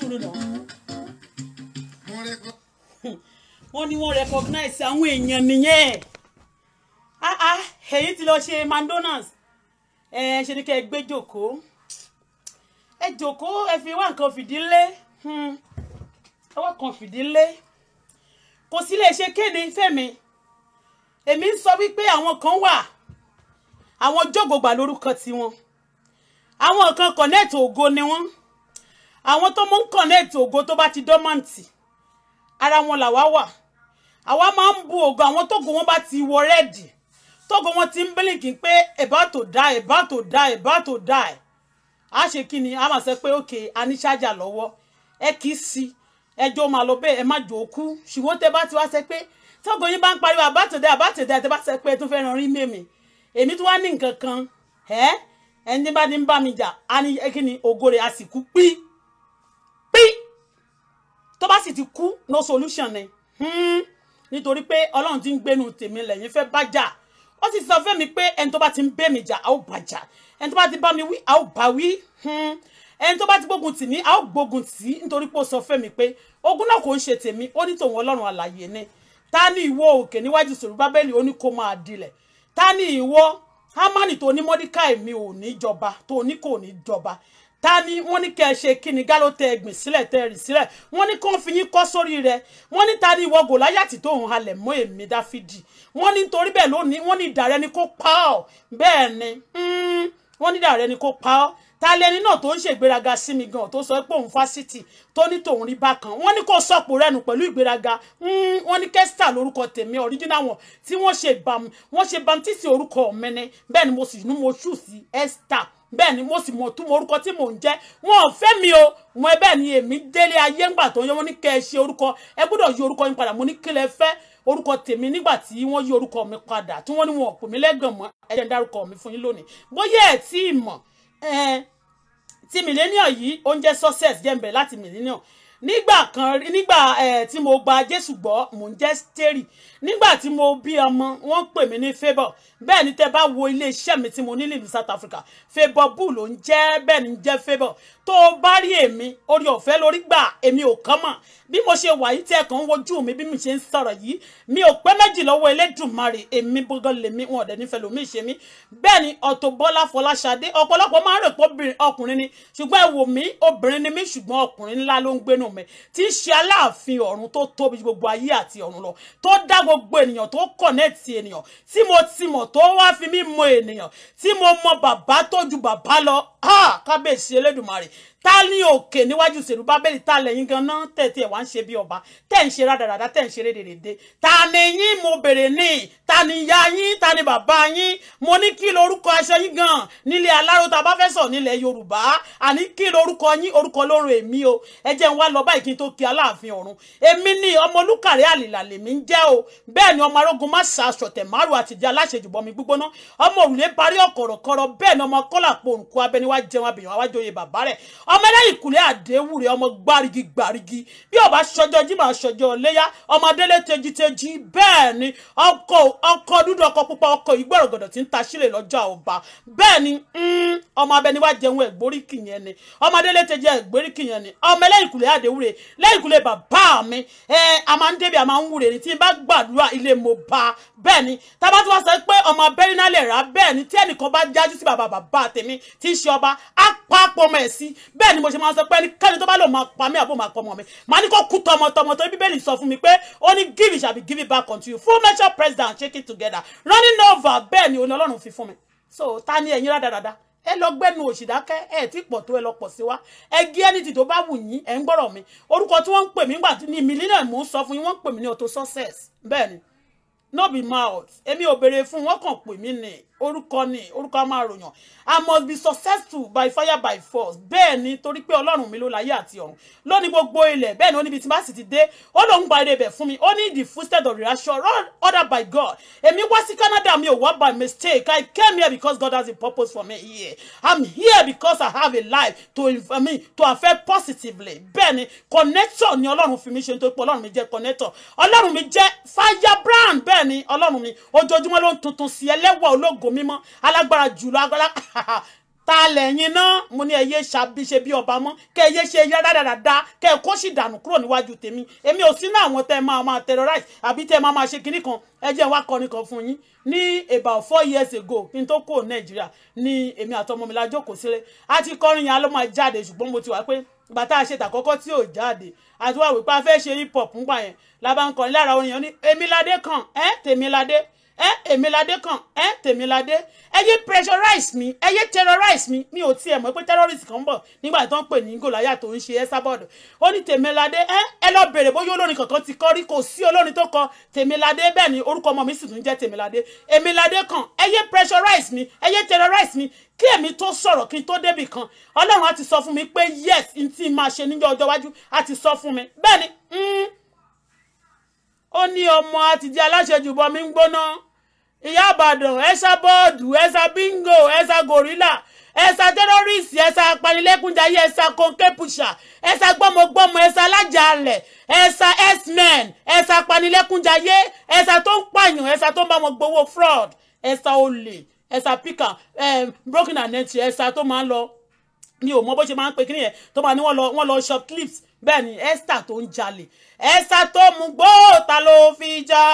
sùúrù náà wọ́n ní wọ́n recognize àwọn èèyàn nìyẹn ah ah èyí ti lọ ṣe McDonald's ẹ ṣe ni kẹ ẹ gbé jókòó ẹ jókòó ẹ fi wá nǹkan fìdílé hmm. ẹ wá kan fìdílé kò sí lè ṣe kéde fẹ́mi èmi ń sọ wípé àwọn kan wà àwọn jọ̀gbọ̀gbà lórúkọ tiwọn àwọn kan connect ògo ni wọ́n àwọn tó mú ń connect ògo tó bá ti dọ́mọ̀ǹtì ara wọn làwa wà àwa máa ń bu ògo àwọn tógo wọn bá ti wọ rẹ́ẹ̀dì tógo wọn ti ń bílíkì pé about to die about to die about to die a ṣe kí ni a máa sọ pé òkè aníṣájà lọ́wọ́ ẹ kì í sí ẹjọ́ máa lọ bẹ́ẹ̀ ẹ má jò ó kú ṣùgbọ́n tẹ bá ti wá sẹ pé tógo yín bá ń pariwo about to die about to die tẹ bá sẹ pé ẹ tún fẹ́ràn rí mèmí èmi tún wá ní nǹkan kan ẹ ẹni bá ní bá mi jà á ní kí ni ògo rẹ̀ a pín tó bá sì ti kú no solution ni hmm. nítorí pé ọlọ́run ti ń gbénu tèmi lẹ́yìn fẹ́ bá jà ó sì sọ fẹ́mi pé ẹni tó bá ti ń bẹ́ mi jà á ó bà jà ẹni tó bá ti bá mi wí á ó bà wí hmm. ẹni tó bá ti gbógun tì mí á ó gbógun tì í nítorí pé ó sọ fẹ́mi pé ogun náà kò ń ṣe tèmi ó ní tòun ọlọ́run àlàyé ni ta ní ìwọ òkè níwájú Sọ̀rúbábẹ́lì ó ní kó máa dilẹ̀ ta ní ìwọ Hámánì tó ní Mọ́díkáì mi ò ní jọba tó ní kò ní jọba ta ni wọ́n ní kẹ́ ẹ ṣe kí ni gálò tẹ ẹgbìn sílẹ̀ tẹ rìn sílẹ̀ wọ́n ní kó fi yín kọ́ sórí rẹ̀ wọ́n ní ta ni ìwọ gòláyàtì tó ń halẹ̀ mọ́ èmi dáfídì wọ́n ní torí bẹ́ẹ̀ lónìí wọ́n ní ìdàrẹ́ ni kó pa ọ́ bẹ́ẹ̀ ni hmm, wọ́n ní ìdàrẹ́ ni kó pa ọ́ ta lẹni náà tó ń ṣègbéraga sí mi gan tó sọ pé òun fásitì tó ní tòun rí bákan wọ́n ní kó sọpò rẹnu pẹ̀lú ìgbéraga hmm, wọ́n ní kẹsítà lórúkọ tèmi ọríjínà wọn tí wọ́n ṣe bàm wọ́n ṣe bàm títí orúkọ mẹni bẹ́ẹ̀ ni mo sì ní mo ṣù sí ẹsítà bẹ́ẹ̀ ni mo sì mọ̀ tún mọ orúkọ tí mò ń jẹ́ wọn ò fẹ́ mi o mo bẹ́ẹ̀ ni èmi délé ayé ńgbà tó yẹ wọ́n ní kẹ́ ẹ ṣe orúkọ ẹ gbọ́dọ̀ yí orúkọ yín padà mo ní kí lẹ fẹ́ orúkọ tèmi nígbà tí wọ́n yí orúkọ mi padà tí wọ́n ní wọn ò pè mí lẹ́gàn mọ́ ẹ jẹ́ n dárúkọ mi fún yín lónìí bóyá ẹ̀ tí ì mọ̀ tí millennial yìí oúnjẹ success jẹ́ ń bẹ̀ láti millennial nígbà kan nígbà tí mo gba jésù gbọ́ mò ń jẹ́ steri nígbà tí mo bí ọmọ wọ́n pè mí ní favour bẹ́ẹ̀ ni tẹ́ bá wo iléeṣẹ́ mi tí mo nílò ní south africa favour bull ló ń jẹ́ bẹ́ẹ̀ ni ń jẹ́ favour tó o bá rí èmi orí ọ̀fẹ́ lórí gbà èmi ò kán mọ̀ bí mo ṣe wà yìí tí ẹ ń wojú mi bí mi ṣe ń sọ̀rọ̀ yìí mi ò pẹ́ méjì lọ́wọ́ Elédùmarè èmi gbọ́ngàn lèmi wọn ọ̀dẹ̀ nífẹ̀ẹ́ lómi ṣe mí bẹ́ẹ̀ ni Auto Bola Fọláṣadé ọ̀pọ̀lọpọ̀ máa ń rò pé ọkùnrin ni ṣùgbọ́n ẹ wò mí obìnrin ni mí ṣùgbọ́n ọkùnrin ńlá ló ń gbénu mi tí ń ṣe aláàfin ọ̀run tó tóbi gbogbo ayé àti ọ̀run lọ tó dá gbogbo ènìyàn tó kọ̀nẹ́ẹ̀tì ènìyàn tí mo ti mọ̀ tó wá fi mí mọ ènìyàn tí mo mọ bàbá tó ju bàbá lọ ah! kábíyèsí Elédùmarè ta oke òkè níwájú Sèrúbábẹ́lì ta lẹ́yìn gan tẹ̀tẹ̀ wá ń ṣe bí ọba tẹ̀ ń ṣe rádaràda tẹ̀ ń ṣe rédèrèdè ta ni yín mo bèrè ní ta ni ìyá yín ta ni bàbá yín mo ní kí lorúkọ aṣọ yín gan nílé aláró ta bá fẹ́ sọ nílẹ̀ Yorùbá àní kí lorúkọ yín orúkọ lórun èmi o ẹ jẹ́ ń wá lọ báyìí kí n tó kí Aláàfin ọ̀run èmi ni ọmọ olúkàrẹ́ àlìlà lèmi ń jẹ́ o bẹ́ẹ̀ ni ọmọ arógun má sa aṣọ̀tẹ̀ márùn àtijọ́ aláṣejùbọ mi gbígbóná ọmọ òrùlé parí ọ̀kọ̀rọ̀kọ̀rọ̀ bẹ́ẹ̀ ni ọmọ kọ́là pòrùnkù abẹniwá jẹun abìyàn àwájọyè bàbá rẹ̀ ọmọ ẹlẹ́yìn kùlẹ̀ àdéwùrè ọmọ gbárígi gbárígi bí ọba ṣọjọ́ jí máa ṣọjọ́ léyà ọmọ adélé tejiteji bẹ́ẹ̀ ni ọkọ̀ ọkọ̀ dúdú ọkọ̀ pupa ọkọ̀ ìgbọ̀rọ̀gọ̀dọ̀ tí ń ta sílẹ̀ lọ́jà ọba bẹ́ẹ̀ ni hmm, ọmọ abẹniwá jẹun ẹ̀gbóríkì yẹn ni ọmọ adélé tejì ẹ̀gbóríkì yẹn ni ọmọ ẹlẹ́yìn kùlẹ̀ àdéwùrè lẹ́yìn kùlẹ̀ bàbá mi ẹ a máa ń débi a máa ń wúre ni tí n bá gbàdúrà ilé mo bá bẹ́ẹ̀ ni tábà tí wọ́n sọ pé ọmọ abẹ́rínálẹ̀ rà bẹ́ẹ̀ ni tí ẹnìkan bá jájú sí bàbá bàbá tèmi tí ń ṣe ọba á wàá pọ ọmọ ẹ̀ sí bẹ́ẹ̀ ni mo ṣe máa sọ pé ẹnikẹ́ni tó bá lò máa pa mí àbò máa pọ ọmọ mi màá ní kó kú tọmọtọmọ torí bíbélì sọ fún mi pé ó give it shall be given back unto you full measure press down shake it together running over bẹ́ẹ̀ ni òní ọlọ́run fi fún mi so ta ni ẹ̀yin rádaràda ẹ lọ gbẹnu òṣìdákẹ́ ẹ ti pọ̀ tó ẹ lọ pọ̀ sí wa ẹ gé ẹnìtì tó bá wù yín ẹ ń gbọ́rọ̀ mi orúkọ tí wọ́n ń pè mí ńgbà ní mílíọnà mò ń sọ fún yín wọ́n ń pè mí ní auto success bẹ́ẹ̀ ni no be mouth Emi, ò béèrè fún wọn kàn pè mí orúkọ ni orúkọ máa ròyàn i must be successful by fire by force bẹ́ẹ̀ ni torí pé ọlọ́run mi ló láyé àti ọ̀run lónìí gbogbo ilẹ̀ bẹ́ẹ̀ ni ó níbi tí bá sì ti dé ó lóun gba ire ibẹ̀ fún mi ó ní the footsteps of the righteous ordered by God èmi wá sí Canada mi ò wá by mistake i came here because God has a purpose for me here i'm here because i have a life to inform me to affect positively bẹ́ẹ̀ ni connector ni ọlọ́run fi mi ṣe nítorí pé ọlọ́run mi jẹ́ connector ọlọ́run mi jẹ́ firebrand bẹ́ẹ̀ ni ọlọ́run mi ojoojúmọ́ ló ń tuntun sí ẹlẹ́wà ológo kò mímọ́ alágbára jùlọ agbára ta lẹ́yìn náà mo ní ẹyẹ ṣàbíṣe bí ọba mọ́ kẹ ẹyẹ ṣe yáradàdà kẹ kó sì dànù kúrò níwájú tèmi èmi ò sí àwọn tẹ máa máa terrorize àbí tẹ máa máa ṣe kinní kan ẹ jẹ́ kọrin kan fún yín ní about four years ago kí n tó kó nàìjíríà ní èmi àtọmọ mi la jókòó sílẹ̀ a ti kọrin yẹn ló máa jáde ṣùgbọ́n mo ti wá pé ìgbà tá a ṣe tàkọ́kọ́ tí ò jáde àti wá wípé a fẹ́ ṣe hip hop ńgbà yẹn la ń kọrin lára orin yẹn ní èmi kan ẹ́ tèmi ẹ eh, èmiládé kan ẹ eh, tèmiládé ẹ yé pressurize mi ẹ yé terrorize mi mi ò tiẹ̀ mọ̀ pé terrorist kan ń bọ̀ nígbà tó ń pè ní gòláyà tó ń ṣe ẹ sábọ̀dọ̀ ó ní tèmiládé ẹ eh, ẹ lọ bèrè bóyá olórin kankan ti kọ́ rí kò sí olórin tó kọ tèmiládé bẹ́ẹ̀ ni orúkọ ọmọ mi sì tún jẹ́ tèmiládé èmiládé kan ẹ pressurize mi ẹ yé terrorize mi kí èmi tó sọ̀rọ̀ kí n tó débì kan ọlọ́run á ti sọ fún mi pé yes n tí máa ṣe níjọ́ ọjọ́ iwájú á ti sọ fún mi bẹ́ẹ̀ ni hmm. ó ní ọmọ àtijọ́ aláṣejù bọ́ mi ń gbóná ìyá àbàdàn ẹ̀ṣà bọ́ọ̀dù ẹ̀ṣà bíngò ẹ̀ṣà gòrílà ẹ̀ṣà tẹ́rọ́rìsì ẹ̀ṣà apanilẹ́kúnjayé ẹ̀ṣà kọ́ńkẹ́pùṣà ẹ̀ṣà gbọ́mọgbọ́mọ ẹ̀ṣà alájàalẹ̀ ẹ̀ṣà x-men ẹ̀ṣà apanilẹ́kúnjayé ẹ̀ṣà tó ń pààyàn ẹ̀ṣà tó ń bá wọn gbowó fraud ẹ̀ṣà olè ẹ̀ṣà píkà broken and entry ẹ̀ṣà tó máa ń lọ mi ò mọ bó ṣe máa ń pe kíni yẹn tó máa ní wọ́n lọ shop clips bẹ́ẹ̀ ni ẹ̀ṣà tó ń jalè ẹ̀ṣà tó mú gbóòta ló fi já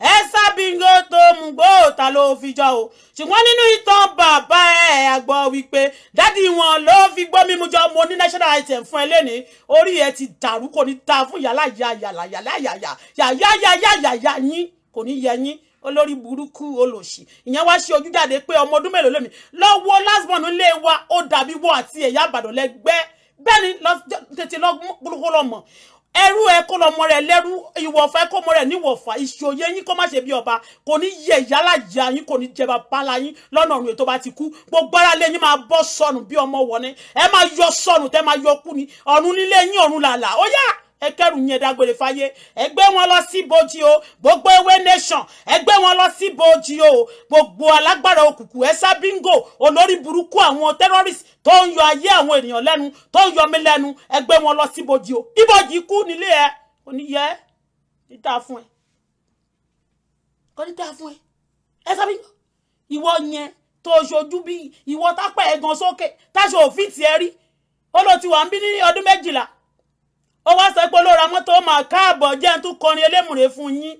ẹ̀sà bíngò tó mú gbó ta ló fi jọ o ṣùgbọ́n nínú ìtàn bàbá ẹ̀ àgbọ̀ wípé dádì wọn ló fi gbọ́ mímu jọ mo ní national item fún ẹ lẹ́nìí orí ẹ ti dàrú kò ní ta fún yàrá yàyàyà yàyàyà yàyàyàyàyà yín kò ní yẹ yín olórí burúkú olòṣì ìyẹn wá ṣe ojú jáde pé ọmọ ọdún mélòó lèmi lọ́wọ́ lásbọ̀n nílé wa ó dàbí wọ́n àti ẹ̀yà àbàdàn lẹ́gbẹ́ bẹ́ẹ̀ ni tètè lọ́gbọ́n lọ́mọ ẹrú ẹ kó lọmọ rẹ lẹ́rú ìwọ̀fà ẹ kó mọ rẹ níwọ̀fà ìṣòye yín kó má ṣe bí ọba kò ní yẹ ìyálà ìyá yín kò ní jẹba bala yín lọ́nà ọ̀run ètò bá ti kú gbogbo ara lé yín máa bọ́ sọnù bí ọmọ wọ̀ ni ẹ máa yọ sọnù tẹ́ máa yọ kú ni ọ̀run nílé yín ọ̀run làlà ó yá ẹ kẹ́rù yẹn dágbére fáyé ẹ gbé wọn lọ sí bojì o gbogbo ewé nation ẹ gbé wọn lọ sí bojì o gbogbo alágbára òkùnkùn ẹ sá bíngò olórí burúkú àwọn terrorist tó ń yọ ayé àwọn ènìyàn lẹ́nu tó ń yọ mí lẹ́nu ẹ gbé wọn lọ sí bojì o ibojì kú nílé ẹ oníyẹ níta fún ẹ oníta fún ẹ ẹ sá ìwọ yẹn tó ṣojú bí ìwọ tápẹ ẹ sókè táṣọ òfin tiẹ̀ rí ó ń bí ní ọdún méjìlá ó wá sọ pé olóra mọ́tò máa káàbọ̀ jẹ́ ń tún kọrin elémùrè fún yín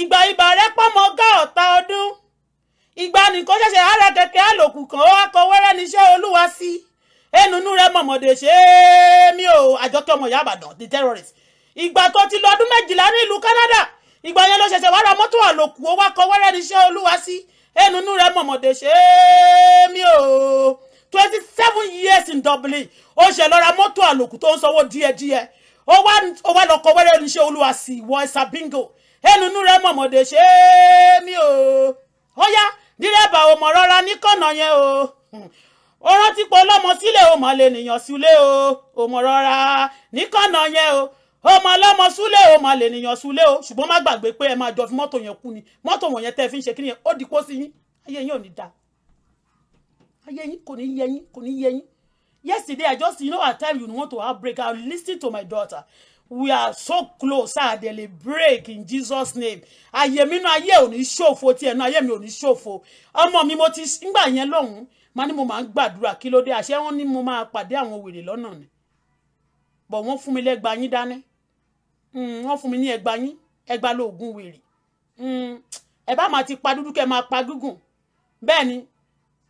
ìgbà ibà rẹ pọ́nmọ́ gá ọ̀tá ọdún ìgbà nìkan ṣẹ̀ṣẹ̀ ara kẹ̀kẹ́ àlòkù kan ó wá wẹ́rẹ́ níṣẹ́ olúwa sí ẹnunú rẹ mọ̀mọ́dé ṣe é mi àjọkẹ́ ọmọ ìyá àbàdàn the terrorist ìgbà tó ti lọ ọdún méjìlá ní ìlú Canada ìgbà yẹn ló ṣẹ̀ṣẹ̀ wá ra mọ́tò àlòkù ó wá kọ wẹ́rẹ́ níṣẹ́ olúwa sí ẹnunú rẹ mọ̀mọ́dé ṣe é mi twenty seven years in Dublin ó ṣe lọ ra mọ́tò àlòkù tó ń sanwó díẹ̀díẹ̀ ó wá lọ kọ wẹ́rẹ́ oníṣẹ́ olúwa sí ìwọ ẹ̀sà bingo ẹnunú rẹ mọ̀mọ́dé ṣe é mi o ó yá dírẹ́bà ò mọ̀ rọra níkànnà yẹn o ó rántí pé ọlọ́mọ sílẹ̀ ò mọ̀ lè nìyàn súlẹ̀ o ò mọ̀ rọra níkànnà yẹn o ó mọ ọlọ́mọ súlẹ̀ ò mọ̀ lè nìyàn súlẹ̀ o ṣùgbọ́n má gbàgbé pé ẹ máa jọ fi mọ́tò yẹn kú ni mọ́tò wọ̀nyẹn tẹ́ fi ń ṣe kí ni ó di kó sí yín ayé yín ò ní dáa ayé kò ní yé kò ní yé yesterday i just you know at times you want to have break i listen to my daughter we are so close ah there break in jesus name ayé mi náà ayé ò ní ṣòfò tí ẹnu ayé mi ò ní ṣòfò ọmọ mi mo ti ngbà yẹn lọ́hùn máa ní mo máa ń gbàdúrà kí ló dé àṣẹ wọn ni mo máa pàdé àwọn wèrè lọ́nà ni bọ̀ wọ́n fún mi lẹ́gba yín dání hmm, wọ́n fún mi ní ẹgba yín ẹgba lóògùn wèrè hmm, ẹ bá máa ti pa dúdú kẹ́ máa pa gígùn bẹ́ẹ̀ ni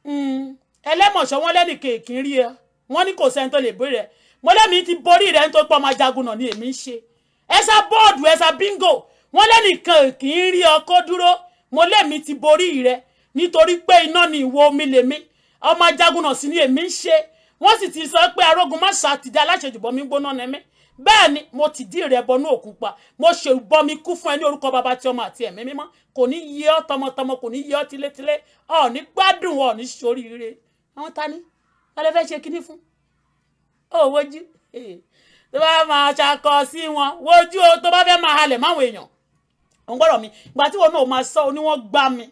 hmm, ẹlẹ́mọ̀ṣọ́ wọn lẹ́nì kèèkì rí ẹ wọ́n ní kò sẹ́ni tó lè borí rẹ mo lẹ́mi ti borí rẹ nítorí pé ọmọ ajagun náà ni èmi ń ṣe ẹ̀sà bọ́ọ̀dù ẹ̀sà bíngò wọ́n lẹ́nì kèèkì rí ọ kó dúró mo lẹ́mi ti borí rẹ nítorí pé iná ni ìwo omi lèmi ọmọ ajagun náà sì ni èmi ń ṣe wọ́n sì ti sọ pé arógun má ṣá ti di aláṣejùbọ́ mi gbóná nẹ́mí bẹ́ẹ̀ ni mo ti dí ìrẹ́ bọnú òkun pa mo ṣe ìbọmi kú fún ẹ ní orúkọ bàbá tí ọmọ àti ẹ̀mí mímọ́ kò ní yẹ ọ́ tọmọtọmọ kò ní yẹ ọ́ tilétilé ọ̀ ní gbádùn ọ̀ ní ṣoríire àwọn tani wọn lè fẹ́ ṣe kinní fún ó wojú tó bá máa ṣakọ sí wọn wojú o tó bá fẹ́ máa halẹ̀ máwọn èèyàn òun gbọ́dọ̀ mi ìgbà tí wọn náà máa sọ ni wọ́n gbá mi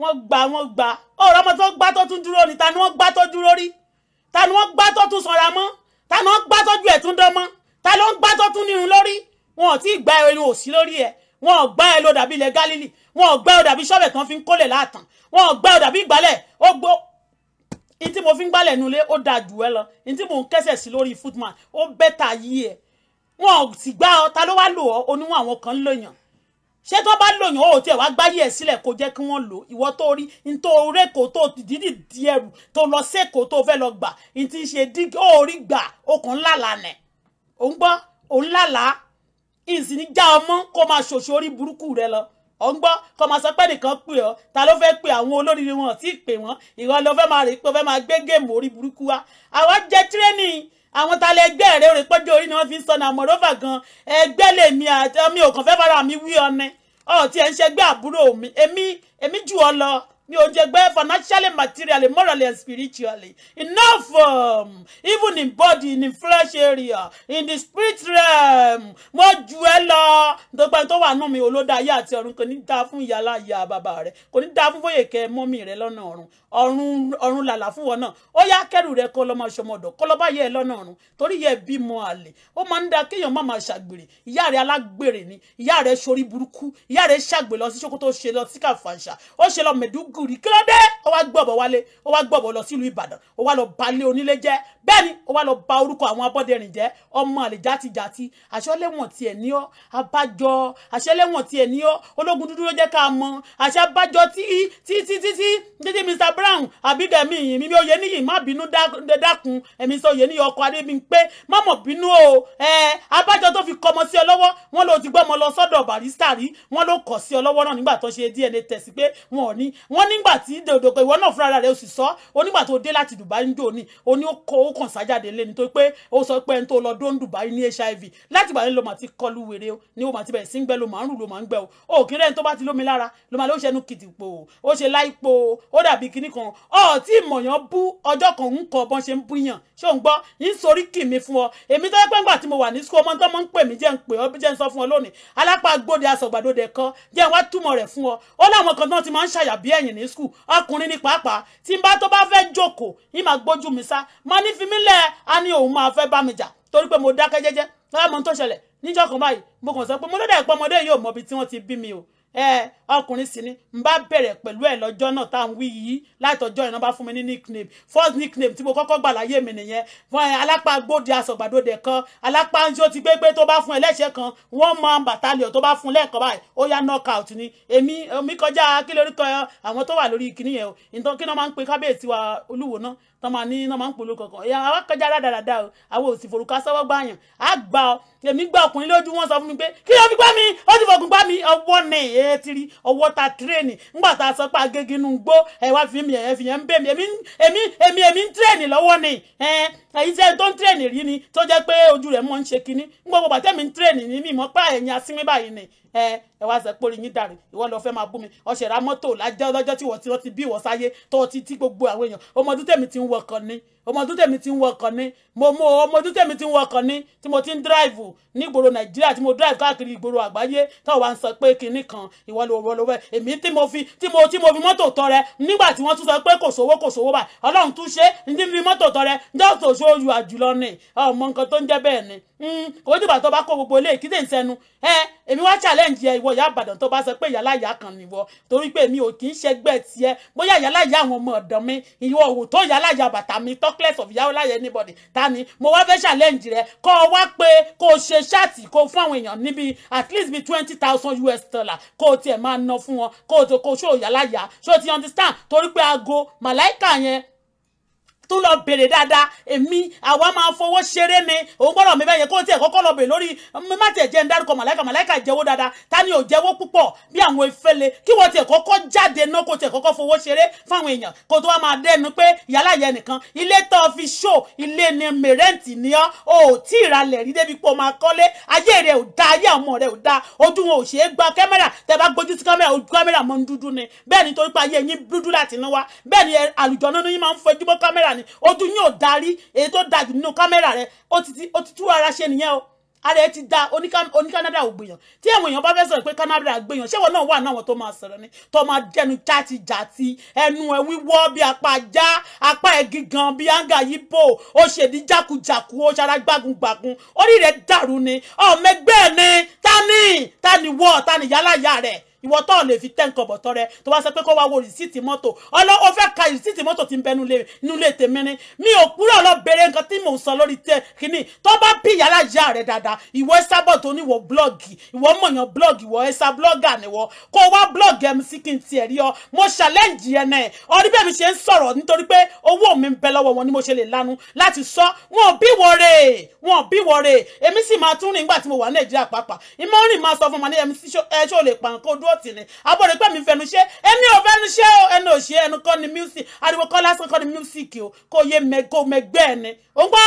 wọ́n gbá wọ́n gbá ọ̀rọ̀ ọmọ tó gbá tó tún dúró ni ta ni wọ́n gbá tó dúró rí ta ni wọ́n gbá tó tún sanra mọ́ ta ni wọ́n gbá tó ju ẹ̀tún dán mọ́ ta ló ń gbá tó tún nírun lórí wọn ò tí ì gbá irun òsì lórí ẹ̀ wọn ò gbá ẹ ló dàbí ilẹ̀ Gálílì wọn ò gbá ẹ ó dàbí sọ́bẹ̀ tán fi ń kólẹ̀ láàtàn wọn ò gbá ẹ ó dàbí ìgbálẹ̀ ó gbó ní tí mo fi ń gbálẹ̀ nulẹ̀ ó dáa jù ẹ lọ ní tí mo ń kẹ́sẹ̀ sí lórí footman ó bẹ́tà yí ẹ wọn ò sì gbá ọ ta ló wá lò ọ oníwọ̀n àwọn kan lòyàn ṣé tó bá lòyàn ó tiẹ̀ wá gbáyé ẹ̀ sílẹ̀ kó jẹ́ kí wọ́n lò ìwọ tó rí ní tó rékò tó dídì di ẹrù tó lọ sẹ́kọ̀ọ́ tó fẹ́ lọ gbà ní ti ṣe dígí ó rí gbà okùn lálàá nẹ̀ òun gbọ́ òun lálàá ìsìn ní já ọmọ kó máa ṣòṣò burúkú rẹ lọ ọ̀ ń gbọ́ kọ́ máa sọ pé nìkan pè ọ́ ta ló fẹ́ pè àwọn olóríire wọn tí ì pè wọ́n ìwọ ló fẹ́ máa rè pé ó fẹ́ máa gbé géèmù orí burúkú wa àwa jẹ tírénì àwọn ta lè ẹgbẹ́ rẹ rè pọ́jú orí ni wọ́n fi ń sọnà àmọ́rọ́fà gan ẹgbẹ́ lè mi àti mi ò kàn fẹ́ fara mi wí ọ̀nẹ́ ọ̀ tí ẹ̀ ń ṣẹgbẹ́ àbúrò mi èmi èmi jù ọ lọ mi ò jẹ financially materially morally and spiritually enough um, even in body in flesh area in the spirit realm mo ju ẹ lọ dọgba tó wà nù mi olódàáyé àti ọ̀run kò ní dáa fún ìyá aláya bàbá rẹ kò ní dáa fún bóyè kẹ mọ́mì rẹ lọ́nà ọ̀run ọ̀run làlà fún wọn náà ó yá kẹ́rù rẹ kó lọ́mọ ṣọmọdọ̀ kó lọ́ba yẹ ẹ lọ́nà ọ̀run torí yẹ bímọ àlè ó máa ń da kéèyàn má máa ṣàgbèrè ìyá rẹ alágbèrè ni ìyá rẹ sorí burúkú ìyá rẹ ṣàgbè lọ sí ṣòkòtò ṣe lọ sí kàfàǹṣà ó ṣe lọ mẹ̀dúgùrì kí ó wá gbọ̀bọ̀ wálé ó wá gbọ̀bọ̀ lọ sílùú ìbàdàn ó wá lọ balẹ̀ onílé jẹ́ bẹ́ẹ̀ ni ó wá lọ ba orúkọ àwọn abọ́dẹrìn jẹ́ ọmọ àlè játijàti àṣọlẹ́wọ̀n tiẹ̀ ní ọ́ abájọ àṣẹlẹ́wọ̀n tiẹ̀ ní ọ́ ológun dúdú ló jẹ́ ká mọ̀ àṣẹ abájọ tí tí tí tí tí títí Mr Brown àbídẹ̀mí yìí mímí oyè níyì má bínú dákun ẹ̀mí sọ oyè níyì ọkọ̀ adébímpé má mọ̀ bínú o ẹ abájọ tó fi kọmọ sí ọ lọ́wọ́ wọn ló ti gbọ́mọ lọ sọ́dọ̀ barista rí wọn ló kọ̀ sí ọ lọ́wọ́ náà nígbà tó ṣe DNA test pé wọn ò ní wọn nígbà tí dòdòkò ìwọ náà fúnra rẹ̀ ó sì sọ onígbà tó dé láti Dubai ń dò kàn sájáde lé nítorí pé ó sọ pé ẹni tó lọ dó ń Dubai ní hiv láti ìgbà yẹn ló máa ti kọlu wèrè o ní o máa ti bẹ̀rẹ̀ sí ń gbẹ ló máa ń rù ló máa ń gbẹ o ò kí lẹ́yìn tó bá ti lómi lára ló máa ló ṣẹnu kìtìpò ó ṣe láìpo ó dàbí kinní kan ọ tí ìmọ̀yàn bú ọjọ́ kan ń kọ bọ́n ṣe ń búyàn ṣé òun gbọ́ yín sorí kì mí fún ọ èmi tó yẹ pé ńgbà tí mo wà ní sukú ọmọ tó mọ́ ń pè mí jẹ́ ń pè ọ́ jẹ́ ń sọ fún ọ lónìí alápá gbòde asọ̀gbàdòde kọ́ jẹ́ ń wá túmọ̀ rẹ̀ fún ọ ó láwọn kan náà ti máa ń ṣàyàbí ẹ̀yìn ní sukú ọkùnrin ní pàápàá tí n bá tó bá fẹ́ jókòó yín máa gbójú mi sá máa ní fi mí lẹ̀ á ní òun máa fẹ́ bá mi jà torí pé mo dákẹ́ jẹ́jẹ́ lọ́wọ́ mo ń tó ṣẹlẹ̀ níjọ́ kan báyìí mo kàn sọ pé mo lọ́dà ìpọ́nmọdé yóò mọ ibi tí wọ́n ti bí mi o ọkùnrin sì ni n bá bẹ̀rẹ̀ pẹ̀lú ẹ̀ lọ́jọ́ náà tá à ń wí yìí látọjọ́ ìran bá fún mi ní nickname first nickname tí mo kọ́kọ́ gbà láyé mi nìyẹn fún ẹ alápá gbòde asọ̀gbàdòdè kan alápá ń ṣó ti gbégbé tó bá fún ẹ lẹ́sẹ̀ kan wọ́n mọ bàtàlíọ̀ tó bá fún lẹ́ẹ̀kan báyìí ó yá knock ni èmi èmi kọjá kí lóríkọ àwọn tó wà lórí kìnìyẹn o ìtàn kí náà máa ń pe kábíyèsí wa olúwo náà tán máa ní náà máa ń polówó kankan ẹ̀yà àwọn kọjá rádaràda o àwọn òsì forúkà sọ́wọ́ gbààyàn á gbà ọ èmi gbà ọkùnrin lójú wọn sọ fún mi pé kí ló fi gbá mi ó ti fọkùn gbá mi ọwọ́ ni èyí ti rí ọwọ́ ta tírèènì ńgbà tá a sọ pé agégi inú gbó ẹ wá fi mi ẹ fi yẹn ń bẹ̀ mi èmi èmi èmi èmi ń tírèènì lọ́wọ́ ni ẹ̀yin sẹ́yìn tó ń tírèènì rí ni tó jẹ́ pé ojú rẹ̀ mọ́ ń ṣe kinní ń gbogbo bàtẹ́ mi ń tírèènì ní mímọ́ pé àyẹ̀yìn asínwé ni ẹ ẹ wá sọ pé oríyìn dàrú ìwọ lọ fẹ́ máa bú mi ọ̀sẹ̀ ra mọ́tò lájọ́ lọ́jọ́ tí wọ́n ti bí ìwọ sáyé tó ti ti gbogbo àwọn èèyàn ọmọdún tèmi ti ń wọkọ̀ ni ọmọ ọdún tèmi ti ń wọkọ̀ ni mo mú ọmọ ọdún tèmi ti ń wọkọ̀ ni tí mo ti ń dráìvù ní ìgboro nàìjíríà tí mo dráìvù káàkiri ìgboro àgbáyé táwọn wa ń sọ pé kinní kan ìwọ ló wọ lọ́wọ́ èmi tí mo fi tí mo tí mo fi mọ́tò tọrẹ nígbà tí wọ́n tún sọ pé kò sówó kò sówó bá ọlọ́run tún ṣe ní fi mọ́tò tọrẹ just to show you àjùlọ ni ọmọ nǹkan tó ń jẹ́ bẹ́ẹ̀ ni hmm, kò tó bá kó gbogbo ilé ìkíde ìsẹnu ẹ èmi wá challenge ẹ ìwọ ìyá àbàdàn tó bá sọ pé ìyálà ìyá kan nìwọ torí pé mi ò kì í ṣẹgbẹ́ tiẹ bóyá ìyálà ìyá àwọn ọmọ ọ̀dọ́ mi ìwọ òwò tó ìyálà ìyá bàtà mi tọ́ necklace of ìyá ọláyẹ anybody Tani. mo wá fẹ́ challenge rẹ kọ́ ọ wá pé kó o ṣe ṣáàtì kó o fún àwọn at least be twenty thousand us dollar kó o tiẹ̀ máa ná fún wọn kó o tó So o ṣó ìyá láyà ṣó o ti understand torí pé aago màláìkà yẹn tún lọ bèrè dáadáa èmi àwa máa fowó ṣeré ni òun gbọ́dọ̀ mi bẹ́ẹ̀ yẹn kó tiẹ̀ kọ́kọ́ lọ bèrè lórí mi má tiẹ̀ jẹ́ ń dárúkọ màláìka màláìka jẹ́wọ́ dáadáa ta ni ò jẹ́wọ́ púpọ̀ bí àwọn efele kí wọ́n tiẹ̀ kọ́kọ́ jáde náà kó tiẹ̀ kọ́kọ́ fowó ṣeré fáwọn èèyàn kó tó wá máa dẹ́nu pé yálà yẹn nìkan ilé tó fi ṣó ilé ni mèrèǹtì ni ọ́ ò tí ì ralẹ̀ rí débi pé o máa kọ́lé ayé rẹ̀ ò da ayé àwọn ọmọ rẹ̀ ò da ojú wọn ò ṣe é gba kámẹ́rà tẹ́ bá gbójú sí kámẹ́rà ojú kámẹ́rà mọ́ ń dúdú ni bẹ́ẹ̀ ni torí ayé yín dúdú láti inú wa bẹ́ẹ̀ ni àlùjọ náà yín máa ń fojú bọ́ ni ojú yín ò darí èyí tó da jù nínú kámẹ́rà rẹ ó ti ó ti tú ara ṣe nìyẹn o ara ẹ ti da oní Canada ò gbìyàn tí àwọn èèyàn bá fẹ́ sọ̀rọ̀ pé Canada gbìyàn ṣé wọn náà wà náà tó máa sọ̀rọ̀ ni tó máa jẹnu játijàti ẹnu ẹ wíwọ́ bí apá já apá ẹ gígan bí anga yípo ó ṣèdí jákujàku ó ṣara gbágungbàgun orí rẹ dàrú ni ọmọ ẹgbẹ́ ni tani tani wọ́ tani yálàyà rẹ̀ ìwọ tó lè fi tẹ́ǹkan bọ̀ tọrẹ tó bá sọ pé kó wá wo rìsíìtì mọ́tò ọlọ́ o fẹ́ ka rìsíìtì mọ́tò tí ń bẹ nulẹ̀ tèmínì mi ò kúrò lọ bèrè nǹkan tí mò ń sọ lórí tẹ kínní tó bá bí yàrá ìyá rẹ dáadáa ìwọ Esabod tó ní ìwọ blọọgì ìwọ mọ̀yàn blọọgì ìwọ ẹ̀sà blọ́gà níwọ kó wá blọọgì MC kí n tiẹ̀ rí ọ mo challenge yẹn náà ọdún bẹ́ẹ̀ mi ṣe ń mi ń bẹ ni mo ṣe lè lanu láti sọ wọn ò bí wọ̀rẹ̀ wọn ò bí wọ̀rẹ̀ èmi sì máa tún rìn nígbà tí mo wà Nàìjíríà pàápàá ìmọ̀ rìn máa sọ ṣọ́ọ̀tì ni abọ́dé pé mi fẹnu ṣe èmi ò fẹnu ṣe o ẹnu ò ṣe ẹnu kọ́ ni music ariwo kọ́ lásán kọ́ ni music o kò yé mẹ́gò mẹ́gbẹ́ ẹ̀ ni ò ń gbọ́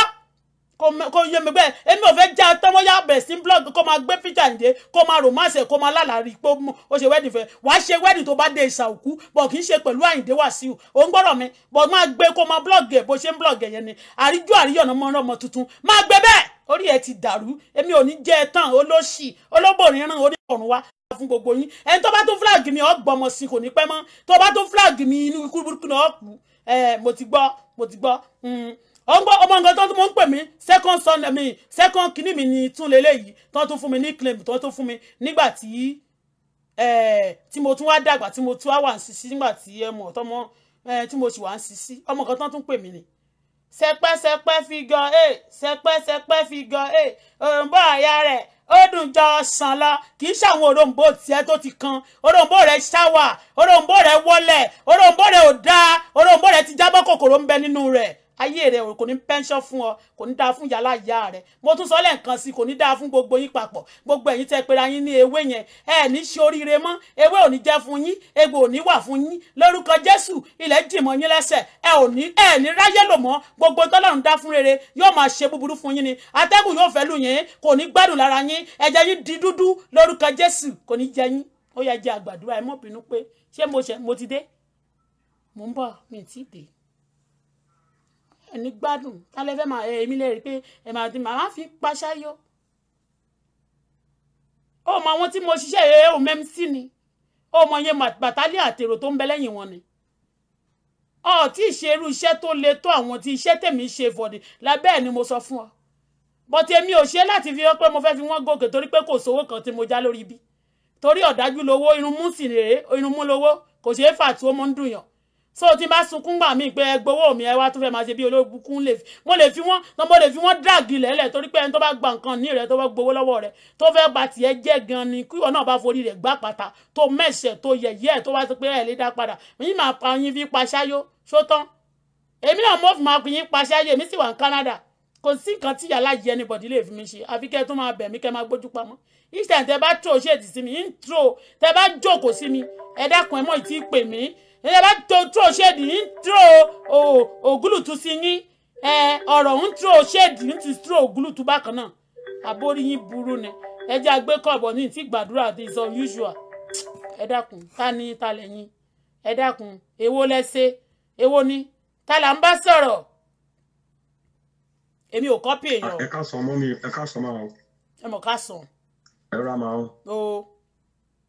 kò yé mi bẹ́ẹ̀ èmi ò fẹ́ já tọ́mọ́yá bẹ̀rẹ̀ sí blog kó máa gbé píjà ǹdé kó máa romance kó máa lálàrí pé ó ṣe wedding fẹ́ wàá ṣe wedding tó bá dé ìsà òkú bọ̀ kì í ṣe pẹ̀lú àyíndé Wàsíù ò ń gbọ́dọ̀ mi bọ̀ máa gbé kó máa blog ẹ̀ bó ṣe blog ẹ̀ yẹn ni àríjú àríyànà mọ́ràn ọmọ tuntun máa gbé bẹ́ẹ̀ orí ẹ ti dàrú èmi ò ní jẹ́ ẹ tán olóṣì olóbòrìnrìn orí ọ̀run wa fún gbogbo yín ẹni tó bá tún flag mi ọgbọmọ sí kò ní pẹ́ mọ́ tó bá tún flag mi inú ikú burúkú náà kù mo ti gbọ́ mo ti gbọ́ ọgbọ́n hmm. ọmọ nǹkan tó mọ̀ ń pè mí second son mi second kìíní mi ni tún lélẹ́yìí tó tún fún mi ní claim tó tún fún mi nígbà tí tí mo tún wá dàgbà tí mo tún wá wà ń sisi nígbà tí ẹ mọ̀ tọmọ tí mo sì wà ń sisi ọmọ nǹkan tó tún pè mí ni sẹpẹsẹpẹ figure eight sẹpẹsẹpẹ eh, figure eight òròǹbó àyà rẹ̀ ó dùn jọ ọsàn lọ kì í ṣàwọn òròǹbó tiẹ̀ tó ti kan òròǹbó rẹ̀ ṣáwà òròǹbó rẹ̀ wọlẹ̀ òròǹbó rẹ̀ ò dáa òròǹbó rẹ̀ ti jábọ́ kòkòrò ń bẹ nínú rẹ̀ ayé rẹ kò ní pension fún ọ kò ní dáa fún yàrá ìyá rẹ mo tún sọ lẹ́ǹkan sí kò ní dáa fún gbogbo yín papọ̀ gbogbo ẹ̀yin tẹ́ pera yín ní ewé yẹn ẹ ní ṣe oríire mọ́ ewé ò ní jẹ́ fún yín egbò ò ní wà fún yín lórúkọ jésù ilẹ̀ dìmọ̀ yín lẹ́sẹ̀ ẹ ò ní ẹ ní ráyé lò mọ́ gbogbo tọ́lọ́run dá fún rere yóò máa ṣe búburú fún yín ni atẹ́gùn yóò fẹ́ lù yín kò ní gbádùn lára yín ẹ̀jẹ̀ yín di dúdú lórúkọ jésù kò ní jẹ yín ó yá jẹ àgbàdúrà ẹ mọ́ bínú pé ṣé mo ti dé mo ń bọ̀ mi ì dé ẹni gbádùn tálẹ́ fẹ́ máa èmi lè rí pé ẹ máa dín màmá fi paṣá yọ. ó mọ àwọn tí mo ṣiṣẹ́ ẹ̀ ò mẹ́m sí ni ó mọ iye bàtálì àtèrò tó ń bẹ lẹ́yìn wọn ni. ọ tí ì ṣe irú iṣẹ́ tó le tó àwọn tí iṣẹ́ tèmi ṣe fọ̀dí lábẹ́ ni mo sọ fún ọ. bọ́tí èmi ò ṣe láti fi hàn pé mo fẹ́ fi wọ́n gòkè torí pé kò sówó kan tí mo já lórí bí torí ọ̀dájú lowó irunmú sì rèé irunmú lowó kò ṣeé fà tí ó mọ́ ń dùn yàn so tí n bá sunkún gbà mí pé ẹ gbowó mi ẹ wá tún fẹ́ máa ṣe bí olóògùn lè fi mo lè fi wọ́n mo lè fi wọ́n dàgì lẹ́lẹ̀ torí pé ẹni tó bá gba nǹkan ní rẹ tó bá gbowó lọ́wọ́ rẹ tó fẹ́ bá tiẹ̀ jẹ́ gan ni kí ìwọ náà bá forí rẹ̀ gbá pàtà tó mẹ̀ṣẹ̀ tó yẹ̀yẹ́ tó wá sọ pé ẹ̀ lè dá padà èyí máa pa yín fi pa ṣáyó ṣótán èmi náà mo fi máa pín yín pa ṣáyé èmi sì wà ní Canada kò sí nǹkan tí yàrá yẹ ni bọ̀dí lè fi mi ṣe àfi kẹ́ tó máa bẹ̀ mí kẹ́ máa gbójú pamọ́ ìṣẹ̀ tẹ bá tro ṣèdí sí mi ń tro tẹ bá jókòó sí mi ẹ dákun ẹ mọ̀ ì tí ì pè mí ẹ bá tó tó ṣéèdì ń tó ògúlùtù sí yín ọ̀rọ̀ ń tó ṣéèdì ń ti tó ògúlùtù bákan náà àbórí yín burú ni ẹ jẹ́ àgbẹ̀ kọ̀ọ̀bọ̀ ní ti gbàdúrà is unusual ẹ dákun ta ni ta lẹ́yìn ẹ dákun èwo lẹ́sẹ̀ èwo ni ta là ń bá sọ̀rọ̀ èmi ò kọ́pì èèyàn. ẹ ká sọ mọ́ mi ẹ ká sọ máa. ẹ mọ̀ ká sọ. ẹ rà máa. ooo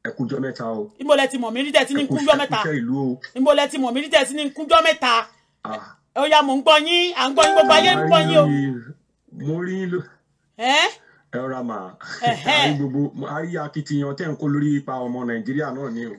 ẹkújọ mẹ́ta o. níbo lẹ ti mọ̀ mí rí tẹ́tí ní kújọ́ mẹ́ta níbo ti mọ̀ mí rí tẹ́tí ní kújọ́ mẹ́ta. Ah. ó mò ń gbọ́ yín à ń gbọ́ yín gbogbo ayé ń gbọ́ yín o. mo rí yín ló. ẹ ọ̀rọ̀ àmà àrí gbogbo àrí akitiyan tẹ́ ń kó lórí ipa ọmọ nàìjíríà náà ni o.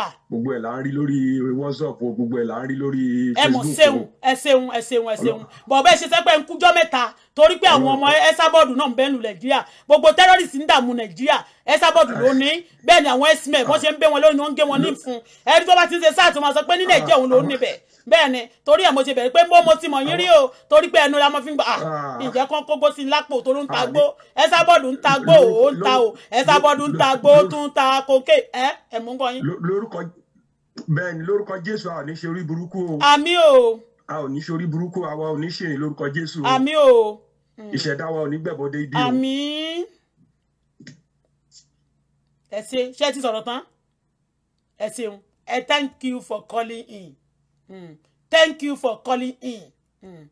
Ah gbogbo ẹ̀ là ń rí lórí WhatsApp o gbogbo ẹ̀ là ń rí lórí Facebook o. ẹ ṣeun ẹ ṣeun ẹ ṣeun bọ̀ bẹ́ẹ̀ ṣe sẹ́pẹ́ ń mẹ́ta torí pé àwọn ọmọ ẹsábọ́ọ̀dù náà ń bẹ́nu nàìjíríà gbogbo tẹ́rọ́rìsì ń dààmú nàìjíríà ẹsábọ́ọ̀dù ló ní bẹ́ẹ̀ ni àwọn ẹsìmẹ̀ wọ́n ṣe ń bẹ́ wọn lórí ni ń gé wọn ní fún ẹni tó bá ti ń ṣe sáà tó sọ pé ní nàìjíríà òun ló ní bẹ̀ bẹ́ẹ̀ ni torí ẹ̀ mo ṣe bẹ̀rẹ̀ pé mo mo ti mọ̀ yín rí o torí pé ẹnu la mo fi ń gbà à ah, ah. ǹjẹ́ kán kógbó sí lápò tó ń ta ah, gbó ẹsábọ́ọ̀dù ń ta gbó ò ta ò ẹsábọ́ọ̀dù ń ta gbó tó ta kókè ẹ ẹ̀ mú ń gbọ́ yín. lórúkọ bẹ́ẹ̀ ni lórúkọ jésù a ò ní ṣe orí burúkú o. àmì o. a ò ní ṣe orí burúkú àwa ò ní ṣe ní lórúkọ jésù o. àmì o. Hmm. ìṣẹ̀dá wa ò ní gbẹ̀bọ̀dé ibi o. àmì. ẹ ṣe ṣé ẹ ti sọ̀rọ̀ tán ẹ ṣeun ẹ thank you for calling in hmm. thank you for calling in. Mm.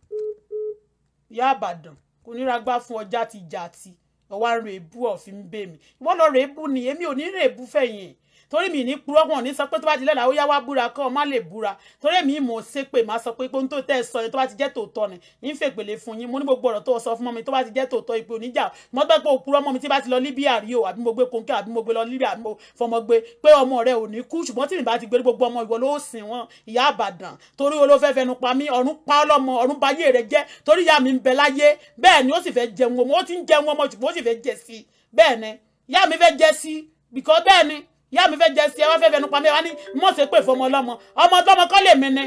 ìyá àbàdàn kò ní ragbá fún ọ játijáti ọwọ́ àrùn èébú ọ̀fìn bèmí ìwọ́n lọ rèébú ni èmi ò ní rèébú fẹ̀yìn torí mi ní purọ́ wọn ní sọ pé tó bá di lọ́la ó yá wá búra kọ́ ọ má lè búra torí mi mọ̀ ọ́ ṣépè má sọ pé pé ohun tó tẹ́ ẹ sọ ni tó bá ti jẹ́ tòótọ́ ni ní fèpèlè fún yín mo ní gbogbo ọ̀rọ̀ tó sọ fún mi tó bá ti jẹ́ tòótọ́ ipò oníjà mo gbẹ́ pé òpurọ́ mọ́ mi tí bá ti lọ Libya rí o àbí mo gbé kónkẹ́ àbí mo gbé lọ Libya àbí mo fọmọ gbé pé ọmọ rẹ ò ní kú ṣùgbọ́n tí mi bá ti gbé gbogbo ọmọ ìwọ ló sìn wọn ìyá àbàdàn torí olófẹ́ pa mí ọ̀run pa ọlọ́mọ ọ̀run ba ayé rẹ jẹ́ torí ìyá mi ń bẹ láyé bẹ́ẹ̀ ni ó sì fẹ́ jẹun ọmọ ó ti ń jẹun ọmọ ṣùgbọ́n ó sì fẹ́ jẹ sí bẹ́ẹ̀ ni ìyá mi fẹ́ jẹ sí bìkọ́ bẹ́ẹ̀ ni ìyá mi fẹ́ jẹ sí ẹ wá fẹ́ fẹnu pa mí ẹ wá ní mọ̀ ṣe pè fọmọ ọlọ́mọ ọmọ ọlọ́mọ kọ́ lè mi ni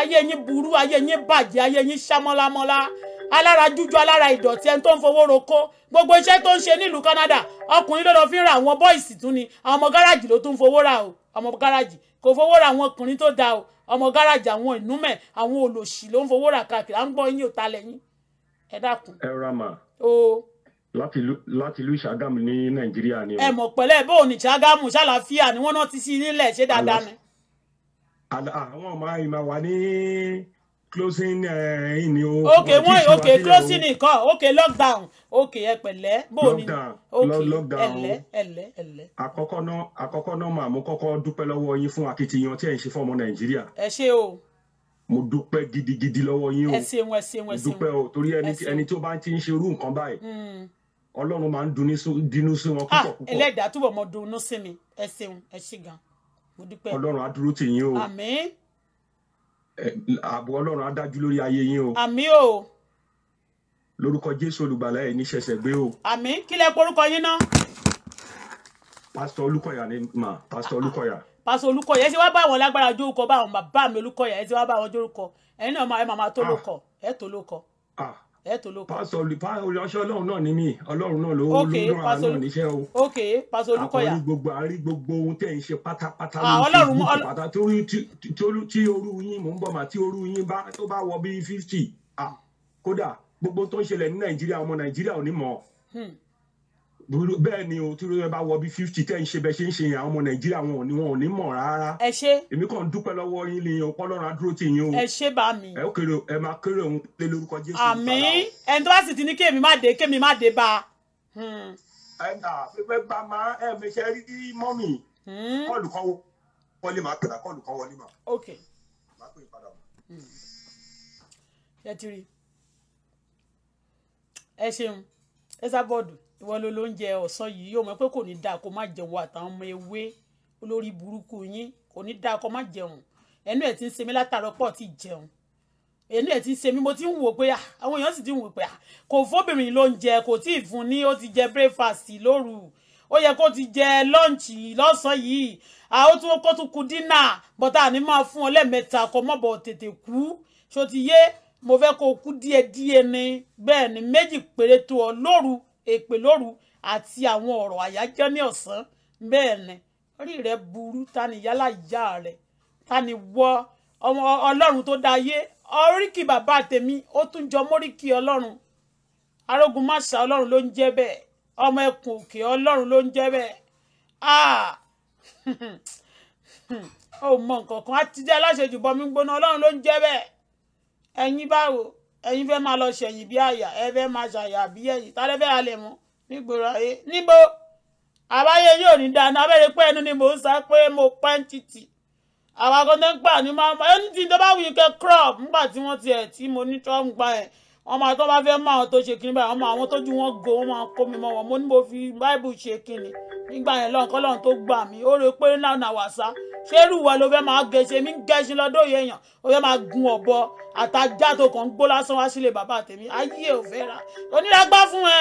ayé yín burú ayé yín bàjẹ́ ayé yín ṣámọ́lámọ́lá alára jújú alára ìdọ̀tí ẹni tó ń fowó roko gbogbo iṣẹ́ tó ń ṣe nílùú Canada ọkùnrin ló lọ fi ń ra àwọn bọ́ìsì tún ni ọmọ gáràjì ló tún fowó ra o ọmọ gáràjì kò fowó ra àwọn ọkùnrin tó da o ọmọ gáràjì àwọn ìnúmẹ̀ àwọn olòṣì ló ń fowó ra káàkiri à ń gbọ́ yín ò talẹ̀ yín ẹ dákun. ẹ ra mà. o láti láti ìlú ní nàìjíríà ni. ẹ mọ̀ pẹ̀lẹ́ bóun ní ìṣàgámù ṣàlàfíà ni wọ́n náà ti sí nílẹ̀ ṣé dáadáa ni. àwọn ọmọ ìmọ̀ wà ní closing ni o. ok wọ́n ok closing nìkan ok lockdown ok ẹ pẹ̀lẹ́ bóun ní ok ẹ̀lẹ́ ẹ̀lẹ́ ẹ̀lẹ́. àkọ́kọ́ náà àkọ́kọ́ náà màá mú kọ́kọ́ dúpẹ́ lọ́wọ́ yín fún akitiyan tí ẹ̀ ń ṣe fọ́mọ nàìjíríà. ẹ ṣé o mo dúpẹ́ gidigidi lọ́wọ́ yín o ẹ ṣeun ẹ ṣeun ẹ ṣeun mo dúpẹ́ o torí ẹni tó bá ti ń ṣe irú nǹkan báyìí hmm ọlọ́run máa ń dunú sí wọn ah, púpọ̀ púpọ̀. ẹlẹ́dàá túbọ̀ mọ dunú sí mi ẹ ṣeun ẹ ṣe gan mo dúpẹ́. ọlọ́run á dúró tì yín o. àmín. ààbò ọlọ́run á dájú lórí ayé yín o. àmín o. lórúkọ jésù olùgbàlà ẹ̀ ní ṣẹ̀ṣẹ̀ gbé o. àmín kí lẹ porúkọ yín náà. pásítọ̀ olúkọ̀yà ni mà pásítọ̀ olúkọ̀yà. pásítọ̀ olúkọ̀yà ẹ ti wá bá àwọn lágbára jórúkọ bá àwọn bàbá mi olúkọ̀yà ẹ ti wá bá àwọn jórúkọ ẹ̀yin náà máa ẹ máa tó ah. lóko ẹ tó lóko. ah ẹ tó lóko. pásọ olùránṣẹ́ ọlọ́run náà ni mí ọlọ́run náà ló ló ràn án o. ok pásọ olùkọ́yà àkọ́rí gbogbo àárí gbogbo ohun tẹ̀ ń ṣe pátápátá lórí facebook pátá tí orú yín mò ń bọ̀ mà tí orú yín bá tó bá wọ bíi fifty ah, kódà gbogbo tó ń ṣẹlẹ̀ ní nàìjíríà ọmọ nàìjíríà ò ní mọ̀ ọ́. Hmm bẹ́ẹ̀ ni o tí olóyè bá wọ bí fifty ten ṣe bẹ́ẹ̀ ṣe ń ṣe yẹn ọmọ nàìjíríà wọn ò ní wọn ò ní mọ̀ rárá. ẹ ṣé. èmi kàn ń dúpẹ́ lọ́wọ́ yín ni ọpọlọ́run adúró tì yín o. ẹ ṣé bá mi. ẹ kéré ẹ máa kéré òun lé lórúkọ jésù. àmín ẹni tó bá sì ti ní kémi má dé kémi má dé bá hmm. ẹ nà pípẹ́ bá máa ẹ mẹṣẹ rí mọ́mì hmm. kọ́ọ̀lù kan wọlé máa pè kọ́ọ̀lù kan wọlé máa. ẹ ṣeun ẹ sábọ́ọ̀dù ìwọ ló lóúnjẹ ọ̀sán yìí yóò mọ̀ pé kò ní dáa kó má jẹun àtàwọn ọmọ ewé olórí burúkú yín kò ní dáa kó má jẹun ẹnu ẹ̀ ti ń ṣe mí látàárọ̀ pọ̀ ti jẹun ẹnu ẹ̀ ti ń ṣe mí mo ti ń wò pé ah! àwọn èèyàn sì ti ń wò pé ah! kò fóbìnrin lóúnjẹ kò tí ì fún ní ó ti jẹ breakfast lóru ó yẹ kó ti jẹ lọ́ǹchì lọ́sàn-án yìí àwọn tí wọ́n kó tún ku dínà bọ́tà ni máa fún ọ lẹ́ẹ̀mẹ́ta kó mọ̀ bọ̀ tètè kú ṣó ti yé mo fẹ́ kó kú díẹ̀díẹ̀ ni bẹ́ẹ̀ ni méjì péré tó ọ lóru èpè lóru àti àwọn ọ̀rọ̀ àyájọ́ ní ọ̀sán bẹ́ẹ̀ ni orí rẹ burú ta ni yálà ìyá rẹ ta ni wọ ọmọ ọlọ́run tó dá ayé oríkì bàbá tèmi ó tún jọ móríkì ọlọ́run arógun máṣá ọlọ́run ló ń jẹ́ bẹ́ẹ̀ ọmọ ẹkùn òkè ọlọ́run ló ń jẹ́ bẹ́ẹ̀ ah ó mọ nǹkan kan á ti jẹ́ aláṣejù bọmi gbóná ọlọ́run ló ń jẹ́ bẹ́ẹ̀ ẹ̀yin báwo ẹ̀yin fẹ́ máa lọ ṣẹ̀yìn bí àyà ẹ fẹ́ máa ṣàyà bí ẹ̀yìn tálẹ́ fẹ́ halẹ̀ mọ́ nígboro ayé níbo àbáyé yóò ní dáná abẹ́rẹ́ pé ẹnu ni mò ń sá pé mo pẹ́ǹtìtì àwọn akọ́ńtẹ́ ń gbà ní máa ń bá ẹni tí tó bá wù kẹ́ crop nígbà tí wọ́n ti ẹ̀ tí mo ní trump gba ẹ̀ wọ́n máa tó bá fẹ́ mọ àwọn tó ṣe kíni báyìí wọ́n máa àwọn tójú wọn go wọ́n máa kó mi mọ́ wọn mo ní mo fi báìbù ṣe kíni nígbà yẹn lọ́n kọ́ lọ́n tó gbà mí ó rè pé náà nà wàsá ṣé irú wa ló fẹ́ máa gẹ̀ṣẹ̀ mí gẹ̀ṣin lọ́dọ̀ yẹn yàn ó fẹ́ máa gun ọ̀bọ àtajá tó kàn ń gbó lásán wá sílé bàbá tèmi ayé ò fẹ́ ra onílágbá fún ẹ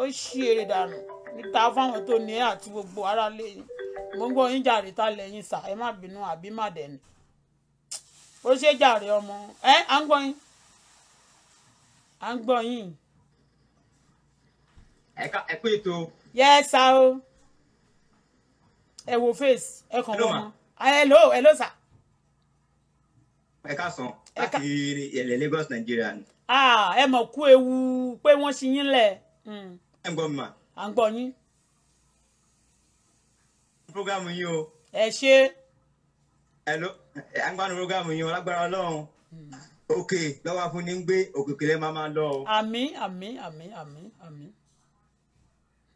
ó ṣí èrè dànù níta fáwọn tó ní ẹ àti gbogbo ará lẹ́yìn mo ń gbọ́ yín jàre tá lẹ́yìn sà ẹ má bínú àbí má dẹ̀nu bó ṣe jàre ọmọ ẹ à ń gbọ́ yín à ń gbọ́ yín. ẹ̀ka ẹ̀kú ètò. yẹ́sà o ẹ wo face ẹ kàn wọ́n mọ́ ah, hello hello sà. ẹ káàsán láti ilẹ̀ Lagos Nigeria ni. Ah, ẹ mọ̀ kú ewu pé wọ́n ṣi yín lẹ̀. Hmm. ẹ ń gbọ́ mi mà. à ń gbọ́ yín. programu yín o. ẹ ṣe. ẹ ló ẹ ń gbọ́ programu yín o lágbára Ọlọ́run. Hmm òkè lọ́wọ́ fún ní ń gbé òkè kìlẹ̀ máa máa lọ o. àmín àmín àmín àmín àmín.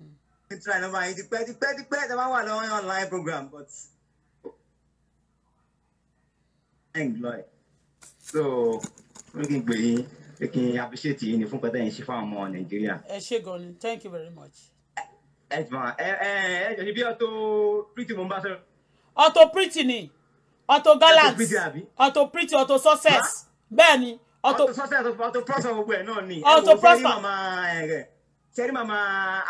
n try number yìí tipẹ́ tipẹ́ tipẹ́ tí a máa wà lọ́wọ́ online program but enjoy so lókè gbè yín lókè appreciate yín ní fún pẹ́tẹ́ yín ṣe fún àwọn ọmọ nàìjíríà. ẹ ṣé gan ni thank you very much. ẹ ẹ ẹ jọ ní bí Auto Pretty mo ń bá sọ̀rọ̀. Auto Pretty ni Auto Gallant Auto Pretty Auto Success. Huh? bẹ́ẹ̀ ni auto prosper auto prosper gbogbo ẹ̀ náà ni auto prosper sẹ́rí màmá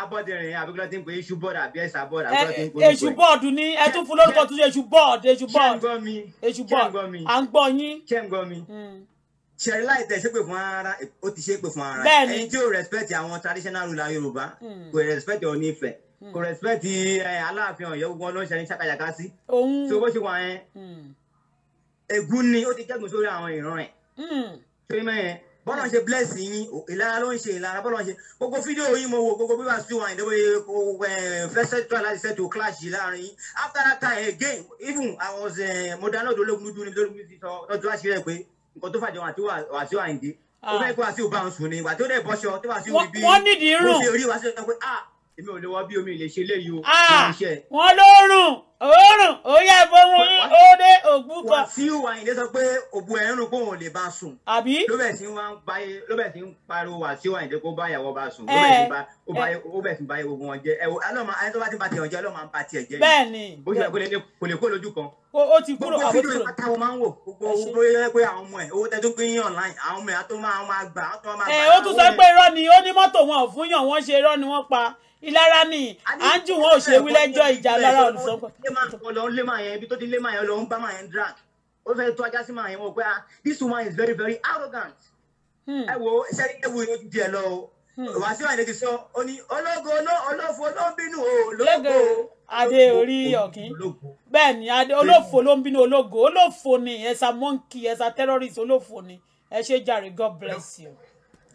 abọ́dẹ̀rìn àbíkúlá tí ń pè é ṣubọ́ọ̀dù àbí ẹ̀sà bọ́ọ̀dù àbíkúlá tí ń pè é. èṣù bọ́ọ̀dù ni ẹ tún fún lórúkọ tuntun èṣù bọ́ọ̀dù èṣù bọ́ọ̀dù èṣù bọ́ọ̀dù à ń gbọ́ yín. ṣé ń gbọ́ mi hmm. ṣẹ̀rí láì tẹ̀ ṣépè fún ara ó ti ṣépè fún ara ẹni tí ó respect àwọn traditional ruler Yorùbá hmm. kò respect Ọọ̀ni Ifẹ̀ hmm. kò respect Aláàfin Ọ̀yọ́ gbogbo ọlọ́ṣà ní ṣàkàyàká sí. so bó ṣe wà yẹn ègún ni ó ti kẹ́gùn sórí àwọn ìran rẹ̀ Hmm. ṣéyìnbẹ́ yẹn bọ́lá ń ṣe bless yín ìlara ló ń ṣe ìlara bọ́lá ń ṣe gbogbo fídíò yín mo wo gbogbo bí wàá sí wa ìdẹ́wọ́ fẹsẹ̀ tó aláṣẹ ṣètò clash yìí láàrin yín after that time again even àwọn mo dáná odò ológun dúró níbi ológun ti sọ lọ́jọ́ àṣírí ẹ̀ pé nǹkan tó fàjọ àti wàásù àyìndé ó fẹ́ kó wàásù bá ń sùn ni ìgbà tó dẹ̀ bọ́ṣọ tó wàásù rí bí mo ṣe rí wàásù sọ pé ah èmi ò lè wọ òórùn òyà ìfowópamọ́ òde ògbúkọ. wàsíù àyìndé sọ pé òbu ẹ̀rín ló kóun lè bá sùn. àbí. lóbẹ̀ tí wọ́n báyé lóbẹ̀ tí ń pariwo wàsíù àyìndé kó báyàwó bá sùn. ó tí ń eh, báyé eh. gbogbo wọn jẹ ẹ wo alọ́mọ ayé tó bá ti ba tiẹ̀ jẹ́ ọlọ́mọ à ń ba tiẹ̀ jẹ́. bẹ́ẹ̀ni. ó ṣe kò lè kó lójú kan. ó ti kúrò àwọn kúrò. gbogbo fídíò ìlara ni à wọn ò ṣe wí ìjà lára olùsọ́kọ̀ lema kankan lọ ń lema yẹn ibi tó ti lema yẹn lọ ń bá ma drag ó fẹ́ tó ajá sí ma yẹn ah, this woman is very very arrogant hmm. ẹ wo sẹ́ni ẹ wo yóò di ẹ lọ o hmm. wàá lẹ́kì sọ ó ní ológo olófo ló ń bínú o adé orí ọ̀kín bẹ́ẹ̀ ni olófo ló ń bínú ológo olófo ni ẹ̀sà monkey ẹ̀sà terrorist olófo ni ẹ ṣe jàre god bless you.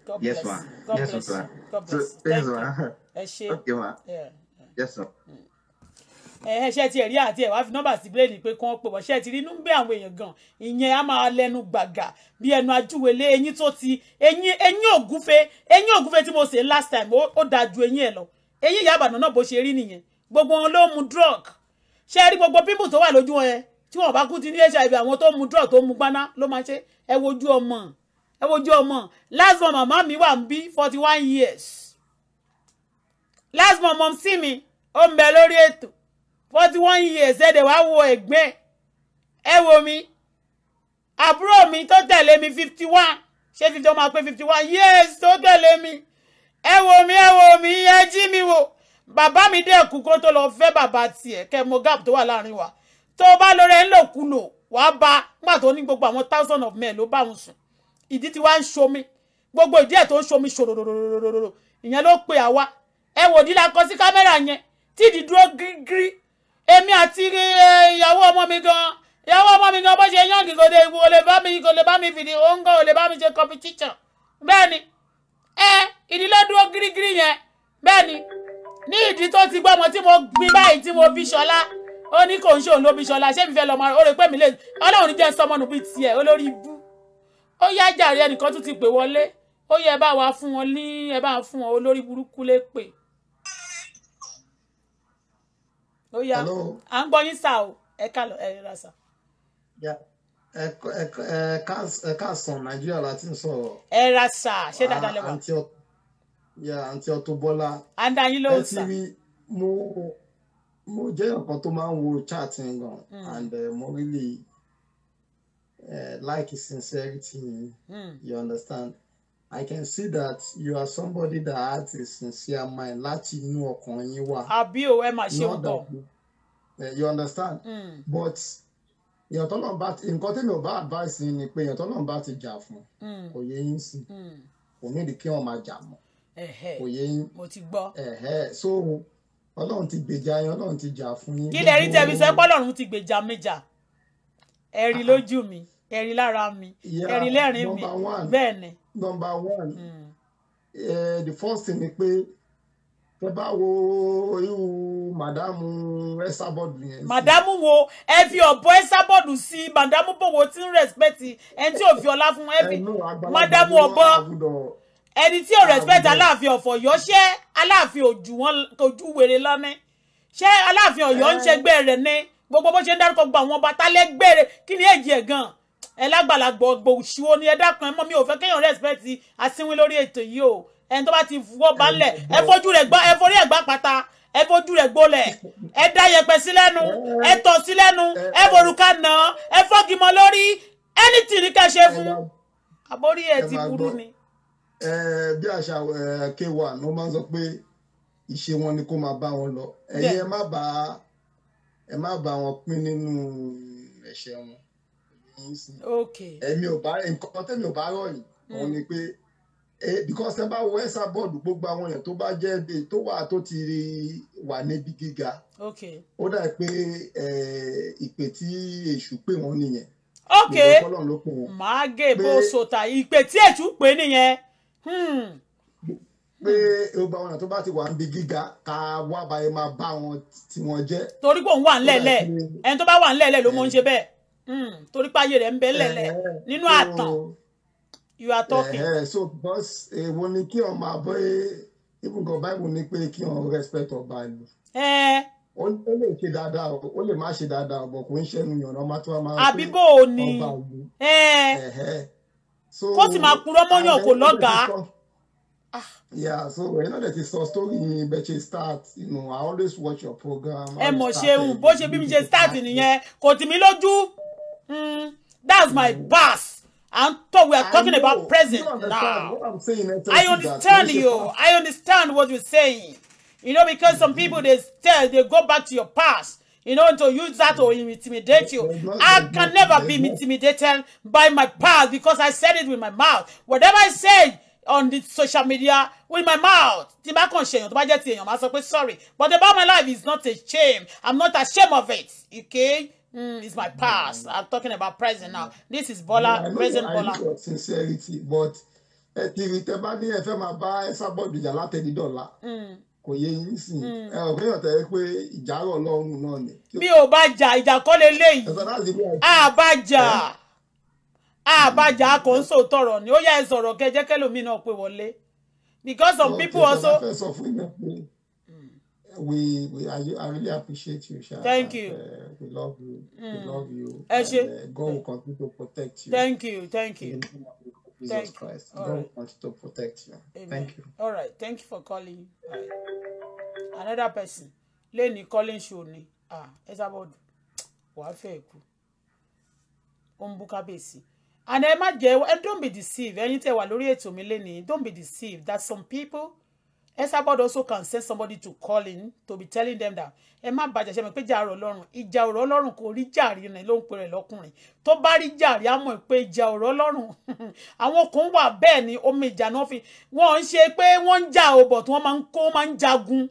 God bless. Ma. God bless. Ma. God bless. you. Ẹ ṣé. Okay, ma. Hmm. Eh, eh, ẹ ṣe ti ẹ̀rí àti ẹ̀wá fi nọ́mbà sí bíléèdì pé kí wọ́n pè wọ́n ṣe ti rí inú ń bẹ àwọn èèyàn gan ìyẹn á máa lẹnu gbàgà bí ẹnu ajúwèlé eyín tó ti eyín eyín ògúfe eyín ògúfe tí mo ṣe last time ó dáa ju eyín ẹ lọ eyín ìyá àbàdàn náà bó ṣe rí nìyẹn gbogbo wọn ló mu drug ṣe rí gbogbo pimple tó wà lójú wọn yẹn tí wọn bá kú ti ní hiv àwọn tó mu drug tó mu gbaná ló máa ṣe ẹ wojú ọmọ ẹ wojú ọmọ last month màmá mi wà ń bí forty one years last month mom see me ó ń bẹ lórí ètò forty one years ẹ̀ dẹ̀ wá wo ẹ̀gbẹ́ ẹ wo mi àbúrò mi tó tẹ̀lé mi fifty one ṣé fifty one máa pé fifty one years tó tẹ̀lé mi ẹ wo mi ẹ wo mi ẹ jí mi wò bàbá mi dẹ̀ kú kó tó lọ fẹ́ bàbá tiẹ̀ kẹ́ mo gap tó wà láàrin wa tó bá lórí ẹ̀ ń lò kùnà wàá ba nígbà tó ní gbogbo àwọn thousand of men ló bá wọn sùn ìdí tí wàá ń ṣomi gbogbo ìdí ẹ̀ tó ń ṣomi ṣòròròròròrò ìyẹn ló pe àwa ẹ wò ní la kọ sí kámẹ́rà yẹn tí ìdí dúró gírígírí èmi àti eh, ìyàwó ọmọ mi gan ìyàwó ọmọ mi gan bó ṣe yànjú kò lè kò lè bá mi kò lè bá mi fìdí òǹkà kò lè bá mi ṣe competition bẹ́ẹ̀ ni ẹ ìdílé dúró gírígírí yẹn bẹ́ẹ̀ ni ní ìdí tó ti gbọ́mọ tí mo gbin báyìí tí mo bí ṣọlá ó ní kò ń ṣe òun ló bí ṣọlá ṣé mi fẹ́ lọ́mọ ó rẹ pé mi lè ọlọ́run ní jẹ́ ń sọmọ́nù bíi tiẹ̀ olórí ibú ó yá jàre ẹnìkan tún ti pè wọlé ó yẹ ẹ fún wọn ní ẹ bá fún wọn olórí burúkú lè pè ó yá à ń gbọ́ yín sá o ẹ ká lọ ẹ rà sá. ẹ káàsán nàìjíríà láti ń sọ̀rọ̀. ẹ rà sá ṣé dáadáa lẹ́wà. àǹtí Auto Bọ́lá. àǹdá yín ló ń sá. mo mo jẹ́ ọ̀kan to máa ń wo chat yẹn gan hmm. and uh, mo really uh, like sincerity mm. you understand I can see that you are somebody that has a sincere mind láti inú ọkàn yín wá. àbí o ẹ máa ṣe òótọ́. Eh, you understand. Mm. but èèyàn tó lọ́n bá nǹkan tí mi ò bá advice yín ni pé èèyàn tó lọ́n bá ti jà fún hmm. kò yé yín sí hmm. kò nídìí kí wọ́n máa jà mọ́ kò yé yín mo ti gbọ́ so ọlọ́run ti gbèjà yín ọlọ́run ti jà fún yín. kí lè rí tẹ̀mí sọ pé ti gbèjà mi jà ẹ̀rí lójú mi ẹ̀rí lára mi ẹ̀rí lẹ́rìn mi bẹ́ẹ̀ ni number one uh, the first thing ni pé tẹ bá wo irú màdámù ẹsàbọọdù yẹn. màdámù wo ẹ fi ọ̀bọ ẹsàbọọdù sí màdámù bòwò tí ń rẹ̀spẹ̀tì ẹni tí ò fi ọlá fún ẹbí màdámù ọ̀bọ ẹni tí ò rẹ̀spẹ̀tì aláàfin ọ̀fọ̀ yọ ṣé aláàfin ojú wọn ojú wèrè lọ́nẹ́ ṣé aláàfin ọ̀yọ́ ń ṣẹgbẹ́ eh. rẹ̀ ní gbogbo bó ṣe ń dárúkọ gbogbo àwọn ọba tálẹ́gbẹ̀rẹ̀ kí ni èjì ẹ̀ gan-an ẹ lágbàlagbọ̀ gbò òṣìwò ni ẹ dákun ẹ mọ̀ mi ò fẹ́ kéèyàn respect asínwín lórí ètò yìí o ẹni tó bá ti wọ́ balẹ̀ e fojú rẹ̀ gbọ́ e forí e gbá pata e fojú rẹ̀ gbólẹ̀ e da yẹ̀pẹ̀ sí lẹ́nu ẹ tọ̀ sí lẹ́nu ẹ forúkà nà ẹ fọ́gi mọ́ lórí anything ká ṣe fún àbórí ẹ ti burú ni. bí àṣà kéwà ló no ń sọ pé ìṣe wọn ni kó máa ba wọn lọ ẹ̀yin ẹ má bá ẹ má bá wọn pín nínú ẹ̀ṣẹ̀ wọn yín sí ẹ̀mí ò bá nǹkan tẹ̀mí ò bá rọ̀ yìí mm. òun ni pé e, because ẹ bá wọ ẹ̀sà bọ́ọ̀dù gbogbo àwọn èèyàn tó bá jẹ́ ebe tó wà tó ti wà níbi gíga ó dà pé ìpè tí èṣù pè wọ́n nìyẹn ok máa gé bó sota ìpè tí èṣù pè nìyẹn hmm. pé ọba ọ̀nà tó bá ti wà níbi gíga ká wá báyìí máa bá wọn tí wọ́n jẹ́. torí pé òun wà ń lẹ̀lẹ̀ ẹni tó bá wà ń lẹ̀lẹ̀ ló mọ̀ ń ṣe bẹ́ẹ̀. Hmm, torí páyé rẹ̀ ń bẹ lẹ́lẹ̀ nínú àtàn you are talking. so boss èwo ni kí ọmọ àbọ̀ even gan bible ní pé kí wọn respect ọba ìlú. ó lè ṣe dáadáa ó lè má ṣe dáadáa ọ̀bọ̀ kò ń ṣẹ́nu yànnà ọmọ tó máa ń pè ọba ìlú. kó sì máa purọ́ mọ́yàn kò lọ́gàá. Ah. Yeah, so you know that it's a story in Beche start, you know, I always watch your program. Ẹ mọ̀ ṣeun, bó ṣe bí mi ṣe start ah, nìyẹn, kò tì mí lójú. Mm, that's my mm. boss. And so we are talking know, about present now. What I'm saying, I understand you. I understand what you're saying. You know, because some mm-hmm. people they tell they go back to your past. You know, to use that to mm. intimidate you. I can never be intimidated by my past because I said it with my mouth. Whatever I say, on the social media with my mouth tí bá kàn ṣe sorry but about my life is not a shame i'm not ashamed of it okay Mm, it's my past. I'm talking about present now. This is Bola, yeah, present I Bola. Your sincerity, but ẹ ti rí tẹ bá ní ẹ fẹ́ máa bá ẹ sábọ̀dù ìjà látẹ̀dí dọ̀la. Mm. Kò yé yín sìn. Mm. Ẹ ò fẹ́yàn tẹ̀ pé ìjà rọ̀ lọ́rùn náà ni. Mi ò bá jà ìjà kọ́ leléyìí. Àbájà àbájà kò ń sòtọ̀rọ̀ ni ó yá ẹ sọ̀rọ̀ kẹjẹ́kẹ́ lómi náà pé wọlé because some people also we, we I, I really appreciate you, Sha. Thank you. Uh, we love you. Mm. We love you. And, uh, God will continue to protect you. Thank you. Thank you. Jesus Thank Christ. You. God right. wants to protect you. Amen. Thank you. All right. Thank you for calling. right. Another person. Lenny calling Shoni. Ah, it's about fẹ́ kú. Ó ń bú And don't be deceived. Ẹ̀yin tẹ́ wà lórí ètò mi Don't be deceived that some people Esabod also can send somebody to call in to be telling them that ẹ má bàjẹ́ ṣe mọ̀ pé ìjà ọlọ́run ìjà ọ̀rọ̀ ọlọ́run kò rí jàrí rìn ló ń pè rẹ̀ lọ́kùnrin tó bá rí jàrí á mọ̀ pé ìjà ọ̀rọ̀ ọlọ́run àwọn kan wà bẹ́ẹ̀ ni omi ìjà náà fi wọ́n ń ṣe pé wọ́n ń jà ọ̀bọ̀ tí wọ́n máa ń kó máa ń jagun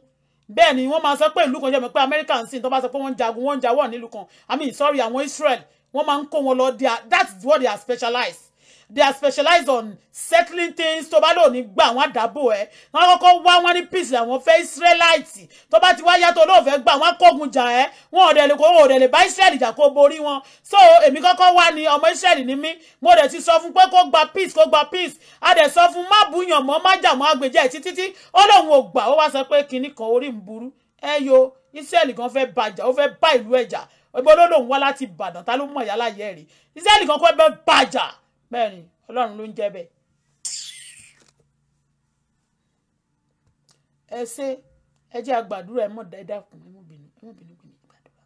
bẹ́ẹ̀ ni wọ́n máa sọ pé ìlú kan ṣe mọ̀ pé Amẹ́ríkà ń sìn tó bá sọ pé wọ́n ń jagun wọ́n ń jawọ́ nílùú kan I mean sorry àwọn Israel wọ́n máa ń kó wọn lọ there that what they are specialized they are specialized on settling things tó bá lò ní gbà wọ́n àdàbò ẹ̀ wọ́n kọ́kọ́ wá wọ́n ní peace àwọn fẹ́ israelite tó bá ti wá yàtọ̀ lóò fẹ́ gbà wọ́n kógun jà ẹ́ wọ́n ọ̀dẹ̀ lè kó ọ̀dẹ̀ lè bá israel jà kó borí wọn so èmi kọ́kọ́ wá ní ọmọ israel ní mí mo dẹ̀ ti sọ fún pé kó gba peace kó gba peace a dẹ̀ sọ fún má búyàn mọ́ má jà mọ́ agbèjẹ́ títí tí ó lóun ò gbà ó wá sọ pé kinní kan orí ń burú ẹ yo israel kan fẹ́ bàjà ó fẹ́ bá ìlú ẹ̀jà ìbọn ló lòun wá láti ìbàdàn ta ló mọ̀ yálà yẹ́ rí israel kan kọ́ bẹ́ bàjà bẹ́ẹ̀ ni ọlọ́run ló ń jẹ́ bẹ́ẹ̀. ẹ ṣe ẹ jẹ́ àgbàdúrà ẹ mọ̀ dáadáa kùn ẹ mọ̀ bínú ẹ mọ̀ bínú kùn ìgbàdúrà.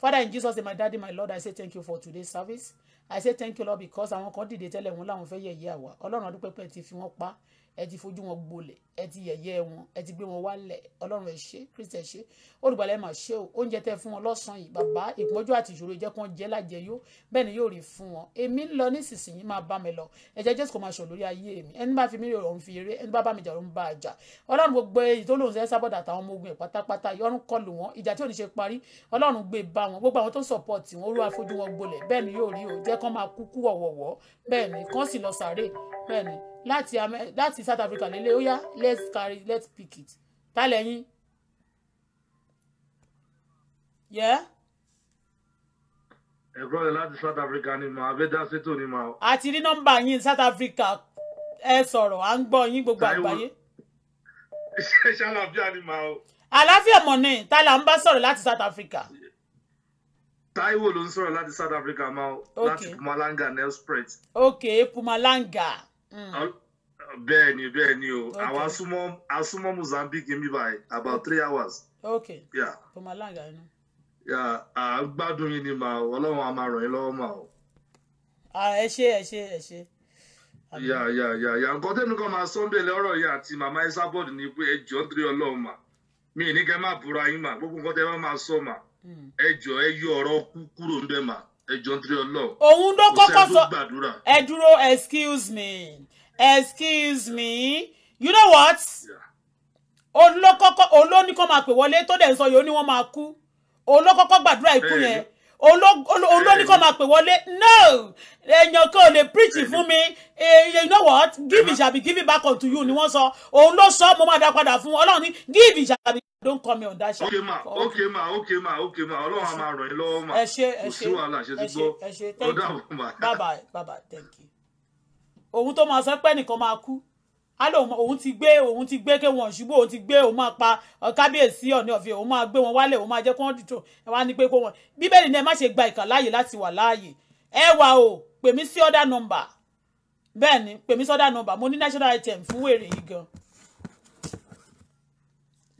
Father in Jesus name my daddy my Lord I say thank you for today's service I say thank you Lord because àwọn kan dìde tẹ́lẹ̀ wọn láwọn fẹ́ yẹ̀yẹ́ àwa ọlọ́run adúpẹ́pẹ́ ti fi wọ́n pa á ẹ ti fojú wọn gbolẹ̀ ẹ ti yẹ̀yẹ́ wọn ẹ ti gbé wọn wálẹ̀ ọlọ́run ẹ ṣé kristi ẹ ṣé olùgbàlà ẹ mà ṣé o oúnjẹ tẹ́ fún wọn lọ́sàn-án yìí bàbá ìpọ́njú àti ìṣòro ìjẹ́ kan jẹ́ lájẹyó bẹ́ẹ̀ ni yóò rí fún wọn èmi ń lọ nísinsìnyí máa bá mi lọ ẹ̀jẹ̀ jésù kò máa ṣọ̀ lórí ayé mi ẹni bá fi mí rèé òun fi eré ẹni bá bá mi jà òun bá a jà ọlọ́run gbogbo èyí tó lóun fẹ́ sábọ̀dà àtàwọn ọmọ ogun ẹ̀ pátápátá ìyọrùn kọlù wọn ìjà tí ò ní ṣe parí ọlọ́run gbé bá wọn gbogbo àwọn tó ń sọ̀pọ̀tì wọn ó rú àfojú wọn gbolẹ̀ bẹ́ẹ̀ ni yóò rí o jẹ́ kán máa kúkú ọ̀wọ̀wọ́ bẹ́ẹ̀ ni kán sì lọ sàárè bẹ́ẹ̀ ni láti láti South Africa lélẹ̀ ó let's carry let's pick it ta lẹ́yìn. Yeah? ẹ̀gbọ́n rẹ̀ láti South Africa ni mà abẹ́dásẹ́tò ni mà ó. àti rí nọ́mbà yín South Africa ẹ sọ̀rọ̀ à ń gbọ́ yín gbogbo àgbáyé. ṣé ṣàlàfíà ni mà ó. àlàáfíà mọ̀ ni ta là ń bá sọ̀rọ̀ láti South Africa. Táíwò ló ń sọ̀rọ̀ láti South Africa máa láti Mpumalanga nelspret. ok Mpumalanga. Okay. Mm. bẹ́ẹ̀ ni o àwọn asúmọ́ asúmọ́ Mozambique mi by about three hours. ok yeah. Mpumalanga inú. à gbádùn yín a máa ràn yín lọ́wọ́ màá o. ẹ ṣe ẹ ṣe ẹ ṣe. yà Ya yà yà nǹkan tẹ́mi kan máa sunday lọ́rọ̀ yìí àti màmá Esabod ni pé ẹ jọ̀ọ́ nítorí ọlọ́run mà mí ní kẹ́ máa gbogbo nǹkan tẹ́ máa sọ mà mm. ẹ jọ̀ọ́ ẹ yọ ọ̀rọ̀ ẹjọ nítorí Ọlọ́run. òun ló kọ́kọ́ sọ ẹ dúró excuse me excuse me you know what òun ló kọ́kọ́ òun ló ní kó máa pè wọlé tó dẹ̀ ń sọ yìí ó ní wọ́n máa kú òun ló kọ́kọ́ gbàdúrà ikú yẹn òun ló ní kó máa pè wọlé no èèyàn kan ò lè preach fún mi eh, you know what give it shall be given back unto you ni wọ́n sọ òun ló sọ mo máa dá padà fún Ọlọ́run ní give it shall be don't call me on that. okay ma okay ma okay ma okay ma ọlọ́run a máa ràn yín lọ́wọ́ ma ẹ ṣe ẹ ṣe ẹ ṣe ẹ ṣe thank you bye bye bye bye thank you. òun tó máa sọ pé nìkan máa kú alo òun ti gbé òun ti gbé kéwọn ṣubú òun ti gbé òun máa pa uh, kábíyèsí ọ̀ní ọ̀fẹ́ òun máa gbé wọn wálẹ̀ òun máa jẹ́ kó wọ́n dùn tó ẹ wá ní pé kó wọn bíbélì ni ẹ má ṣe gba ìkà láàyè láti wà láàyè ẹ wà o pèmí sí ọ̀dà nọmbà bẹ́ẹ̀ ni pèmí sí ọ̀dà nọmbà mo ní national item fún wèrè yìí gan-an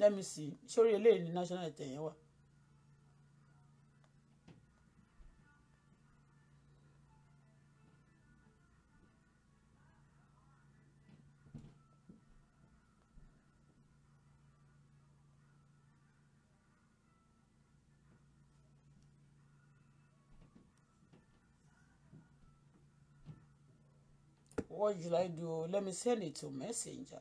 let me see sórí eléyìí ní national anthem yẹn wà. What should I do? Let me send it to Messenger.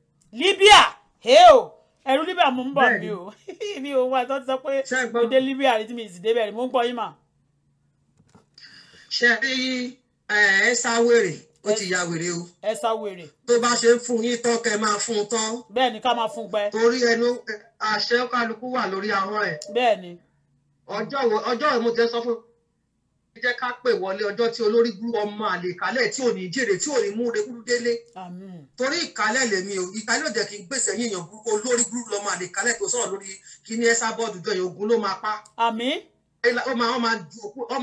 Libya heo ẹ̀rù Libya mo ń bọ̀ mi o mi ò wá tó ti sọ pé mo dé Libya rí tí mi sì débẹ̀ rí mo ń gbọ́ yín mà. ṣe rí ẹ sáwèrè ó ti ya wèrè o. ẹ sáwèrè. tó bá ṣe ń fún yín tán kẹ máa fún un tán. bẹ́ẹ̀ni ká máa fún gbẹ. torí ẹnu àṣẹ kálukú wà lórí ahọ́n ẹ̀. bẹ́ẹ̀ni. ọjọ́ ọjọ́ mo ti sọ fún jẹ́ ká pè wọlé ọjọ́ tí olórí burú ọmọ àlè tí ò ní jèrè tí ò ní mú rekú délé torí ìkálẹ̀ lèmi o ìkálẹ̀ ò kí n gbèsè yín èèyàn burúkú olórí burú lọ́mọ àlè tó sọ̀rọ̀ lórí kíní ẹ́sà bọ́ọ̀dù jọ yẹn ogun ló máa pa. àmín.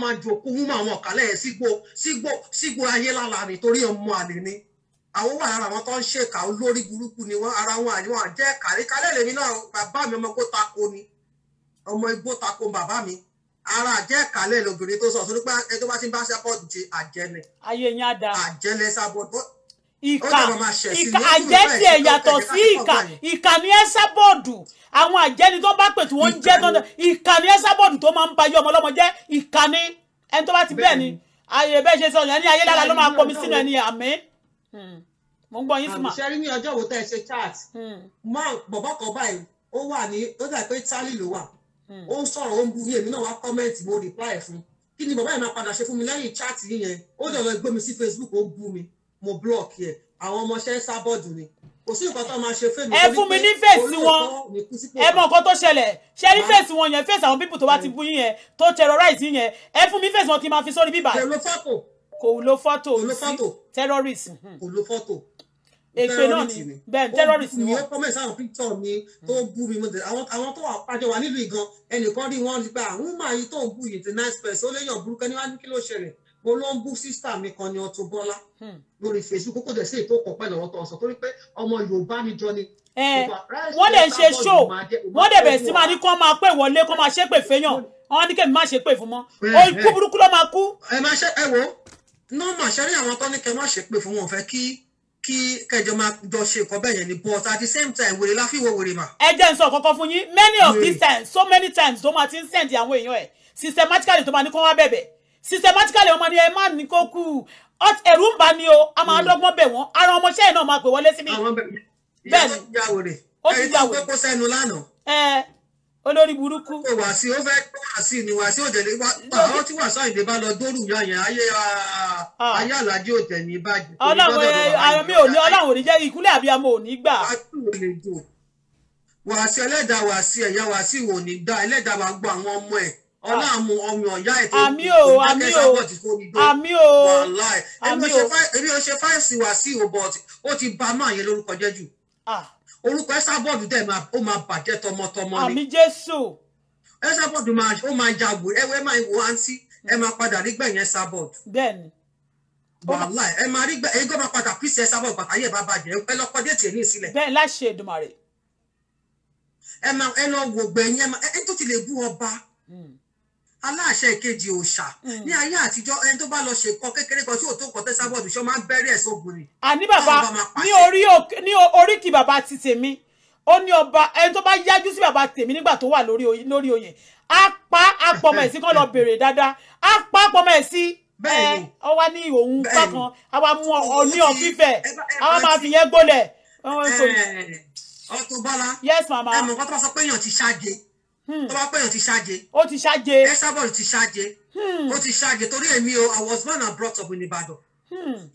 máa ju òkú húmọ́ àwọn ọ̀kálẹ̀ yẹn sígbó sígbó sígbó ayé lára ni torí ọmọ àlè ni àwọn wà lára àwọn tó ń ṣèkà olórí ara àjẹ́ ìkàlẹ̀ lobìnrin tó sọ sórí pé ẹni tó bá ti ń bá sábọ́ọ̀dù ṣe àjẹ́ ni ayé yín á da àjẹ́ lẹ sábọ́ọ̀dù ìkà ìkà àjẹ́ yàtọ̀ sí ìkà ìkà ni ẹ sábọ́ọ̀dù àwọn àjẹ́ni tó bá pè tí wọ́n ń jẹ́ tó ni ẹ sábọ́ọ̀dù tó máa ń bayé ọmọ ọlọ́mọ jẹ́ ìkà ni ẹni tó bá ti bẹ́ẹ̀ ni ayé bẹ́ẹ̀ ṣe sọ ẹni ayé lára ló máa pọmi sínú ẹni àmì hmm. mo ń gbọ́ yín sí ma. àmì ní ọjọ́ wo tẹ́ ẹ ṣe chat hmm. máa kan báyìí ó wà ní ó dà pé Italy ló wà ó ń sọ̀rọ̀ ó ń bu ní èmi náà wá kọ́mẹ́ǹtì mo reply fún kí ni bàbá yẹn máa padà ṣe fún mi lẹ́yìn chat yẹn ó dẹ̀ lọ gbé mi sí Facebook ó bú mi mo block yẹ àwọn ọmọọṣẹ́ sábọ̀dù ni kò sí nǹkan tó máa ṣe fẹ́mi. ẹ fún mi ní fèsì wọn ẹ mọ nǹkan tó ṣẹlẹ̀ ṣe ní fèsì wọn yẹn fèsì àwọn pípù tó bá ti hmm. bú yín yẹn tó terrorize yín yẹn ẹ fún mi fèsì wọn kí n máa fi sórí bíbà. kò lo fọ́tò kò lo fọ́tò èfè náà ni bẹ́ẹ̀ terrorist ni wọ́n. ó kọ́mẹ̀ sáwọn píktọ̀ mi tó hmm. bú mi àwọn tó wà pàjọ wà nílùú ìgan ẹnìkan rí wọn gbà àwọn máa yí tó bú yìí ti nice person ó léyàn burúkú ẹni wá ní kí ló ṣẹlẹ̀ mo ló ń bú sísítà mi kan ni Auto Bola hmm. lórí Facebook kókó dẹ̀ sí ètò ọkọ̀ pẹ̀lú ọ̀rọ̀ tó sọ torí pé ọmọ Yorùbá ni jọ ni. Eh, wọ́n lè ṣe show wọ́n dẹ̀ bẹ̀rẹ̀ sí máa ní kí wọ́n máa pè wọlé kí wọ́n máa ṣépè fẹ́yàn wọ́n ní kẹ́mi má ṣépè fún mọ́ kú burúkú ló máa kú. ẹ máa ṣe ẹ wo nọ́ọ̀mà ṣẹ́rí àwọn tó ní kẹ́ má ṣépè fún wọn fẹ́ kí kí kẹjọ máa jọ ṣe nǹkan bẹ́ẹ̀ yẹn ni but at the same time wèrè la fi wo wèrè mà. ẹ jẹ́ n sọ kankan fún yín many of these times so many times ló máa ti ń send àwọn èèyàn ẹ̀ systematically tó máa ní kó wá bẹ̀bẹ̀ systematically ọmọ ni ẹ má ní kó kú ẹ̀rù ń bà ní o a máa dọ́gbọ́n bẹ̀ wọ́n ara ọmọọṣẹ́ yẹn náà máa pè wọlé sí mi. bẹ́ẹ̀ ni ó ti gbà wèrè ẹ̀rí tó kó sẹ́nu lánàá olórí burúkú. ó wá sí ó fẹ́ wá sí ni wá sí òde ní àwọn tí wàásù àyìnbí bá lọ dóòlù yá yẹn ayé ah. ayé alájí òde ní ìbàjẹ́. ọlọ́run ara mi ò ní ọlọ́run ò ní jẹ́ ìkúlẹ̀ àbí amọ̀ ò ní gbà. wàásù ẹlẹ́dàá wàásù ẹ̀yà wàásù ìwò ní gbà ẹlẹ́dàá wa gbọ́ àwọn ọmọ ẹ̀ ọlọ́àmú ọmọ ọ̀yá ẹ̀ tó kú mákẹ́sàbọ̀ ti kó ní dó wàláì ẹ̀mí ó ṣe fáìsì wàásù ìwò bọ̀ọ̀tì ó ti ba máa yẹn lórúkọ jẹ́ orúkọ Esabod dẹ̀ ó máa bàjẹ́ tọmọtọmọ ni. àmì Jésù. Esabod ó máa jagun ẹ wẹ́ẹ́ máa wo àǹtí ẹ máa padà rí gbẹ̀yìn Esabod. bẹ́ẹ̀ni. wàhálà ẹ máa rí gbẹ ẹgbẹ́ máa padà pèsè Esabod bàtà yẹ̀ bá bàjẹ́ ẹ lọ́kọ́ dé tèmi sílẹ̀. bẹ́ẹ̀ láṣẹ Èdùmàrè. ẹ máa ẹ lọ wò gbẹ̀yìn ẹ tó ti lè bú ọba. Hmm aláṣẹ ìkejì òòṣà hmm. ní ayé àtijọ́ ẹni tó bá lọ ṣe kọ kékeré kan tí ò tó kọ tẹsábọọdù ṣọ máa ń bẹ̀rẹ̀ ẹsọ obìnrin. àní bàbá ní orí ní oríkì bàbá ti tèmi ó ní ọba ẹni tó bá yájú sí bàbá tèmi nígbà tó wà lórí oyè á pa àpọmọ ẹ̀sìn kan lọ bèrè dáadáa á pa àpọmọ ẹ̀sìn bẹ́ẹ̀ ọ wá ní òun pákan á wá mú ọ ní ọfífẹ á wá máa fi yẹn gbólẹ̀. ọtún bọ́lá ẹ kọ́tọ́ sọ pé èèyàn ti ṣáàgé tó bá pẹ̀yàn ti ṣááje ó ti ṣááje Esabod ti ṣááje hmm. ó ti ṣááje torí èmi o I was born and brought up in Ìbàdàn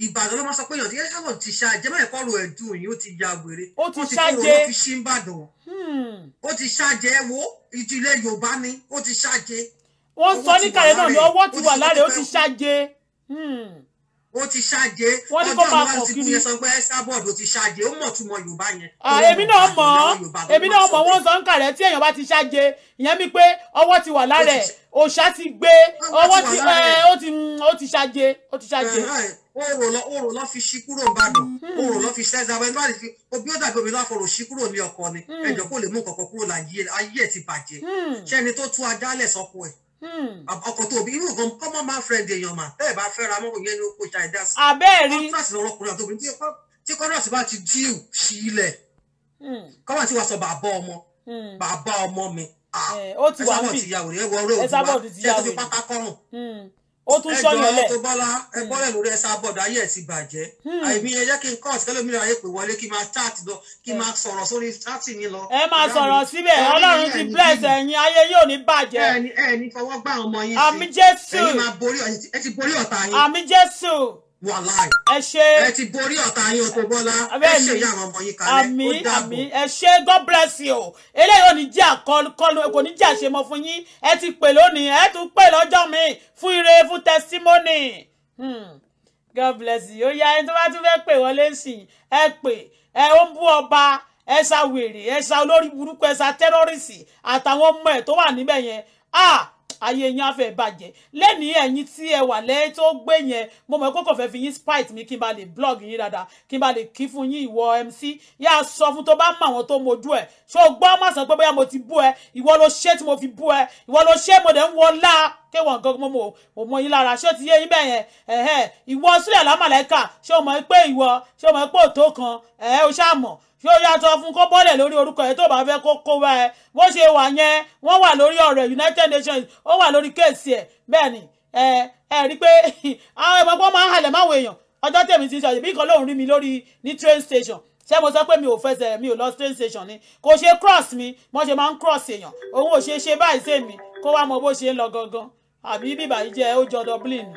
Ìbàdàn hmm. ló máa sọ pé èèyàn ti Esabod ti ṣááje máa kọ́ ro ẹ̀dùn yìí ó ti ya wèrè ó ti ṣááje ó ti kúrò ló fi ṣí Ìbàdàn hmm. ó ti ṣááje ẹ wo ìdílé Yorùbá ni ó ti ṣááje wọ́n sọ ní ó ti ṣáàjẹ ọjọ́ àwọn ti kúnyẹ sọ pé Esabod ó ti ṣáàjẹ ó mọ̀ túmọ̀ yorùbá yẹn. èmi náà mọ̀ èmi náà mọ̀ wọ́n sọ ń kàrẹ́ tí èèyàn ti ṣáàjẹ ìyẹn mi pé ọwọ́ ti wà ti gbé ọwọ́ ti ó ti ó ti oòrò lọ oòrò lọ fi ṣí kúrò nìbàdàn oòrò hmm. lọ fi ṣẹ́sà bẹ́ẹ̀ náà fi obi ó dàgbé omi láforò ṣí kúrò ní ọkọ ni hmm. ẹ̀jọ̀ kò lè mú nǹkan kan kúrò láyé ẹ̀ ti bàjẹ́ hmm. ṣẹ́ni tó tú ajá lẹ̀ sọ́kọ ẹ̀ Hmm. ọkọ tó bí irú nǹkan ọmọ máa fẹ́ di èèyàn mà bẹ́ẹ̀ bá fẹ́ra mọ́ ìyẹn ni kò ṣàìdá sí. abẹ́ẹ̀rí contract lọ́rọ̀ ọkùnrin àti obìnrin tí contract bá ti díù sí ilẹ̀ hmm. kọ́mọ̀ tí wàá sọ bàbá ọmọ hmm. bàbá ọmọ mi. Eh, ó ti wà ń bì ẹ sábọ̀ ti ya wèrè ẹ wọ orí òkú wa ẹ tó fi pátá kọ́rùn ó tún sọyàn lẹ. ẹjọ bọlá ẹgbọrẹ lórí ẹsẹ abọdọ ayé ẹ ti bàjẹ́ hmm. àìmí ẹ jẹ́ kí n cut kẹlẹmìíràn ayé pè wọlé kí n máa chat lọ kí n hmm. máa sọ̀rọ̀ sórí chat yín lọ. ẹ máa sọ̀rọ̀ síbẹ̀ ọlọ́run ti bless ẹ̀yin ayé yóò ní bàjẹ́. ẹni ẹni fọwọ́ gbà ọmọ yín sí ẹ̀yin máa borí ẹ ti borí ọ̀tá yín. àmì jésù wọn láì. ẹ ṣe ẹ ti borí ọ̀tá yín oko bọ́lá ẹ ṣe ìyá àwọn ọmọ yín kalẹ̀ ó dàbọ̀. àmì ẹ ṣe god bless you eléyìí ò ní jẹ́ àkọlù kò ní jẹ́ àṣemọ fún yín ẹ ti pè lónìí ẹ tún pè lọ́jọ́ mi fún ire fún testimony. Hmm. god bless you ó yá ẹni tó bá tún fẹ́ pè wọlé sí ẹ pè ẹ ó ń bú ọba ẹ ṣá wèrè ẹ ṣá olórí burúkú ẹ ṣá tẹ́rọ́rìsì àtàwọn ọmọ ẹ̀ tó wà níbẹ̀ yẹn ah ayé yín á fẹ́ bàjẹ́ lẹ́ni ẹ̀yin tí ẹ wà lẹ́yìn tó gbé yẹn mo mọ̀ pé fẹ́ fi yín spite mi kí n bá lè blog yín dáadáa kí n bá lè kí fún yín ìwọ MC yá sọ fún tó bá mọ àwọn tó mojú ẹ̀ ṣó gbọ́ má sọ pé bóyá mo ti bú ẹ ìwọ ló ṣe tí mo fi bú ẹ ìwọ ló ṣe mo dẹ̀ ń wọlá kéwọn nǹkan mọ́ mo mọ yín lára ṣé o ti yé yín bẹ́ẹ̀ yẹn ẹ̀hẹ́ ìwọ sílẹ̀ lámàlẹ́kà ṣé o mọ̀ pé ìwọ ṣé o mọ̀ pé òtó kan ẹ̀ẹ́ o ṣáà mọ̀ ṣé o yàtọ̀ fún kó bọ́lẹ̀ lórí orúkọ ẹ̀ tó bá fẹ́ kó kó wá ẹ bó ṣe wà yẹn wọ́n wà lórí ọ̀rọ̀ United Nations ó wà lórí kéèsì ẹ̀ bẹ́ẹ̀ ni ẹ rí i pé àwọn ẹ̀mọ́ pọ́n máa ń halẹ̀ máwọn èèyàn ọjọ́ tèmi ti ṣàyẹ̀bí kan lóun rí mi lórí ní train station ṣé mo sọ pé mi ò fẹsẹ̀ mi ò lọ train station ni kò ṣe cross mi mo ṣe máa ń cross èèyàn òun ò ṣe ṣe báyìí sí mi kó wá mọ bó ṣe ń lọ gangan àbí bíbà yìí jẹ́ ó jọ Dublin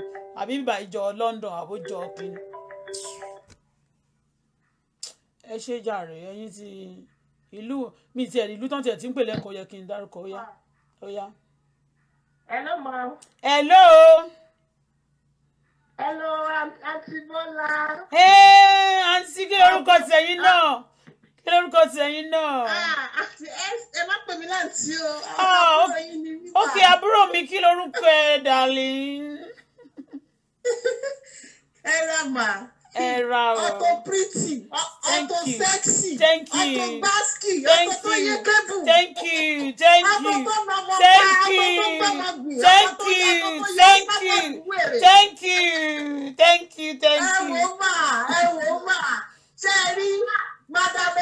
àbí bíbà yìí jọ London àbójọ kìnnì ẹ ṣe jàre ẹ̀yin ti ìlú mi ti ẹ̀rí ìlú tán tiẹ̀ ti ń pè lẹ́kọ̀ọ́ yẹ kí n dárúkọ ó yá ó yá. hello ma. hello. hello àǹtí bọ́lá. ee àǹtí kí lórúkọ tẹ̀yìn náà ah. kí lórúkọ tẹ̀yìn náà. Ah, ẹ má pè mí láǹtí o ah, àbúrò yín ni mí. ókè àbúrò mi kí lórúkọ ẹ darling. ẹ rà mà ẹ̀rà o ọ̀tọ̀ pretty ọ̀tọ̀ sexy ọ̀tọ̀ basky ọ̀tọ̀ yẹ kébù thank you thank you thank you thank you thank mà ẹ wò mà ṣe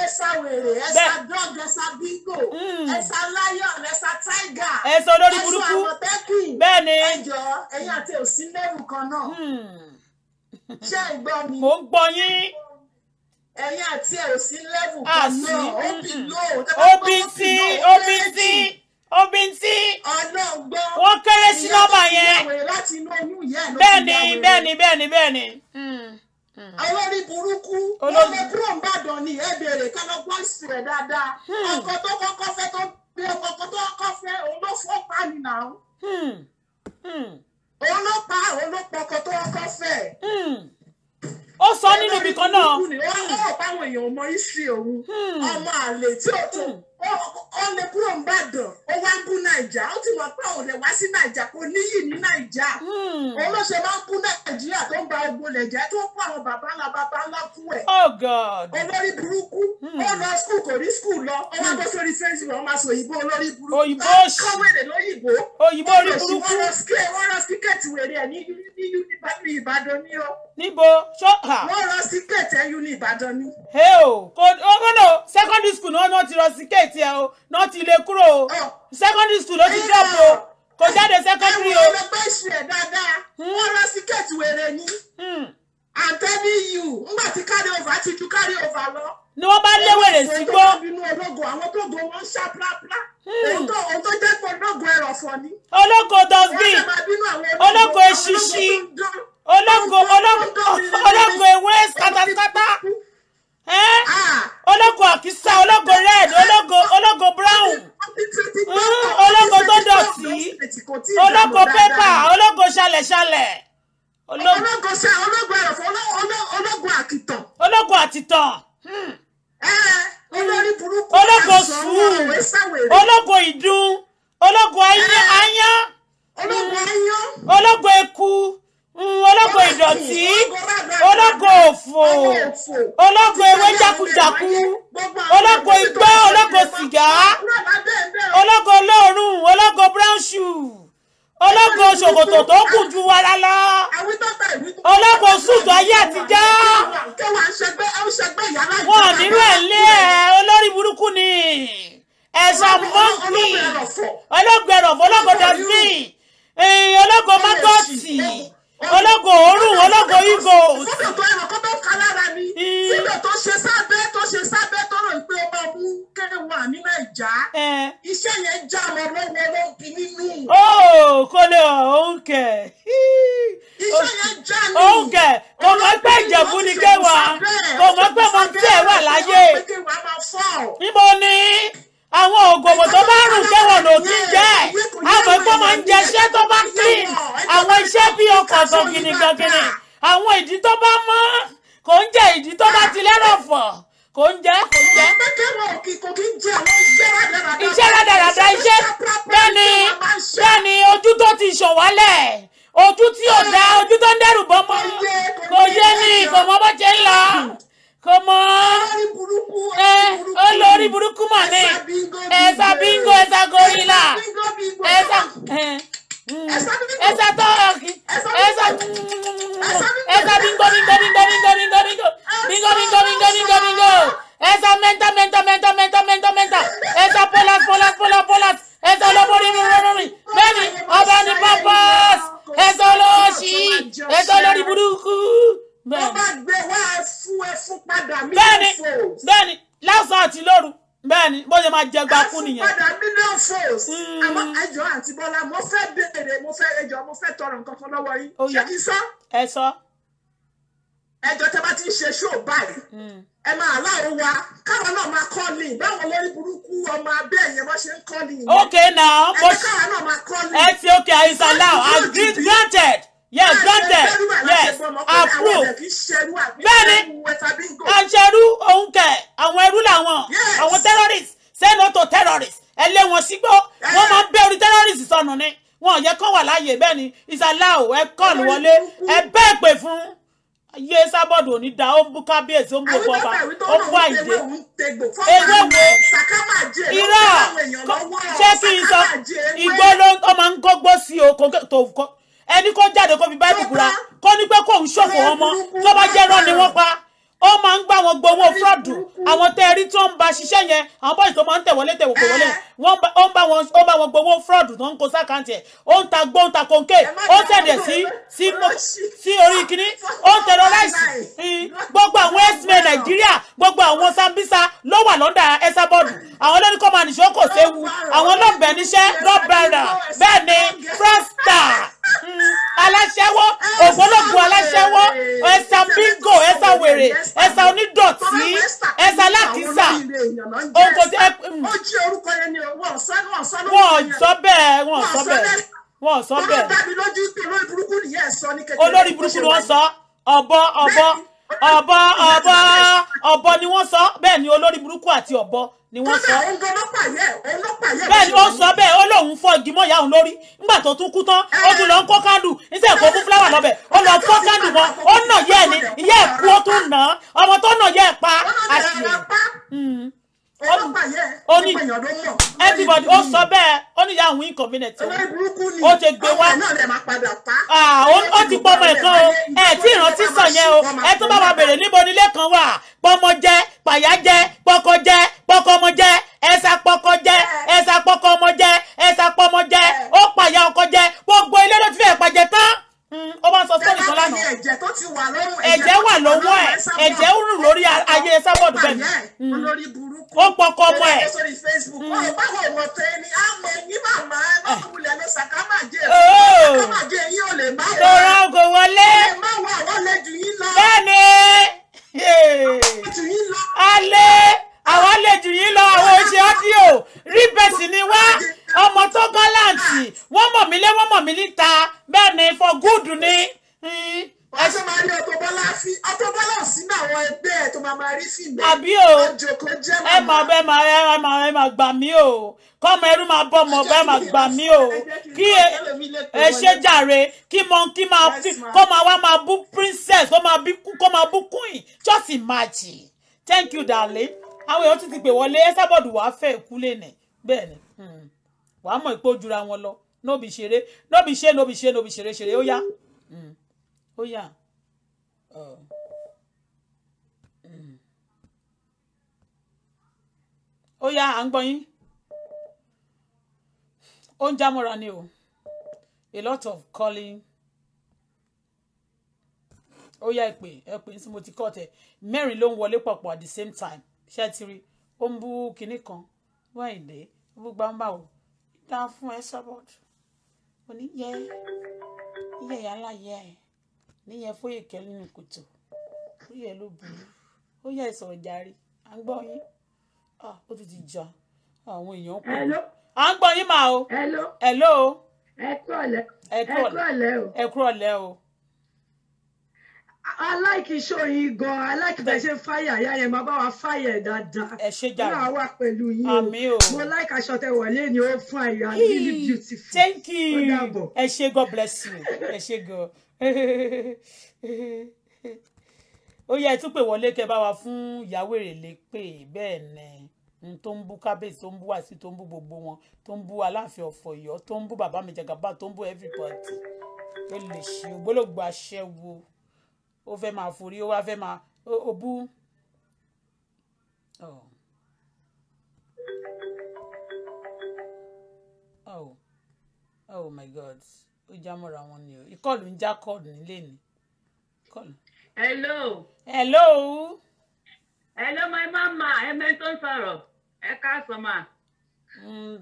ẹsà wèrè ẹsà drug ẹsà bingo ẹsà mm. lion ẹsà tiger ẹsà olórí burúkú ẹsà àmọ̀tẹ́kùn ẹjọ́ ẹ̀yin àti òsínlẹ̀wù kan náà. Mm ṣé ń gbọ́ mi. mo ń gbọ́ yín. ẹ̀yin àti ẹ̀ sí level kan ah, náà ó bì lóò. ó bí tí ó bí tí ó bí tí. ọ̀nà gbọ́. wọ́n kéré sí nọ́mbà yẹn. bẹ́ẹ̀ ni bẹ́ẹ̀ ni bẹ́ẹ̀ ni bẹ́ẹ̀ hmm, ni hmm. àwọn orí burúkú olóògbé kúrò ń bàdàn ni ẹ bèrè kálọ pọ́ìsì rẹ̀ dáadáa hmm. ọkọ tó kọ́kọ́ fẹ́ tó bí ọkọ tó kọ́kọ́ fẹ́ òun ló fọ́ pani náà òun ló pa òun ló pa ọkọ tó kọ́kọ́ fẹ́. Hmm. ó sọ nínú ibì kan náà. ó rò páwọn èèyàn mọ ìsì òun hmm. ọmọ àlè tí ó tó. Hmm ọ̀nà kúrò ń bàdàn ó wá ń bú nàìjà ó ti mọ̀ pé òun lè wá sí nàìjà kò níyì ní nàìjà hmm. òun ló ṣe máa ń bú nàìjíríà tó ń ba ogun lè tó kó àwọn bàbá ńlá bàbá ńlá kú ẹ̀ oh olórí burúkú hmm. ó lọ skul kò rí skul lọ ó wá hmm. bọ́ sórí fẹ́ǹsì wọn máa sọ òyìnbó olórí burúkú òyìnbó kọ́wéèrè lóyìnbó òyìnbó orí burúkú wọ́n rọ síkẹ́ẹ̀tì wèrè ẹ̀ ní Ìbàdàn ní o níbo ṣọ́ọ̀kà. wọ́n rọ síkẹ́ẹ̀tì ẹ̀yún ní Ìbàdàn ní. ẹ o kò ó kọ́ lọ secondary school ni wọ́n ti rọ síkẹ́ẹ̀tì reject ẹ o náà ti lè kúrò o secondary school ló ti drop o kò jáde secondary o. ẹ̀wọ̀n ló pẹ́ ṣe ẹ̀ dáadáa hmm. wọ́n rán síkẹ́ẹ̀tì wèrè ni hmm. i'm telling you ngbà tí carry over ti ju carry over lọ. ni wọ́n bá léwèrè sígbó. èyí tó bínú ológun àwọn tó gbó wọn ń ṣá plápla. èyí hmm. tó ohun tó jẹ́ pé ológun ẹ̀rọ̀ fọ ni. ológo dustbin ológo eṣinṣin ológo ológo ológo ewé skátáskátá. Ah. ológo àkísà ológo red ológo ológo brown ah. ológo tó dọ̀tí ológo pépà ológo ṣalẹ̀ṣalẹ̀. ológo ṣe ológo ẹ̀rọ̀fọ̀ ológo àkìtàn. ológo àtìtàn. Hmm. olórí burúkú ológo sùúrù ológo ìdun ológo ayán ológo ayán ológo eku. Mm, ológo ìdọ̀tí ológo òfò ológo ewé jákujàku ológo igbó ológo sìgá ológo olóòórùn ológo brown shoe ológo ṣòkòtò tó kù ju ara lọ ológo sùtù ayé àtijọ́ wọn nírú ẹ̀ lé ẹ̀ olórí burúkú ni ẹ̀sán mọ́ńkì. tọrọ nǹkan kan lọ́wọ́ yín ṣé kí n ẹ sọ. tó ń gbogbo ọba ọkọ àìdè ewé wo irọ́ ṣé kí n sọ igbó ló ọmọ ń gbógbó sí o tó kọ ẹni kó jáde kó fi báyìí búra kó ní pé kó ń ṣòfò wọn mọ tó bá jẹ́ rán ni wọ́n pa ó máa ń gbá wọn gbowó fúrọ́dù àwọn tẹ́ẹ̀rí tó ń ba ṣiṣẹ́ yẹn àwọn bọ́ọ̀sì tó máa ń tẹ̀ wọlé tẹ̀ wòkò wọlé wọ́n bá wọn gbowó fúrọ́dù tó ń kó sákàǹtì ẹ̀ ó ń ta gbó ta kòńké ó ń tẹ̀dẹ̀ sí orí kìíní ó ń tẹ̀rọ láìsì wà lọ́dà ẹsẹ̀bọ̀dù àwọn olóríkọ́ máa nìṣó kò séwu àwọn ọlọ́bẹ̀ níṣẹ́ lọ́bàrà bẹ́ẹ̀ ni fúrẹ́sítà hmm, aláṣẹ́wó ògbólógbò aláṣẹ́wó ẹ̀sà bíngò ẹ̀sà wèrè ẹ̀sà onídọ̀tí ẹ̀sà alákìsà òǹkò tí ẹ. Hmm. ó jí orúkọ yẹn ni wọ́n sọ bẹ́ẹ̀ wọ́n sọ sọ bẹ́ẹ̀. olórí burúkú ni wọ́n sọ ọ̀bọ ọ̀bọ ọ̀bọ ọ̀bọ ọ̀bọ ni wọ́n sọ bẹ́ẹ̀ ni olórí burúkú àti ọ̀bọ ni wọ́n sọ. bẹ́ẹ̀ ni ó sọ bẹ́ẹ̀ ó lóun fọ́ igi mọ́ ìyá òun lórí nígbà tó tún kú tán ó tún lọ ń kó kándù níṣẹ́ ẹ̀kọ́ fún fúláwà lọ́bẹ̀ ó lọ fọ́ kándù wọn ó nà yẹ́ ẹ̀ ni ìyá ẹ̀kú ó tún nà á ọmọ tó nà yẹ́ pa àṣìyẹ ó everybody ó sọ bẹ́ẹ̀ ó ní ìyá àwọn inconvenient o ó ti gbé wá ó ti pọmọ ẹ̀kan o ẹ̀ tí ìrántí sàn yẹn o ẹ tó bá wa bèrè níbo nílé kan wà pọmọ jẹ pàyà jẹ pọkọ jẹ pọkọ ọmọ jẹ ẹsà pọkọ jẹ ẹsà pọkọ ọmọ jẹ ẹsà pọmọ jẹ ó pàyà ọkọ jẹ gbogbo ilé ló ti fẹ́ pàjẹ́ tán. Mm, ó wá sọ sọ́ọ̀rì kan lánàá ẹ̀jẹ̀ wà lọ́wọ́ ẹ̀ ẹ̀jẹ̀ ń rùn lórí ayé sábọ̀dù bẹ́ẹ̀ mm. ó pọkọ ọmọ ẹ̀. Mm. Oh. tọrọ ògò wọlé bẹ́ẹ̀ni alẹ́ àwọn àlejò yìí lọ àwọn oṣù ọdíò rí bẹ́sì ni wá ọmọ tó gọ́làǹtì wọ́n mọ̀ mí lé wọ́n mọ̀ mí níta bẹ́ẹ̀ ni for good ni. Hmm. wọ́n ṣe máa rí Auto Bola sí Auto Bola sí ní àwọn ẹgbẹ́ ẹ̀ tó máa máa rí fìmẹ́. àbí o ẹ máa bẹ́ẹ̀ máa ẹ máa ẹ máa gbà mí o kọ́mọ ẹrú máa bọ́ ọmọ ọba máa gbà mí o kí ẹ ṣe jàre kí monkey máa kọ́ máa wá máa bú princess kó máa bú queen just imagine thank you darling àwọn èèyàn tún ti pè wọlé ẹ sábọ̀dù wàá fẹ́ ìkúlẹ̀ nẹ̀ bẹ́ẹ̀ ni. Hmm wàá mọ̀ pé ó jura wọn lọ nóbi ṣeré nóbi ṣe nóbi ṣe nóbi ṣeré ṣeré ó yá mm. ó yá. Mm. ó yá à ń gbọ́ yín ó ń jámọ́ra ni o a lot of calling ó yá ìpè ẹ pè tí mo ti kọ́ tẹ mẹ́rin ló ń wọlé pọ̀pọ̀ at the same time ṣé ti rí ó ń bú kinní kan wọ́n ì dé ó bú gbàǹbà o tá a fún ẹ support mo ní yẹ ilé ẹ níyẹn fóyè kẹlí ní kòtò fóyè ló burú ó yẹ ìsọ̀rọ̀ jàre à ń gbọ́ yín ó tún ti jà àwọn èèyàn kú à ń gbọ́ yín mà o hello hello ẹ kú ọ̀lẹ́ ẹ kú ọ̀lẹ́ o. I like iṣẹ́ yín gan. I like bẹ́ẹ̀ ṣe fáyà ìyá yẹn máa bá wa fáyà ẹ̀ dáadáa. Ẹ ṣe jà mí. Máa wà pẹ̀lú yín o. Àmì o. Mo like aṣọ tẹ wọlé ni ó fún àyà really beautiful. Thank you. Ó dàbọ̀. Ẹ ṣe God bless you. Ẹ ṣe gan. Ó yẹ ẹ tún pè wọlé kẹ bá wa fún ìyàwó èrè lè pè bẹ́ẹ̀ ni tó ń bú kábíyèsí tó ń bú wàsí tó ń bú gbogbo wọn tó ń bú aláàfin ọ̀fọ̀ Ọ̀yọ́ tó ń mi jagaba tó ń everybody ó lè ṣe ògbólógbò ó fẹ́ máa forí ó wá fẹ́ máa ó bú. Oh. Oh. oh my god ó já mọ́ra wọn ni o ìkọlù ń já kọ́ọ̀lù nílé ni. hello. hello. hello my mama ẹ mẹ́tọ́ sọ̀rọ̀ ẹ ká sọ ma. Mm,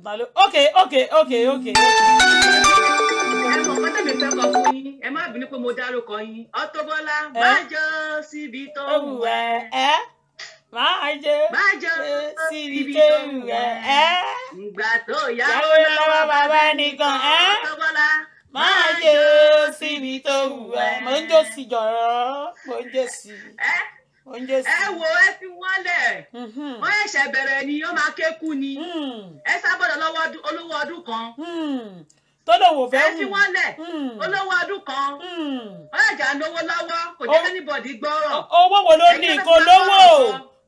Okay. ok ok ok. okay ẹ mọ̀ pátá mi fẹ́ kọ fún yín ẹ má bínú pé mo dárúkọ yín Auto Bola máa jọ síbi tó ń wẹ ẹ máa jẹ síbi tó ń wẹ ẹ ìgbà tó wo ẹ fi wọn lẹ wọn bẹ̀rẹ̀ ni ó máa ké kú ni mm. ẹ sábọdọ lọ́wọ́ olówó ọdún kan mm tó lòun ò fẹ́ wù. ẹ ti wálẹ̀ hmm. olówó ọdún kan hmm. ọlọ́jà lówó lọ́wọ́ kò jẹ́ anybody gbọ́rọ̀. owó wo ló ní kò lówó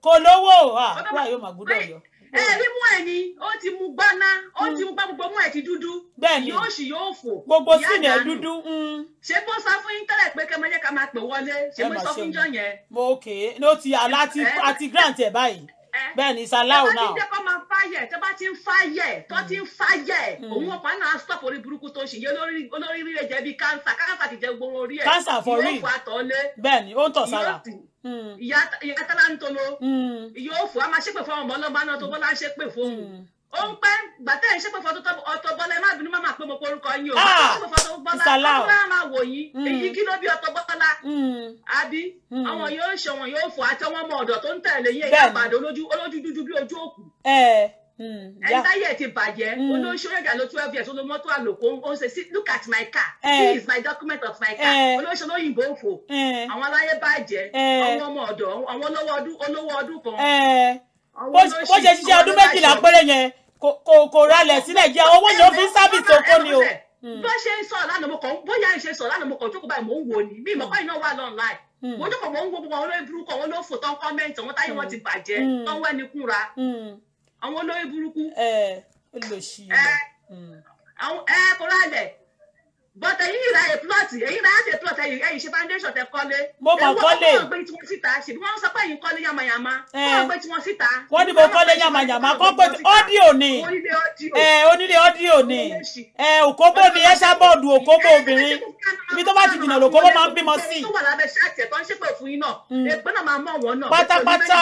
kò lówó àkúrà yóò máa gbúdọ̀ yọ. ẹ rí mú ẹ ni ó ti mú gbọ́ná ó ti hmm. mú gbọ́ gbogbo mú ẹ ti dúdú yóò sì yóò fò gbogbo sí ni ẹ dúdú. ṣé bó sọ fún yín tẹ́lẹ̀ pé kẹ́mẹ́jẹ́ ká máa pè wọlé ṣé mo sọ fún jọ yẹn. mo kè é ló ti àlá àti grant ẹ̀ báyìí. Eh? bẹ́ẹ̀ ni salau náà. tọ́ba ti jẹ́ kó máa fáyẹ̀ tọ́ba ti ń fáyẹ̀ tọ́ ti ń fáyẹ̀ mm. mm. òun ọ̀pá náà stop orí burúkú tó ń ṣe olórí rírẹ jẹ́ bí kánsà kánsà ti jẹ́ gbogbo orí ẹ̀ kánsà for real bẹ́ẹ̀ ni ó ń tọ̀ sára mm. ìyá tálá ń tolo ìyá òfò a máa ṣépè fún ọmọ ọlọ́ba náà tó bọ́lá ń ṣépè fóun ó ń pẹ́ gbàtẹ́ ẹ̀ ń ṣépè fọ́tò Auto Bola ẹ má bínú máma pé mo kọ orúkọ yín o gbàtẹ́ ah! ṣépè fọ́tò Bola ọtọ́ bọ́lá máa wò yín hmm. èyí kí ló bí Auto Bola hmm. àbí hmm. àwọn yóò ṣe wọn yóò fọ àti wọn mọ ọ̀dọ̀ tó ń tẹ̀lé yín ẹ̀yà àbàdàn olójú olójú dúdú bí ojú òkú ẹni táyé ti bàjẹ́ olóṣèré ìgbà ló twelve years olómọ́tò àlòkó ó ń ṣe sí look at my car this is my document of my car olóṣèré òyìnbó òfò àwọn aláyé bàjẹ́ àwọn ọmọ ọ̀dọ̀ àwọn olówó ọdún kan. bó ṣe ṣiṣẹ́ ọdún méjìlá péré yẹn kò kò ralẹ̀ sílẹ̀ jẹ́ owó yẹn ó fi ń sábìsì oko ni o. Hmm. bó ṣe ń sọ lánàá mo kàn bóyá ìṣe sọ lánàá mo kàn jókòó báyìí mò ń wò ni mí ìmọ̀kọ́ iná wà lọ́nláì hmm. mo jókòó mò ń wo gbogbo àwọn olóyè burúkú àwọn olófò tán kọ́mẹ́ǹtì àwọn táyé wọn ti hmm. bàjẹ́ tán wẹ́ ni kúnra àwọn olóyè burúkú. Eh, ẹ ẹ eh. eh, kò ralẹ̀ but ẹ̀yin ra a plot ẹ̀yin ra a plot ẹ̀yin ẹ̀yin ṣe foundation tẹ kọ́lé. mo mọ̀ kọ́lé ẹ̀wọ́n gbé tiwọn síta ṣèbí wọ́n sọ pé ẹ̀yin kọ́lé yamayama eh. wọ́n gbé tiwọn síta. wọ́n ní mo kọ́lé yamayama kọ́ pé ọ́díò eh, ni onílé ọ́díò ni òkóbó ni ẹ ṣàbọ̀dù òkóbó obìnrin ibi tó bá ti jìnnà lòkóbó máa ń bímọ sí. pátápátá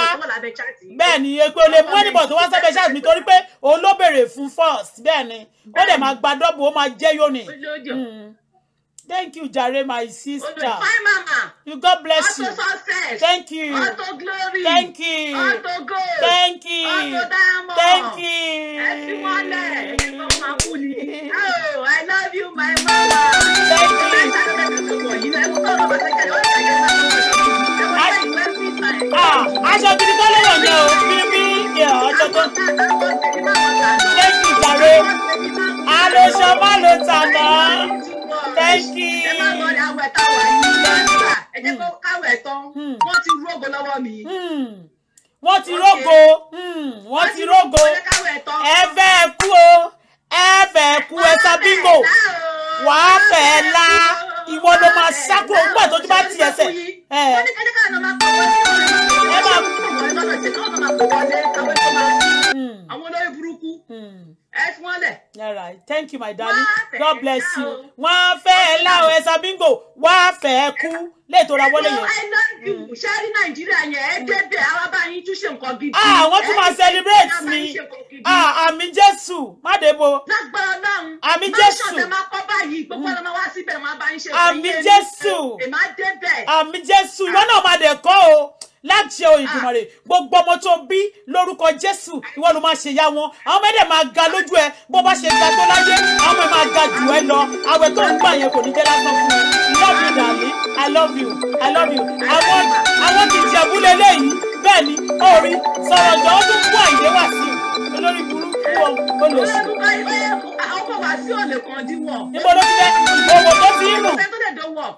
bẹ́ẹ̀ ni ẹgbẹ́ olè mú ẹnìbọ̀ tó wá sábẹ́ ṣáàtì nítorí pé òun ló béèrè fún first bẹ́ẹ̀ ni ó dẹ̀ máa gba dọ́bù ó máa jẹ́ yóni. Thank you, Jare, my sister. Fine, mama. You God bless you. Success. Thank you. Auto glory. Thank you. Auto gold. Thank you. Auto diamond. Thank you. Oh, I love you, my mama. Thank you. Ah, aṣọ gidi kọ́ ló wọ̀ yẹn o, bíbí ìyẹn ọjọ́ tó. Thank you, Jare. Àlòṣọ má lo tànà ẹ máa lọ dáwọ̀ ẹ̀ta wà ní ìyá ẹ jẹ́ kó káwẹ̀ tán wọ́n ti rógo lọ́wọ́ mi. wọ́n ti rógo wọ́n ti rógo ẹ fẹ́ kú o ẹ fẹ́ kú ẹ sá bíngò wàá fẹ́ la ìwọ ló máa sá nígbà tó ti bá ti ẹsẹ̀. ẹ máa kú. Hmm. àwọn olórí burúkú hmm. ẹ fún wọn lẹ. all right thank you my darling god bless you wọ́n á fẹ́ ẹ láwọn ẹ̀sà bíngò wọ́n á fẹ́ ẹ kú léètò ra wọlé yẹn. ẹ hmm. rí nàìjíríà yẹn ẹ débẹ̀ àwa bá yín túnṣe nǹkan gidi. ah wọ́n tún máa celebrate mi ah àmì jésù má débò. lágbára náà àmì jésù má ṣọ̀tẹ̀ máa kọ́ báyìí gbogbo ọ̀nà máa wá síbẹ̀ máa bá yín ṣe. àmì jésù àmì jésù ìwọ ah. má dẹ̀ kọ́ o láti ohun ìdùnmọ̀rẹ̀ ah. gbogbo ọmọ tó bí lórúkọ jésù ìwọ ló máa ṣe ya wọn àwọn ọmọ máa ga lójú ẹ bó bá ṣe ga tó láyé àwọn ọmọ máa ga jù ẹ lọ àwẹ̀ tó ń gbà yẹn kò ní jẹ́ lásán fún ẹ love you darling i love you i love you àwọn àwọn kìí ti ẹ̀bú lélẹ́yìn bẹ́ẹ̀ ni orí sọ̀rọ̀ jọ̀ọ́ tó kú àyè wá sí i olùsí. ọkọ̀ wá sí òlè kan díwọ̀. níbo ló ti dé òwò tó ti mú.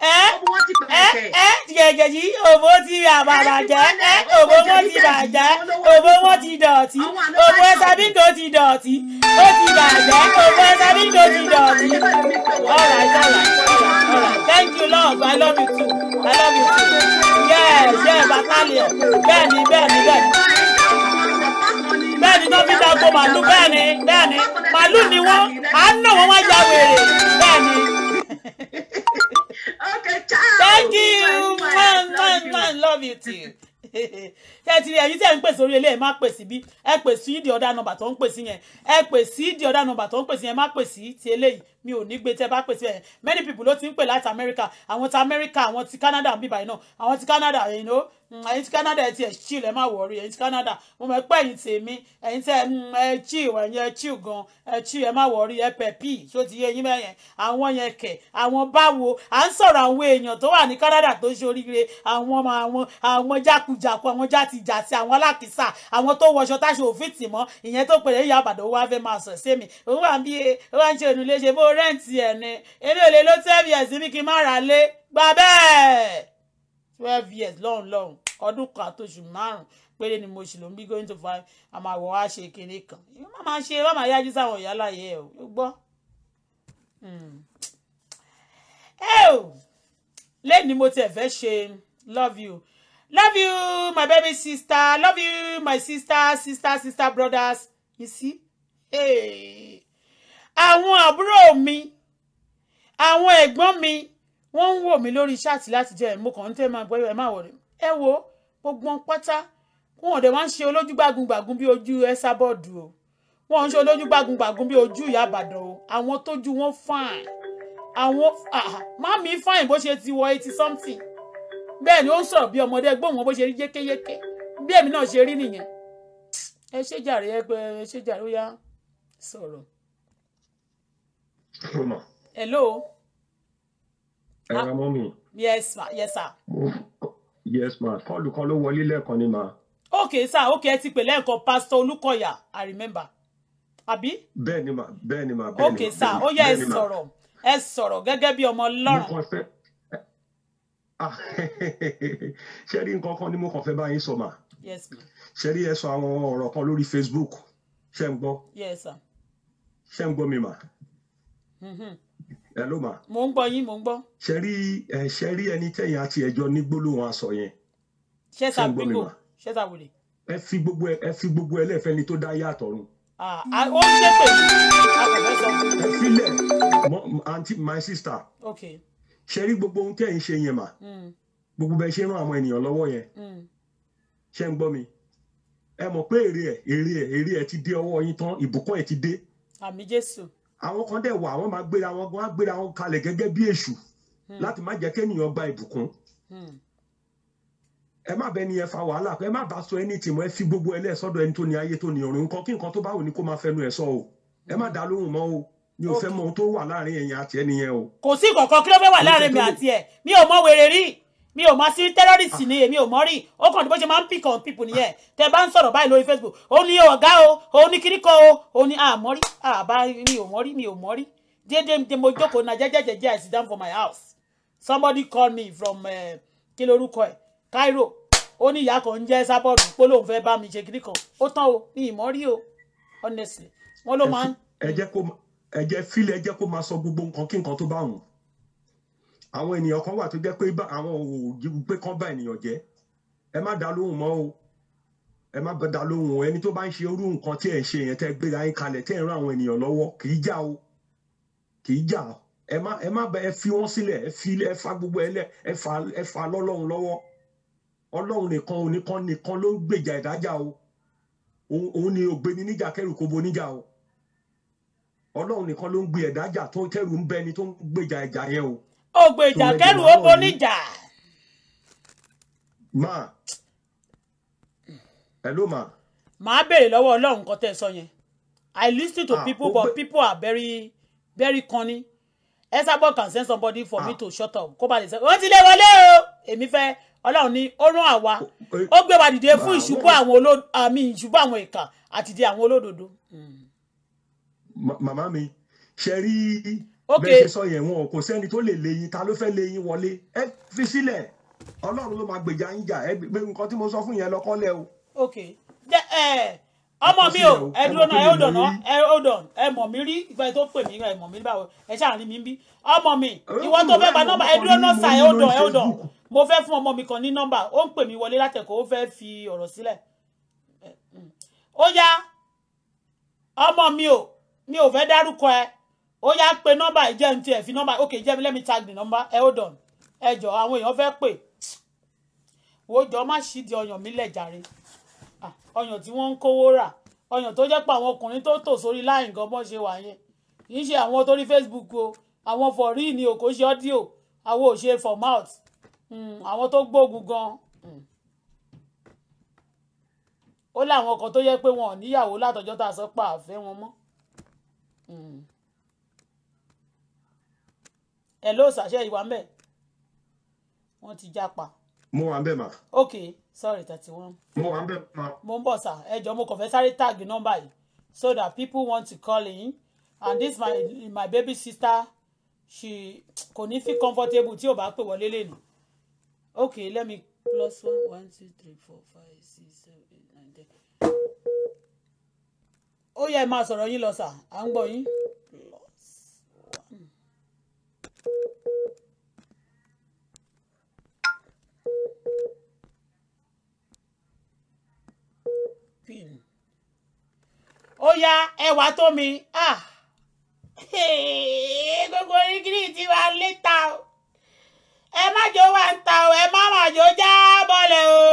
ẹ ẹ ẹ gẹ̀gẹ̀ yìí òwò ti àbàbàjẹ́ ẹ òwò wọn ti bàjẹ́ òwò wọn ti dọ̀tí òwò ẹ̀sàbíkò ti dọ̀tí ó ti bàjẹ́ òwò ẹ̀sàbíkò ti dọ̀tí. all right all right all right all right thank you lord i love you too i love you too yes yes batalion bẹ́ẹ̀ni bẹ́ẹ̀ni bẹ́ẹ̀ni bẹ́ẹ̀ ni tó fi màálù bẹ́ẹ̀ ni bẹ́ẹ̀ ni màálù ni wọ́n à ń nà wọ́n wá ya wèrè bẹ́ẹ̀ ni. thank you man man man love you too tẹ́tìrì ẹ̀yin tí ẹ̀ ń pè sórí eléyìí má pè sí bí ẹ pè sí ìdí ọ̀dà nọmbà tó ń pè sí yẹn ẹ pè sí ìdí ọ̀dà nọmbà tó ń pè yẹn má pè ti eléyìí mi ò ní gbé tẹ́ bá pèsè ẹ̀ many people ló ti ń pè láti America àwọn ti America àwọn ti Canada ń bí báyìí náà àwọn ti Canada ẹ̀yin ló mm, ẹ̀yin ti Canada ẹ̀ ti chill ẹ̀ má wọ̀ọ́rí ẹ̀yin ti Canada mo mọ̀ pé ẹ̀yin tèmi ẹ̀yin tẹ́ mm, ẹ̀ chill ẹ̀yin ẹ̀ chill gan ẹ̀ chill ẹ̀ má wọ̀ọ́rí ẹ̀ pẹ̀ pì tó ti yé yín mẹ́yẹn àwọn yẹn kẹ̀ àwọn báwo à ń sọ̀rọ̀ àwọn èèyàn tó wà ní Canada tó ṣe oríire àwọn ọmọ àwọn àwọn jákujàku àwọn játijàti àwọn alákìsà àwọn tó wọṣọ táṣe òfin tì mọ́ ìyẹn tó pèrè yíyá àbàdàn wá fẹ́ máa sọ̀ sí mi òun wà ń bí ó wá ń ṣe ònú léṣe bó rẹ́ǹtì ẹ̀ ni eré òlé ló twelve years ní kí n má ra lé gba bẹ́ẹ̀ twelve years lọ́hùn lọ́hùn ọdún kan àtòṣù márùn péré ni mo sì ló ń bí going to five àmọ́ àwọ̀ wá ṣe kinní kan má máa ṣe má máa yájú sáwọn ìyá láyé ẹ̀ o gbọ́. Hmm. ẹ ò lẹ́ni mo tiẹ̀ fẹ́ ṣe love you love you my baby sister love you my sister sister sister brothers you see. Hey àwọn àbúrò mi àwọn ẹ̀gbọ́n mi wọ́n ń wò mí lórí ṣáàtì láti jẹ́ mo kàn ń tẹ́ máa gbọ́yọ̀ ẹ má wọ̀rẹ́ ẹ wo gbogbo wọn pátá wọn ò dẹ̀ wá ń ṣe olójú gbàgùngbàgùn bí ojú ẹ̀sà bọ́ọ̀dù o wọn ò ń ṣe olójú gbàgùngbàgùn bí ojú ìyá àbàdàn o àwọn tójú wọn fine àwọn ah, ah, mami fine bó ṣe ti wọ eighty something bẹ́ẹ̀ ni ó ń sọ̀rọ̀ bí ọmọdé ẹgbọ́n wọn bó ṣe rí yékéyéké bí èmi náà ṣe rí nìyẹn ẹ ṣe jàre ẹ ṣe jàre ó yá sọ̀rọ̀. Roma. Hello. Ẹ ah, mọ́ mi. Yes ma, yes sir. Yes ma, kọ́ọ̀lù kan ló wọlé lẹ́ẹ̀kan ni ma. Okay, sir, Okay, ẹ ti pè lẹ́ẹ̀kan Pastor Olúkọ̀yà, I remember. Abi. Bẹ́ẹ̀ni ma, bẹ́ẹ̀ni ma, bẹ́ẹ̀ni ma. Ok sir, ó yẹ ẹ sọ̀rọ̀, ẹ sọ̀rọ̀ gẹ́gẹ́ bí ọmọ Ọlọ́run. Mo kàn fẹ́ ah, ṣe rí nǹkan kan ni mo kàn fẹ́ bá sọ mà. Yes ma. Ṣe rí ẹ sọ àwọn ọ̀rọ̀ kan lórí Facebook, ṣé ń gbọ́? Yes sir. Ṣé ń gbọ́ mi mà? ẹ ló mà. mo ń gbọ́ yín mo ń gbọ́. ṣe rí ẹ ṣe rí ẹni tẹ̀yìn àti ẹjọ́ ní gbólóhùn aṣọ yẹn. ṣé ta gbígbó ṣé ta wòlé. ẹ fi gbogbo ẹ fi gbogbo ẹlẹ́fẹ́ tó dá yàtọ̀ run. ó ń ṣe pé ẹ filẹ̀ aunty my sister. okay. ṣe rí gbogbo ohun tẹ̀yìn ṣe yẹn mà. Hmm. gbogbo bẹ́ẹ̀ ṣe ràn àwọn ènìyàn lọ́wọ́ yẹn. Hmm. ṣé ń gbọ́ mi ẹ mọ̀ pé èrè ẹ̀ èrè ẹ̀ èrè ẹ̀ ti dé ọwọ́ yín tán ìbùkún ẹ̀ ti dé. àmì jésù àwọn kan dẹ̀ wà wọ́n máa gbéra wọn wọ́n á gbéra wọn kalẹ̀ gẹ́gẹ́ bí èṣù hmm. láti má jẹ́ kéèyàn gba ìbùkún hmm. ẹ má bẹ ni ẹ fa wàhálà ẹ má bá sọ ẹni tìmọ̀ ẹ fi gbogbo ẹ lẹ́sọ̀dọ̀ ẹni tó ní ayé tó ní ọ̀run nǹkan kí nǹkan tó bá wù ní kó máa fẹnu ẹ sọ o ẹ má hmm. dá lóhùn mọ́ o mi ò fẹ́ mọ ohun tó wà láàrin ẹ̀yin àti ẹni yẹn o. kò sí kọ̀ọ̀kan kí ló fẹ́ wà láàrin mi àti ẹ̀ mi ò mọ wèrè rí mi ò mọ sí terrorist ni èmi ò mọ rí ó kàn ní bó ṣe pick on people nìyẹn tẹ bá ń sọ̀rọ̀ báyìí lórí facebook ó ní ọ̀gá o ó ní kíríkọ o ó ní àmọ́ rí àbá mi ò mọ rí mi ò mọ rí déédéé mo jókòó na jẹ́jẹ́jẹ́jẹ́ i sit down for my house somebody call me from eh, Kiloruko, lorúkọ cairo ó ní ìyá kan ń jẹ́ sábọ̀dù pé lóun fẹ́ bá mi ṣe kiri kan ó o ní ìmọ̀ rí o honestly wọ́n ló máa ń. ẹ jẹ́ kó ẹ jẹ́ fílẹ̀ ẹ jẹ́ kó máa gbogbo nǹkan kí nǹkan tó bá wù àwọn ènìyàn kan wà tó jẹ́ pé àwọn òògì pé kán bá ènìyàn jẹ́ ẹ má dá lóhùn mọ́ o ẹ má dá lóhùn o ẹni tó bá ń ṣe irú nǹkan tí ẹ̀ ń ṣe yẹn tẹ́ gbéra yín kalẹ̀ tẹ́ ń rán àwọn ènìyàn lọ́wọ́ kì í jà o kì í jà ẹ má ẹ má bẹ ẹ fi wọ́n sílẹ̀ ẹ fi ẹ fa gbogbo ẹ lẹ ẹ fa lọ́lọ́run lọ́wọ́ ọlọ́run nìkan ò nìkan ló gbèjà ìdájà o òun ni ògbéni níjà kẹrù kò bo níjà o ọlọ́run nìkan ló ń gbé ẹ̀dájà tó kẹrù ń bẹni tó ń gbèjà ìjà yẹn o ògbò ìjà kẹrù ó boníjà. ma hello ma. màá béèrè lọ́wọ́ ọlọ́run nǹkan tẹ́ ẹ sọ yẹn i listen to ah, people but be... people are very very cunning esabod can send somebody for ah. me to shut up kó ba lè sẹ ó ti lé wọlé o èmi fẹ́ ọlọ́run ní ó rán àwa ó gbé wa dìde fún ìṣubú àwọn olódo àmì ìṣubú àwọn ìkà àti di àwọn olódodo. Hmm. màmá mi ṣe rí ok bẹ́ẹ̀ ṣe sọ yẹn wọn kò sẹ́ni tó lè léyìn ta ló fẹ́ léyìn wọlé ẹ fi sílẹ̀ ọlọ́run ló máa gbèjà yín jà ẹ nǹkan tí mo sọ fún yẹn lọ́kọ́lẹ̀ o. ok ẹ ẹ ọmọ mi o ẹ dúró náà ẹ ó dọ̀nà ẹ ó dọ̀n ẹ mọ̀ mí rí ìgbà tó pè mí ẹ mọ̀ mí báwo ẹ ṣáà rí mi bí ọmọ mi ìwọ tó fẹ́ gba nọ́mbà ẹ dúró náà sà ẹ ó dọ̀n ẹ ó dọ̀n mo fẹ́ fún ọmọ mi kan ní nọ́mbà ó ń pè mí wọlé látẹ̀kọ́ ó fẹ́ fi ọ̀rọ̀ sílẹ̀ ó yá ọmọ mi o mi ò fẹ́ dárúkọ ẹ ó yá pé nọ́mbà ìjẹ́ ní tiẹ̀ fi nọ́mbà ok jẹ́ mi let me tag the number ẹ hold on ẹ jọ àwọn èèyàn fẹ́ pè wo jọ má ṣì di ọyàn mi lẹ̀ jàre ọyàn tí wọ́n ń kówó rà ọyàn tó jẹ́ pé àwọn ọkùnrin tó tò sórí láì nǹkan bọ́n ṣe wà yẹn kì í ṣe àwọn torí Facebook o àwọn for real ni o kò ṣe audio àwọn ò ṣe for mouth hmm, àwọn tó gbógun gan hmm. ó láwọn ọkọ tó yẹ pé wọn ò níyàwó látọjọ́ tá a sọ pé àfẹ́ wọn mọ́. Hmm ẹ ló ṣàṣẹ ìwà ń bẹ wọ́n ti japa. mo wà ń bẹ̀ mà. ok sorry thirty one. mo wà ń bẹ̀ mà. mo ń bọ̀ sà ẹ mo kàn fẹ́ sáré tag nọ́mbà yìí so that people want to call in and this my my baby sister she kò ní feel comfortable tí o bá pè wọlé lẹ́nu ok let me plus one one two three four five six seven eight nine ten. ó yẹ ẹ máa sọ̀rọ̀ yín lọ sà à ń gbọ́ yín ó yá ẹwà tó mi ah. gbogbo oríkìrí ti wá létà o ẹ má jò wá ń ta o ẹ má má jò já bọ́lẹ̀ o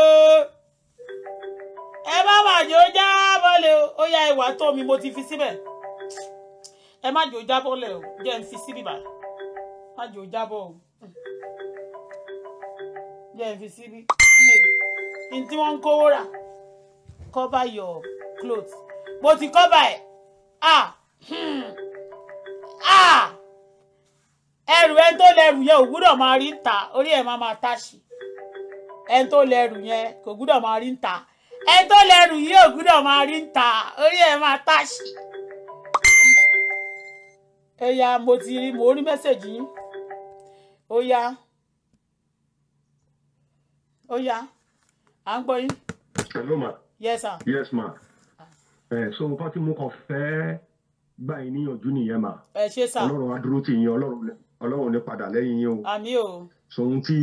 ẹ má má jò já bọ́lẹ̀ o ó yá ẹwà tó mi mo ti fi síbẹ̀ ẹ má jò já bọ́lẹ̀ o jẹ́ n fi síbí báyìí má jábọ̀ o jẹ́ ẹ fi síbí kí tí wọ́n ń kówó rà cover your cloth mo ti cover ẹ̀ ah hmm. ah ẹrù ẹni tó lẹrù yẹn ò gbúdọ̀ máa rí ta orí ẹ̀ máa máa táṣì ẹni tó lẹrù yẹn kò gbúdọ̀ máa rí ta ẹni tó lẹrù yìí ò gbúdọ̀ máa rí ta orí ẹ̀ máa táṣì ẹ̀yà mo ti rí mo rí mẹ́sẹ̀gì yín ó yá ó yá à ń gbọ́ yín. hello ma. yes sir. yes ma. ẹ ah. eh, so pátí mo kàn fẹ́ gbà yín níyànjú nìyẹn ma. ẹ ṣe sà. ọlọ́run á dúró tì yín ọlọ́run ọlọ́run ní padà lẹ́yìn yín o. àmì o. so ohun tí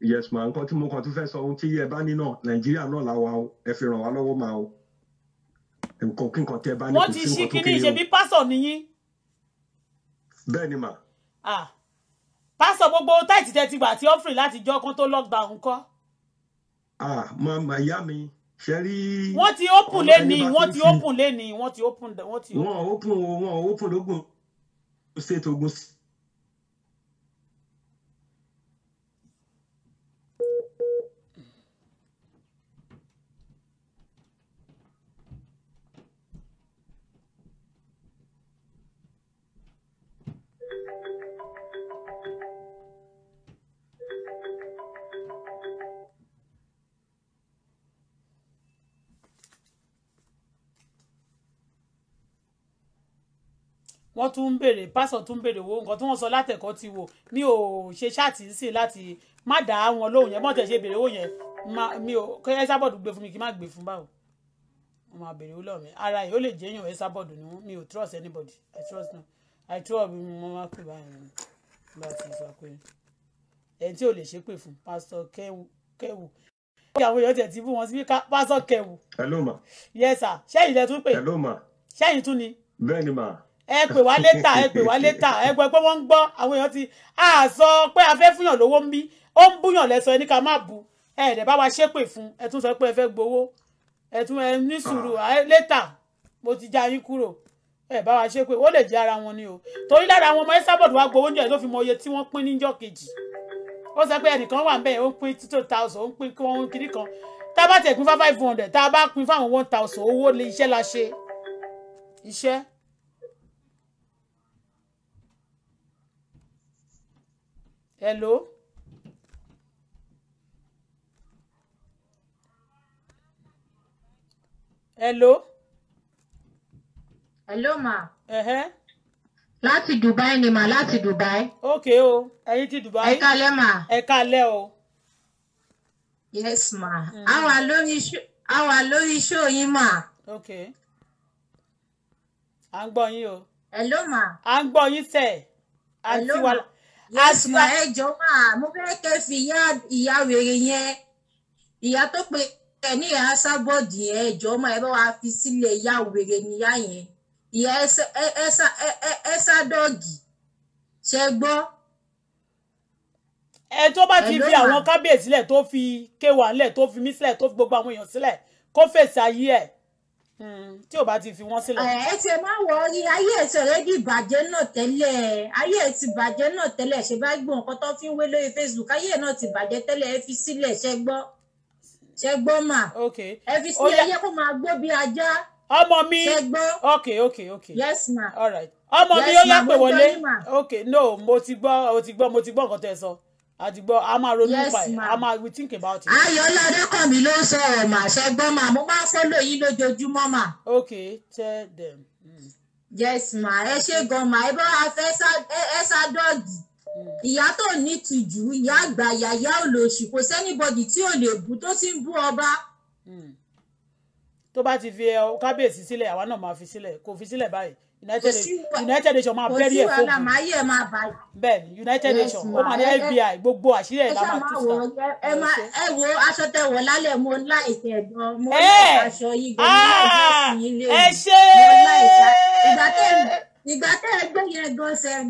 yes ma nǹkan tí mo kàn tún fẹ́ sọ ohun tí ẹ bá ní náà nàìjíríà náà làwa o ẹ fi ràn wá lọ́wọ́ ma o nǹkan kí nǹkan tẹ bá ní kò sí nǹkan tó kéré o. wọ́n ti ṣí kínní ìṣèbí pásọ̀ nìyí. bẹ́ẹ̀ ni ma. ah pásọ gbogbo táìtì tẹ gbà tí ó láti jọ kán tó lockdown kọ. ah màmá ìyá mi ṣe rí. wọ́n ti open lẹ́ni wọ́n ti open lẹ́ni wọ́n ti open. wọ́n open o wọ́n open lógun state ogun state wọ́n tún ń béèrè pásọ̀ tún ń béèrè owó nǹkan tí wọ́n sọ látẹ̀kọ́ ti wò mi ò ṣe ṣáàtì sí láti má dá wọn lóhùn yẹn bọ́n tẹ̀ ṣe béèrè owó yẹn mi ò kẹ́ ẹ sábọ̀dù gbé fún mi kí n má gbé fún báwo mo máa béèrè owó lọ́wọ́ mi ara yìí ó lè jẹ́ èèyàn ẹ sábọ̀dù ni mi ò trust anybody I trust no I trust mi mo máa pè báyìí bá a ti sọ pé ẹni tí ò lè ṣépè fún pásítọ̀ kẹwù àwọn èèyàn tẹ̀ tí bú wọn sí pásítọ̀ kẹwù. hello ma. yes sir ṣẹ́yìn lẹ tún pè. hello ma. ṣẹ́yìn tún ni. bẹ́ẹ̀ ni ẹ pè wá létà ẹ pè wá létà ẹ gbọ́ pé wọ́n ń gbọ́ àwọn èèyàn ti à sọ pé a fẹ́ fúnyàn lówó ń bí ó ń búyàn lẹ́sọ ẹ ní ká má bu ẹ ẹ̀dẹ̀ bá wa ṣépè fún ẹ tún sọ pé ẹ fẹ́ gbowó ẹ tún ẹ ní sùúrù létà mo ti já yín kúrò ẹ bá wa ṣépè ó lè jẹ́ ara wọn ni o torí lára àwọn ọmọ ẹ́sàbọ̀dù wa gbowó oúnjẹ ló fi mọ iye tí wọ́n pín níjọ́ kejì ó sọ pé ẹnìkan wà ń bẹ̀ ó ń pín two thousand ó ń pín kí wọ́n ń kiri kan tá a bá tẹ̀ pín five hundred tá a bá pín fáwọn one thousand owó lè iṣẹ́ la ṣe iṣẹ́ hello hello. hello ma. Uh-huh. láti Dubai ni ma láti Dubai. ok o ẹ̀yin ti Dubai. ẹ kálẹ́ ma. ẹ kálẹ́ o. yes ma. àwa mm. lórí àwa lórí iṣẹ́ òyìn ma. ok. à ń gbọ́ yín o. hello ma. à ń gbọ́ yín sẹ́ẹ̀. hello ma àgbà ẹjọ máa mo fẹ́ kẹ́ fi ìyá ìyá wèrè yẹn ìyá tó pe ẹ ní ìyá sábọ́ọ̀dì yẹn ẹjọ máa ẹ bá wa fi sílẹ̀ ìyá wèrè níyà yẹn ìyá ẹsà dọ́ọ̀gì ṣe gbọ́. ẹ tó bá ti fi àwọn kábíyèsí sílẹ̀ tó fi kéwàá sílẹ̀ tó fi mí sílẹ̀ tó fi gbogbo àwọn èèyàn sílẹ̀ kó fèsì ayé ẹ̀. Hmm. tí ò bá ti fi wọ́n sílẹ̀. ẹ ti máa wọ orí ayé ẹ̀ ti ọ̀rẹ́dì ìbàjẹ́ náà tẹ́lẹ̀ ayé ẹ̀ ti bàjẹ́ náà tẹ́lẹ̀ ṣe bá gbọ́ nǹkan tó fi ń wé lórí Facebook ayé ẹ̀ náà ti bàjẹ́ tẹ́lẹ̀ ẹ fi sílẹ̀ ṣẹ gbọ́ ṣẹ gbọ́ mà ẹ fi sílẹ̀ ayé kó máa gbó bí ajá ọmọ mi ṣẹ gbọ́ ok ok ok yes ma all right ọmọ mi ó yá pè wọlé ok no mo ti gbọ́ mo ti gbọ́ nǹkan tẹ́ sọ. So àti gbọ́ a máa ronú nípa ẹ̀ a máa we think about it. ayọ̀lá ọdẹ́kànmí ló ń sọ̀rọ̀ mà ṣẹ́gbọ́n mà mo máa ń fọ́lọ̀ yín lójoojúmọ́ mà. ok tell them. Mm. yes ma ẹ ṣe gan ma ẹ bá wa fẹ́ ẹ ṣàdọ́ọ̀gì hmm. ìyá tó ní tìjú ìyá àgbà yàyà olóṣù kò sẹ́nibọ́dì tí ò lè bú tó ti ń bú ọba. Hmm. tó bá ti fi kábíyèsí sílẹ̀ àwa náà máa fi sílẹ̀ kò fi sílẹ̀ báyìí united united nation máa bẹ́ẹ̀ rí ẹ̀ fóònù bẹ́ẹ̀ni united nation ó máa ní fbi gbogbo àṣírí ẹ̀ la máa tú síta. ẹ máa ẹ wo aṣọ tẹ wọ lálẹ́ mo láìsí ẹ̀dán mo láìsí aṣọ yìí gbogbo ẹ̀dán sí ilé mi mo láìsí ah! ìgbà tẹ ìgbà tẹ ẹ gbé yẹn gan gan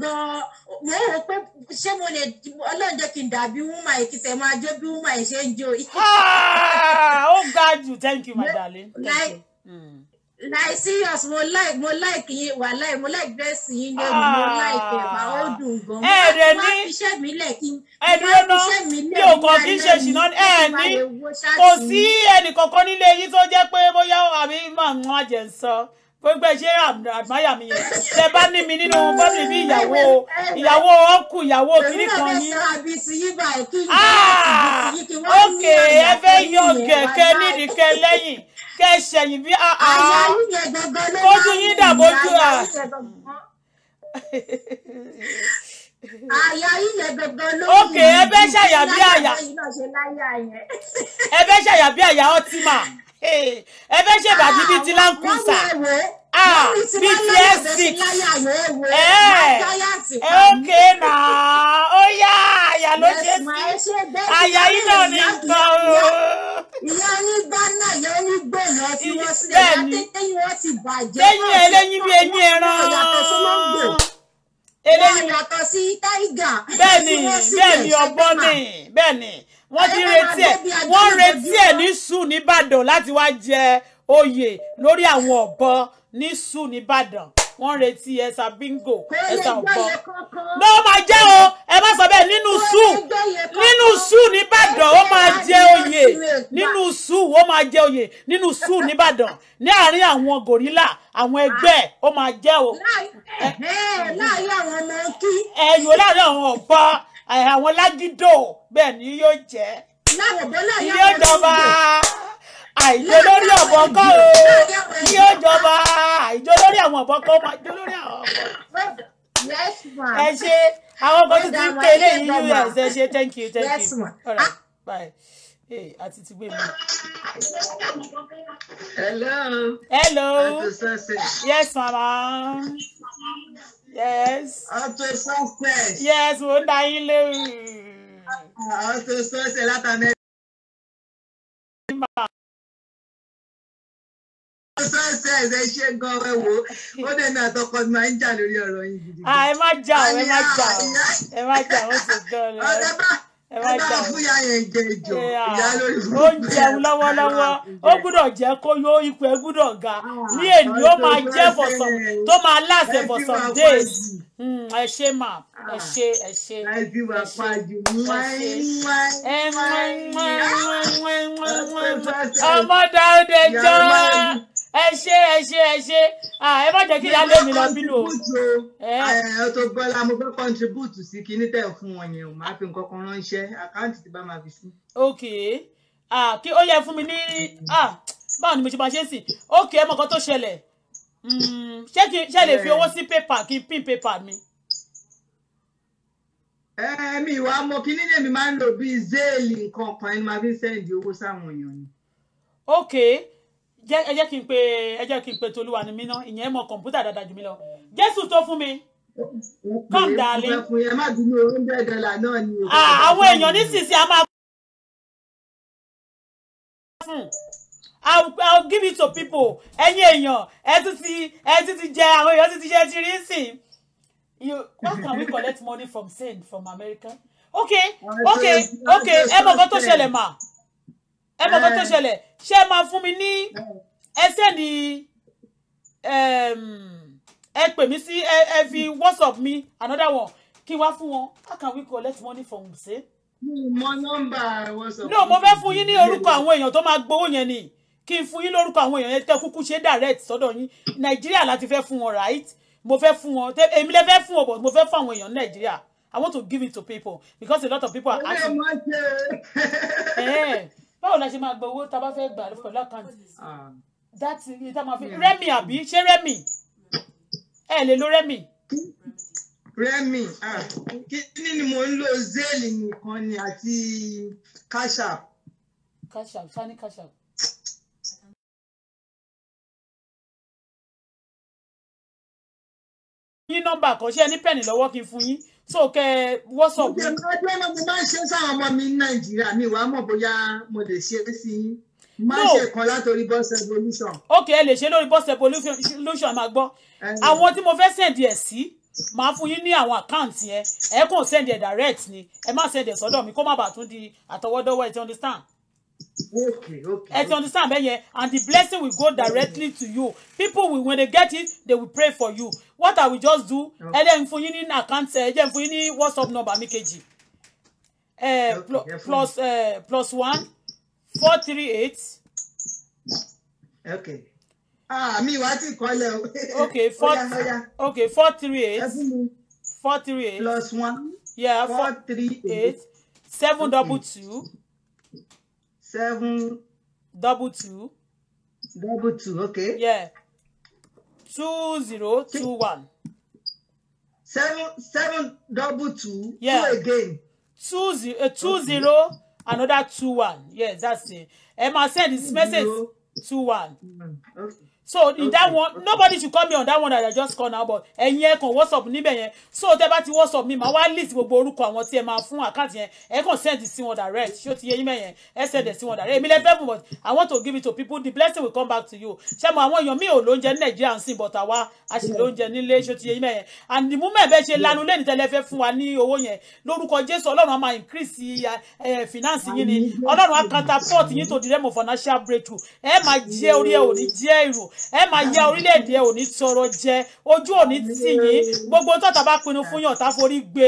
mo rò pé ṣé mo lè ọlọ́run jẹ́ kí n dàbí wúmà yìí kí ṣe máa jó bí wúmà yìí ṣe ń jó ah! ó ga jù thank you my darling. Thank you. Mm like serious mo like mo like yín wà like, mo like dress yín lẹ́nu mo like ẹ̀pà ó dùn gan. ẹ ẹ dẹ ní iṣẹ́ mi lẹ̀ kí ẹ dúró ná bí òkan kì í ṣe ṣìná ẹ ní kò sí ẹnìkankan nílé yín tó jẹ́ pé bóyá àbí màá mú àjẹ́ ń sọ gbogbo ẹ ṣe àdúmáyà mi yẹn tẹ bá ní mi nínú fọmìlì bí ìyàwó ìyàwó ọkù ìyàwó kiri kan ní. ok ẹ fẹ́ yọ kẹ̀kẹ́ nídìí kẹ lẹ́yìn kẹ́ ẹ ṣẹ̀yìn bí àá ojú yín dàbójú à. Àyà ilẹ̀ gbọ̀ngàn ló ń yí. Ókè ẹ bẹ́ ṣàyà bí àyà. Ẹ ṣàyà bí àyà ọtí mà. Ẹ ah, ṣèbàdí bíi ti láǹkùsà. Wọ́n ní ẹ̀wọ̀. Ah, bts six eh, eh, ok na ó yá àyà ló ṣe sí àyà yìí náà ní nǹkan o. ìyá yín gbá náà yẹn ní gbòòrò tí wọ́n sílẹ̀ látẹ́kẹ́yìn wọ́n ti bàjẹ́. lẹ́yìn eléyìí bí eyín ẹran eléyìí yàtọ̀ sí táìgà. bẹ́ẹ̀ni bẹ́ẹ̀ni ọgbọ́n ni bẹ́ẹ̀ni wọ́n ti retí ẹ̀ wọ́n retí ẹ̀ ní sùn nìbàdàn láti wá jẹ oyè lórí àwọn ọ̀bọ ní sùn nìbàdàn wọ́n retí ẹ̀sà bíngò ẹ̀sà ọ̀gbọ́n ló máa jẹ́ o ẹ má sọ bẹ́ẹ̀ nínú sùn nínú sùn nìbàdàn ó máa jẹ́ oyè nínú sùn ó máa jẹ́ oyè nínú sùn nìbàdàn ní àárín àwọn gòrílà àwọn ẹgbẹ́ ó máa jẹ́ o. láàárín àwọn àwọn ọ̀bọ àwọn lágídò bẹ́ẹ̀ ni yóò jẹ́. láwọn àìjọ lórí ọ̀bọ̀ kọ́ o ní ó jọba àìjọ lórí àwọn ọ̀bọ̀ kọ́ máa jọ lórí àwọn ọ̀bọ̀. ẹ ṣe àwọn kan tuntun ń tẹ̀lé yìí us ẹ ṣe thank you thank you all right bye àti ti gbé mi. hello. hello. yes mama. yes. auto success. yes mo ń da yín lóhùn. auto success látàmẹ́ sọ́ọ̀sẹ̀ ẹ̀ ṣe gan ẹ wo ó dẹ̀mí àtọkọ mi máa ń jà lórí ọ̀rọ̀ yìí gidi. Ah, ẹ má jà ẹ má jà ẹ má jà ọ sì dán ọ lọ ẹ má jà ọ fúyà yẹn jẹ ìjọ eh, ah, ìyá lórí fún mi. ó ń jẹun lọ́wọ́lọ́wọ́ ó gbúdọ̀ jẹ́ kó yó ipò ẹ gbúdọ̀ ga ah, ní èyí ó máa jẹ́ bọ̀sán tó máa láṣẹ bọ̀sán days hmm, ẹ ṣe mà ẹ ṣe ẹ ṣe ẹ ṣe ọmọ Dáúdé jọ ẹ ṣe ẹ ṣe ẹ ṣe ẹ má jẹ́ kí ìyáálé mi lọ bílò. ẹ tó gbọ́ la mo fẹ́ contribute sí kinní tẹ̀ fún wọn yẹn o máa fi nǹkan kan ránṣẹ́ àkáǹtì tí bá máa fi sí. ok kí ó yẹ fún mi ní báwo ni mo ṣe máa ṣe é sí ok ẹ mọ nǹkan tó ṣẹlẹ̀ hmm, ṣé kí ṣe lè fi owó sí pépà kí n pín pépà mi. mi ìwà ọmọ kinní lèmi máa ń lò bíi zéèlì nǹkan kan ẹni máa fi ń sẹ́ǹdì owó sáwọn èèyàn ni. ok. okay jẹ́ ẹ kí n pe ẹ kí n pe tolúwa ni mí ná ìyẹn mọ kọ̀ǹpútà dáadáa jù mí lọ jésù tó fún mi come darling. Ah, àwọn èèyàn nísinsìnyí a máa. I'll, I'll give it to people ẹ̀yin èèyàn ẹ tún ti ẹ tún ti jẹ àwọn èèyàn tún ti jẹ ti rí sí you what can we collect money from sin from America okay okay okay ẹ mọ̀ nǹkan tó ṣẹlẹ̀ mà ẹ mọ̀ kan tó eh. ṣẹlẹ̀ ṣé ẹ máa fún mi ní eh. ẹ sẹ́ni ehm, ẹ pè mí sí ẹ fi whatsapp mi another one kí n wá fún wọn how can we collect money from ṣe. mo nọ́mbà whatsapp. no mo fẹ́ fún yín ní orúkọ àwọn èèyàn tó máa gbowó yẹn ni kí n fún yín lórúkọ àwọn èèyàn yẹn tẹ kúkú ṣe direct sọ́dọ̀ yín nàìjíríà láti fẹ́ fún wọn right mo fẹ́ fún wọn èmi lè fẹ́ fún wọn but mo fẹ́ fún àwọn èèyàn nàìjíríà i want to give it to people because a lot of people are asking. ẹ báwo la ṣe máa gbọ́ owó tá a bá fẹ́ gbà pẹ̀lú àkáǹtì dátì yìí tá a máa fi rẹ́mì àbí ṣé rẹ́mì ẹ lè lo rẹ́mì. rẹ́mì kíni ni mo ń lo zelle nìkan ni àti cash app. cash app sani cash app. yín nọ́mbà kan ṣé ẹ ní lọ́wọ́ kí n fún yín so kẹ wọ́sọ̀. mo jẹ́ mo máa ń ṣe sáwọn ọmọ mi ní nàìjíríà mi wàá mọ̀ bóyá mo lè ṣe é sí i má ṣe kan látòrí bus evolution. ok ẹ lè ṣe lórí bus evolution máa gbọ́ àwọn tí mo fẹ́ sẹ̀ndì ẹ̀ sí màá fún yín ní àwọn àkáǹtì ẹ ẹ kàn sẹ̀ndì ẹ̀ direct ni ẹ má sẹ̀ndì ẹ̀ sọ́dọ̀ mi kó má bàa tún di àtọwọ́dọ́wọ́ ẹ ti understand. Okay, okay. And you understand, but yeah, and the blessing will go directly to you. People will, when they get it, they will pray for you. What I will just do, okay. and then for you in account, and then for WhatsApp number, mi kejì. Uh, plus uh, plus one four three eight. Okay. Ah, mi wá ti kọ́lẹ̀ o. Okay, four. Okay, four three eight. Four three eight. Plus one. Yeah, four, three eight. Seven double two seven. double two. double two okay. yeah two zero two one. seven seven double two. yeah two again. two zero uh, two okay. zero another two one yes that's it ẹ máa send his message two one. Okay so in okay. that one nobody should call me on that one that i just call now but ẹ̀yin ẹ kàn whatsapp níbẹ̀ yẹn so tẹ́ bá ti whatsapp mi màá wá list gbogbo orúkọ àwọn tí ẹ máa fún àkáǹtì yẹn ẹ kàn send sí wọn direct ṣé o ti yé yín mẹ́yẹn ẹ send ẹ̀ sí wọn direct èmi lẹ fẹ́ fún but i want to give it to people the blessing will come back to you ṣé mo àwọn èèyàn mi ò lóúnjẹ ní nàìjíríà ń sìn but àwa a sì lóúnjẹ nílé ṣé o ti yé yín mẹ́yẹn and the moment bẹ́ẹ̀ ṣe lanu lẹ́ni tẹ́lẹ̀ fẹ́ fún wa ní owó yẹn lórúkọ jésù ọlọ́run á máa increase finance yín ni ọlọ́run á catapult yín to the realm of financial breakthrough ẹ máa jẹ́ orí ẹ ẹ máa yẹ orílẹ̀-èdè òní tọrọ jẹ ojú òní tì yín gbogbo tọ́ta bá pinnu fún yàn táforí gbé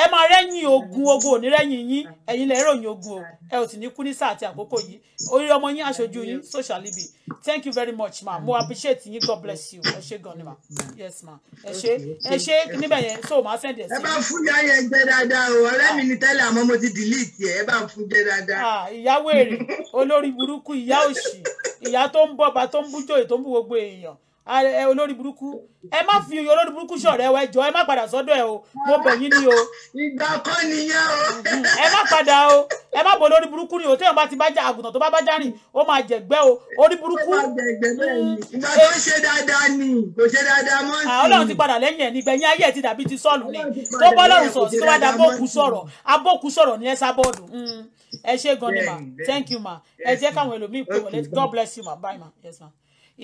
ẹ máa rẹ́yìn ogun ogun òní rẹ́yìn yín ẹ̀yin lẹ́rọ yín ogun o ẹ ò sì ní kú ní sáà àti àkókò yìí orí ọmọ yín aṣojú yín social libi thank you very much ma mo appreciate yín god bless you ẹ ṣé gan ma yes ma ẹ ṣé ẹ ṣé níbẹ̀ yẹn so ma, send ẹ sí. ẹ bá fún ìyá yẹn jẹ dáadáa o ọ̀rẹ́ mi ni tẹ́lẹ̀ àmọ́ mo ti delete ẹ ẹ bá fún jẹ dáadáa. Ah, ìyá wèrè olórí burúkú ìyá òṣì ìyá tó ń bọ̀ bá tó ń bújòyè tó ń fún gbogbo èèyàn olórí burúkú ẹ má fi olórí burúkú ṣọ̀rẹ́ ẹ jọ ẹ má padà sọ́dọ̀ ẹ o mo bẹ̀ yín ni o. ìgbà kan nìyẹn o. ẹ má padà o ẹ má bọ̀ olórí burúkú ni o téèyàn bá ti bá já àgùntàn tó bá bá já ó máa jẹ̀gbẹ́ o orí burúkú. Mm. ìgbà tó ń ṣe dáadáa ni kò ṣe dáadáa mọ́ sí. Ah, ọlọ́run ti padà lẹ́yìn ẹ̀ nígbà yín ayé ẹ̀ ti dàbí ti sọ́ọ̀lù ni tó bọ́ lọ́rùn sọ̀rọ̀ mm. ẹ ma thank you ma ẹ jẹ́ káwọn ẹlòmíì pè wọlé God bless you ma bye ma yes ma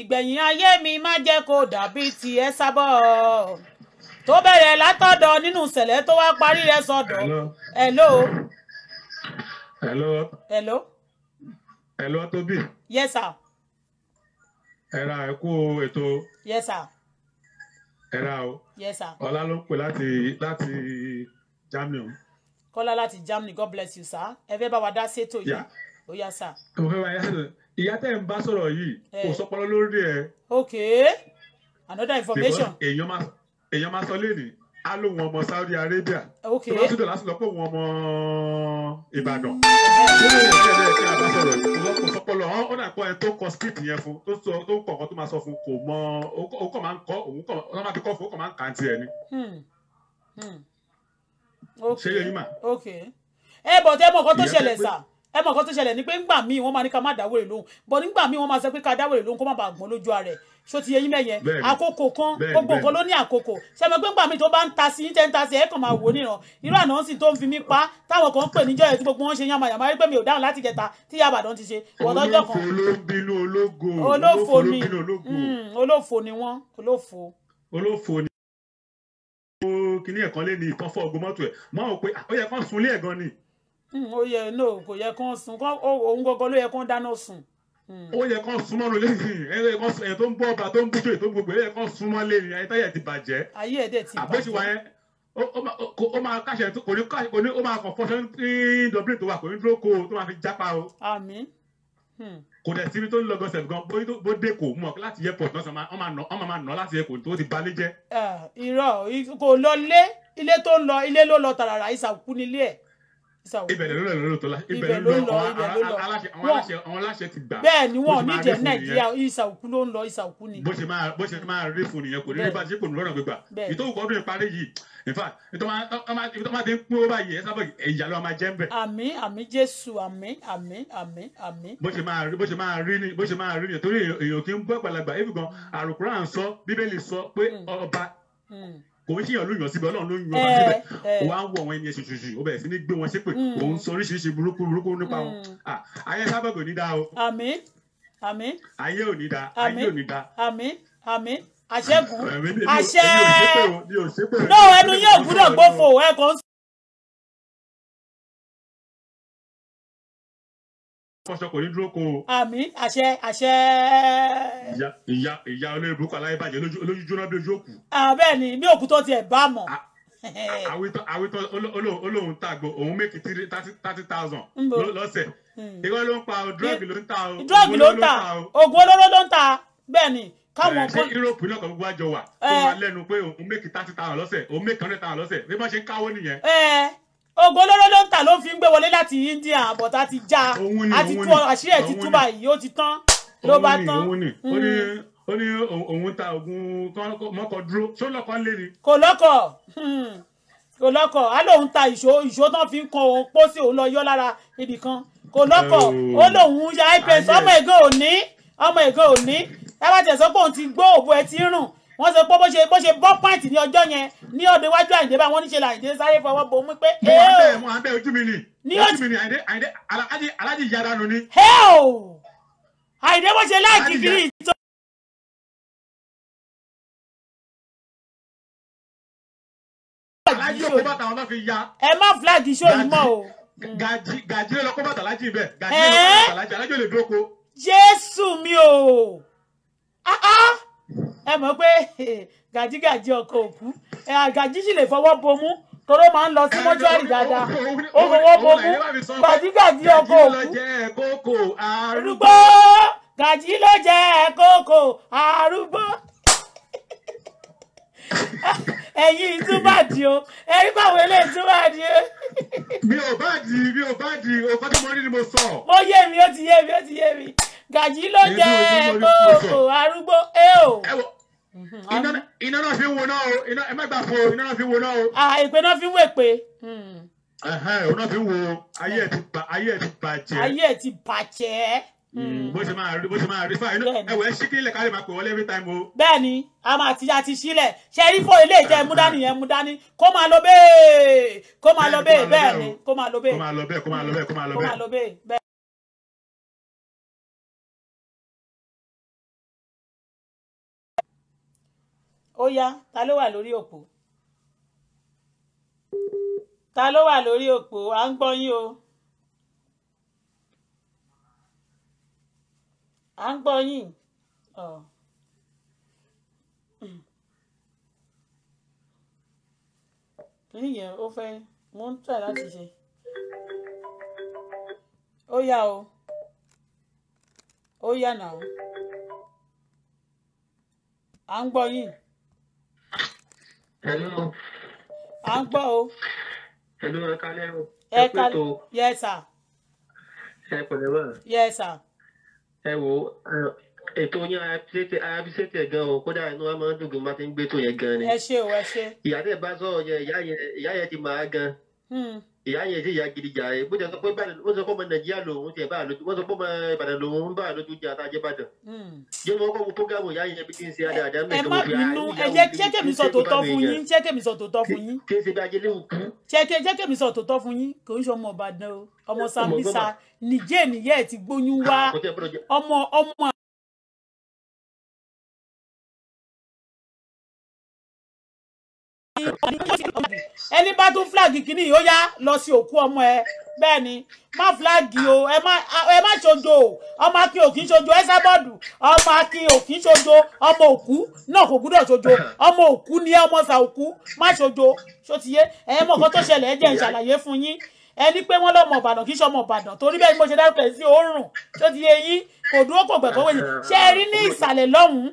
ìgbẹ̀yìn ayé mi má jẹ́ kó dàbí ti ẹ sábọ̀ tó bẹ̀rẹ̀ látọ̀dọ̀ nínú ìṣẹ̀lẹ̀ tó wá parí rẹ̀ sọ̀dọ̀ hello. hello. hello. hello tóbi. yes sir. ẹ ra ètò. yes sir. ẹ o. yes sir. ọlá ló ń pè láti láti Germany. kọ́lá láti Germany God bless you sir ẹ fẹ́ bá wa dá sétò yìí ó yá sir. mo fẹ́ bá yá ìyá tẹ́ ń bá sọ̀rọ̀ yìí kò sọpọlọ lórí ẹ. ok another information. èèyàn máa sọ léèrè á lóun ọmọ Saudi Arabia tó bá tún dọ̀ láti lọ pé òun ọmọ Ìbàdàn. ṣé ló ń kẹ́lẹ́ kí a bá sọ̀rọ̀ kò sọpọlọ ọ̀hún ó dàpọ̀ ẹ tó kọ script yẹn fún tó sọ tó ń kọ̀ ọ̀kan tó máa sọ fún kò mọ òun kọ̀ máa ń kọ́ òun kọ̀ ọ̀nà máa fi kọ́ fún òun kọ̀ máa ń kà á tiẹ̀ ni. ṣé yẹ yín mà. ok ẹ bọ̀ tẹ́ mọ̀ kó tó ṣẹlẹ̀ sà ẹ mọ̀ nǹkan tó ṣẹlẹ̀ ni pé ńgbà míì wọ́n máa ní ká má dáwèrè lóhùn bọ̀ nígbà míì wọ́n máa sọ pé ká dáwèrè lóhùn kó má bàa gbọ́n lójú ara ẹ̀ ṣó ti yẹ yín mẹ́yẹn àkókò kan gbogbo nǹkan ló ní àkókò ṣẹmọ pé ńgbà míì tó bá ń ta sí yín tẹ́ ń ta sí ẹ̀ kàn máa wò níran irú àná sì tó ń fi mí pa táwọn kan pè níjọ́ yẹn tí gbogbo wọn ṣe yàmà yàmà wípé mi ò dáhùn láti jẹta tí yàbà dán ti ṣe wọ́tọ́jọ́ kan olófo ni mm, olófo ni wọ́n olófo. olófo ni kíní ẹ̀kan lé ní ìtọ́fọ́ ogun mọ́tò ẹ̀ máa ń pè ó yẹ kán ni ó yẹ no kò yẹ kán sùn òun gọgọ ló yẹ kán dáná sùn. Hmm. ó yẹ kán súnmọ́ lólè ẹ̀ tó ń bọ́ ọba tó ń bújọ́ ètò gbogbo ẹ̀ kán súnmọ́ lé ní ayé táyà ti bàjẹ́ ayé ẹ̀ dẹ̀ ti bàjẹ́ àbẹ́sí wa yẹn ó máa káṣẹ kò ní kò ní ó máa kàn fọṣọ ní dublin tó wà kò ní dúró kó tó máa fi jápa o. àmín. Hmm. kò dẹ̀ síbi tó ń lọ gọ́sẹ̀ gan bó dé kò mọ̀ láti airport náà ọmọ máa nà láti airport tó ti balẹ̀ jẹ́. Ah, irọ́ kò lọ lé ilé tó ń lọ ilé ló lọ tààrà ìsàkú nílé ẹ̀ ibẹ̀rẹ̀ ló lọ ìlú tó la ibẹ̀rẹ̀ ló lọ àwọn aláṣẹ àwọn aláṣẹ ti gbà. bẹ́ẹ̀ ni wọn ní jẹ nàìjíríà ìsàwùkú ló ń lọ ìsàwùkú ni. bó ṣe máa bó ṣe máa rí fún nìyẹn kò ní rí bá ṣe kò ní lọ́nà gbégbà ìtòwù kọ́dún ìparí yìí in fact ìtọ́ máa ti ń pín owó báyìí ẹ sábà ìyá ló máa jẹ́ ń bẹ̀. àmín àmín jésù àmín àmín àmín àmín. bó ṣe máa rí bó ṣe máa rí ni bó ṣe máa rí ni torí èèyàn kì í gbọ́ àgbàlagbà kò ń ṣèyàn ló yàn síbi ọlọ́run ló yàn bá eh, síbẹ̀ eh. wọ àwọn ẹni ẹ̀sìn ṣùṣù ó bẹ̀rẹ̀ ní gbé wọn ṣépè òun mm. sọ oríṣiríṣi burúkú burúkú nípa wọn mm. ah, ayé sábàgò ní dáa o. ayé ò ní dáa ayé ò ní dáa. àmín àmín àṣẹ. no ẹnu yóò gbúdọ̀ gbófo ẹ̀ fọṣọ kò ní dúró ko. àmín àṣẹ àṣẹ. ìyá ìyá ìyá olórí burúkú aláìbàjẹ́ olójú jóná bí ojú òkú. bẹ́ẹ̀ ni bí òkú tó tiẹ̀ bá mọ̀. àwítọ́ àwítọ́ olóhùn tàgbọ̀ òun méèkì thirty thousand lọ́sẹ̀. Hmm. ìwọ ló ń pa o dúrọ́ọ̀gì ló ń ta o. dúrọ́ọ̀gì ló ń ta oògùn olóró ló ń ta bẹ́ẹ̀ ni káwọn kan. ṣé europe náà kan gbogbo àjọ wà. ó wà lẹ́nu pé òun méèkì thirty thousand lọ́sẹ̀ òun méèkì hundred thousand lọ́sẹ̀ bí wọ́n ṣe ń káwó nìyẹn oògùn olóró ló ń tà ló fi ń gbé wọlé láti India àbọ̀tá ti já àti tú àṣírí ẹ̀ ti tú báyìí ó ti tán ló bá tán. Hmm. ó ní òun ta oògùn mọ́kọ̀ dúró ṣó lọ́kọ̀ lé ni. kò lọ́kọ̀ hmm. kò lọ́kọ̀ á lóun ta ìṣó ìṣó tán fi ń kan òun pósí òun lọ yọ lára ibì kan kò lọ́kọ̀ ó lóun ya ips ọmọ ẹ̀gán òní ọmọ ẹ̀gán òní tábàtẹ̀ sọ pé òun ti gbó òbú ẹ ti rùn wọ́n sọ pé bó ṣe bó ṣe bọ́ pàǹtì ní ọjọ́ yẹn ní ọdún iwájú àyìndé bá wọ́n níṣe làyìndé sáré fọwọ́ bo mú pé. mo wà bẹ́ẹ̀ mo wà bẹ́ẹ̀ ojú mi ni ojú mi ni àyìndé àyìndé alájì alájì yára nu ni. àyìndé bó ṣe láìkí kiri ìtọ́. alájì òkú bàtà wọn bá fi ya. ẹ má flag iṣẹ́ òní mọ́ o. gàjí gàjí ló lọ kó bàtà alájì bẹ́ẹ̀ gàjí ló lọ kó bàtà alájì alájì ò lè dúró ko. jésù mi o. Ah ah ẹ mọ̀ pé gàjígàjí ọkọ̀ òkú gàjí sì lè fọwọ́ bomú toró máa ń lọ sí mọ́ṣúárì dáadáa ó fọwọ́ bomú gàjígàjí ọkọ̀ òkú arúgbó gàjí ló jẹ kókò arúgbó ẹ̀yin ìtúbàdì o ẹ̀rí pàwọn ilé ìtúbàdì o. mi ò bá di mi ò bá di òkú tí mo rí ni mo sọ. ó yé mi ó ti yé mi ó ti yé mi gàjí ló jẹ kókò arúgbó ẹ o. Mhm, iná náà fi wo náà o ẹ má gbà fo iná náà fi wo náà o. èpè náà fi wo èpè. Hmm. òun náà fi wo ayé ẹ ti bàjẹ́. ayé ẹ ti bàjẹ́ hmm. bó ṣe máa rí bó ṣe máa rí fáyé ẹwẹ ṣí kílẹ̀ ká lè máa pè wọlé every time o. bẹ́ẹ̀ni a máa ti àti sílẹ̀ ṣe rí fún ilé ìjẹ mú dání yẹn mú dání kó máa lọ bẹ́ẹ̀ kó máa lọ bẹ́ẹ̀ bẹ́ẹ̀ni kó máa lọ bẹ́ẹ̀ kó máa lọ bẹ́ẹ̀ kó máa lọ bẹ́ẹ̀ kó máa lọ bẹ́ẹ̀. ó yá ta ló wà lórí òpó ta ló wà lórí òpó à ń gbọ́ yín o à ń gbọ́ yín ọ. níyẹn ó fẹ́ mo ń tẹ̀ láti ṣe ó yá o ó yá náà à ń gbọ́ yín hello. à Hello, gbọ́ o. hello ẹ kálẹ́ o. ẹ kálẹ́ o. yes sir. ẹ pẹ̀lẹ́ wà. yes sir. ẹ wo ètò yín arabisẹ́tì ẹ̀ gan o kódà inú wa máa ń dùn gan bá ti ń gbé tó yẹn gan ni. ẹ ṣé o ẹ ṣé. ìyá tẹ̀ bá sọ̀rọ̀ yẹn ìyá yẹn ti máa gan. Hmm ìyá yẹn ṣe ìyá gidi jà ẹ bó jẹ sọ pé wọ́n sọ pé ọmọ nàìjíríà lòun tiẹ̀ bá lójú wọ́n sọ pé ọmọ ìbàdàn lòun bá lójú jẹ àtàjẹ ìbàdàn. Hmm. yóò wọ́n kọ́ wo programu ìyá yẹn bí kí n ṣe àdáadáa mẹ́ta wọ́n fi àárín ìyá yẹn ṣé kèmí sọ tòótọ́ fún yín ṣé kèmí sọ tòótọ́ fún yín. kí n ṣe bí ajé léwu kú. ṣé kèmí sọ tòótọ́ fún yín kò ń ṣe ọmọ ìbàdàn o ọmọ sambisa ẹni bá tún flag kìíní yìí ó yá lọ sí òkú ọmọ ẹ bẹ́ẹ̀ ni má flag o ẹ má ṣojo o ọmọ akin òkín ṣojo ẹsẹ bọ́ọ̀dù ọmọ akin òkín ṣojo ọmọ òkú náà kò gbúdọ̀ ṣojo ọmọ òkú ni ọmọ sà òkú má ṣojo ṣòtìyé ẹ̀yẹ́ mọ̀ nǹkan tó ṣẹlẹ̀ ẹ jẹ́ n ṣàlàyé fún yín ẹni pé wọ́n lọ́mọ ìbàdàn kì í ṣọmọ ìbàdàn torí bẹ́ẹ̀ ni mo ṣe dárúkọ ẹ̀ sí òórùn ṣòtìyé yín kò dúró kò gbẹ̀kọ́ wẹ̀ ṣe é rí ní ìsàlẹ̀ lọ́hùn-ún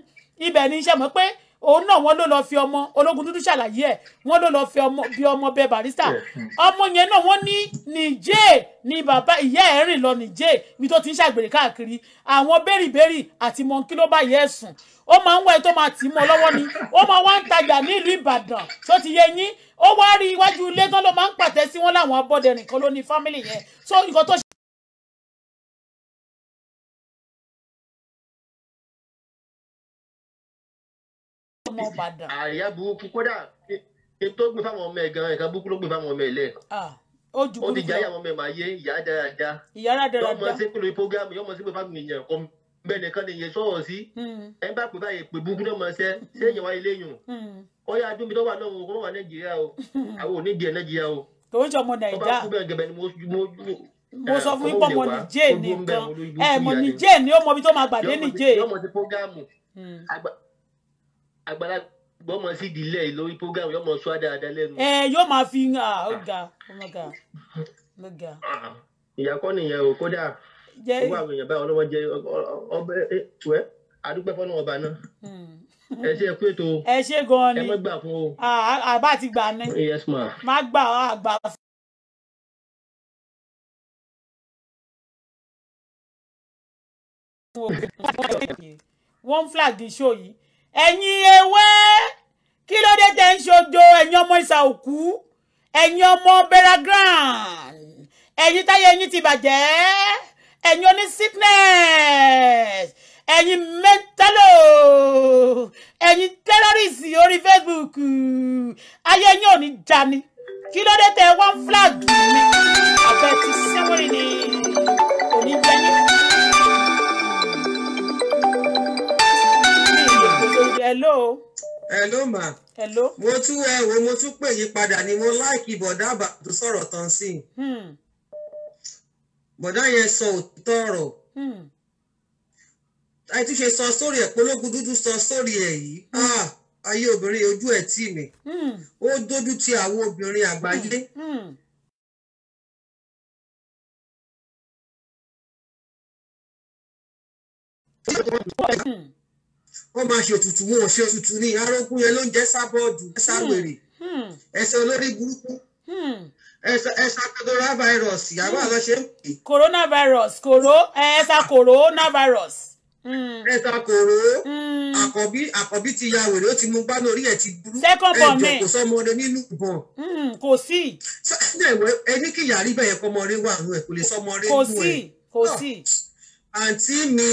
ibẹ̀ ni iṣẹ́ mọ̀ pé òun náà wọn ló lọ fi ọmọ ológun dúdú ṣàlàyé ẹ wọn ló lọ fi ọmọ bí ọmọ bẹ barista hmm. ọmọ yẹn náà wọn ní nìjẹ ni bàbá ìyá ẹ rìn lọ nìjẹ ibi tó ti ń ṣàgbèrè káàkiri àwọn bẹ́rìbẹ́rì àti mọ̀nkí ló bá yẹ sùn ó máa ń wá ẹ tó máa tì í mọ́ lọ́wọ́ ni ó máa wá ń tajà ní Ìbàdàn tó ti yẹ yín ó wá rí iwájú ilé tán ló máa ń pàtẹ sí wọn láwọn abọ́dẹrìn kan ló ní fámìlì yẹn so nǹkan tó ọmọ ìbàdàn. àyà burúkú kódà ètò ògbìn fáwọn ọmọ ẹ̀ gan-an ìkan burúkú ló gbìn fáwọn ọmọ ẹ̀ lẹ̀. ó ju burúkú ó ti jẹ́ àyàwó ọmọ ẹ̀ máa yé ìyá dáadáa. ìyá dáadáa yọmọ sí pẹ̀lú ìpógámù yọmọ sí pẹ̀lú fáwọn èèyàn kọ́ bẹ́ẹ̀ nìkan ni ìyẹn sọ̀rọ̀ sí. Hmm. ẹ bá pè báyìí pé burúkú náà máa ṣẹ́ ṣé èèyàn wáyé léyìn. Hmm. ó yá adúmí tó wà lọ́wọ́ kó wà nàìjíríà o hmm. àwọn ò ní jẹ nàìjíríà o. kò ń sọ ọmọ nàìjíríà mo sọ fún yín pé ọmọ nìjẹ́ nìkan ẹ mọ̀ nìjẹ́ ni ó mọ ibi tó máa gbàdé nìjẹ́. yọmọ ti àgbàlagbà ọmọ sí ìdílé lórí program yọmọ sọ dáadáa lẹ́nu. ẹ yóò máa fi ń ha ọgá ọmọgá ọmọgá. ìyàkọ́ nìyẹn o kódà owó àwọn èèyàn báyìí ọlọ́wọ́ jẹ ọbẹ̀ tuẹ́ àdúgbò fọ́nà ọba náà hmm. ẹ ṣe pé tó ẹ ṣe gan ni ẹ mọ gbà fún o. àbá ah, ti gbà ní. yes ma. má gbà fún. one flag di show yìí ẹ̀yin ewé kí ló dé tẹ̀ ń ṣojo ẹ̀yin ọmọ ìsà òkú ẹ̀yin ọmọ beragran ẹ̀yin táyé ẹ̀yin ti bàjẹ́ ẹ̀yin oní sickness ẹ̀yin mẹ́tálò ẹ̀yin terrorist orí Facebook ayé ẹ̀yin ò ní dání kí ló dé tẹ̀ one flag mi àbẹ̀tì sẹ́wọ̀n ni kò jẹ́ yín. hello. hello ma. hello. mo tún ẹ wo mo tún pè yín padà ni mo láìkí bọ̀dá àbàtò sọ̀rọ̀ tán sí i. Hmm. bọ̀dá yẹn sọ òtítọ́ ọ̀rọ̀. àì hmm. tún ṣe sọ sórí ẹ̀ pológun dúdú sọ sórí ẹ̀ yìí hmm. ah, ayé obìnrin ojú ẹ̀ tì mí ó dójú ti àwọn obìnrin àgbáyé. Mm. Mm wọ́n máa ṣe ètùtù wọn ò ṣe ètùtù ní arógún yẹn ló ń jẹ́ sábọ́ọ̀dù sáwèrè hmm, hmm. ẹsẹ̀ olórí burúkú hmm. ẹsà coronavirus ìyàwó àlọ́ ṣe ń pè. coronavirus koro ẹsà coronavirus. ẹsà koro àkọ́bí àkọ́bí ti ya wèrè ó ti mú gbáná orí ẹ̀ ti burú ẹ̀jọ̀ kò sọ́mọ rẹ nínú ìbọn. kò sí. sẹ́yìn ẹni kìyà rí bẹ́ẹ̀ kọ́mọ rẹ wà nù ẹ̀ kò lè sọ́mọ rẹ nù ẹ̀. kò sí kò ah. sí àǹtí mi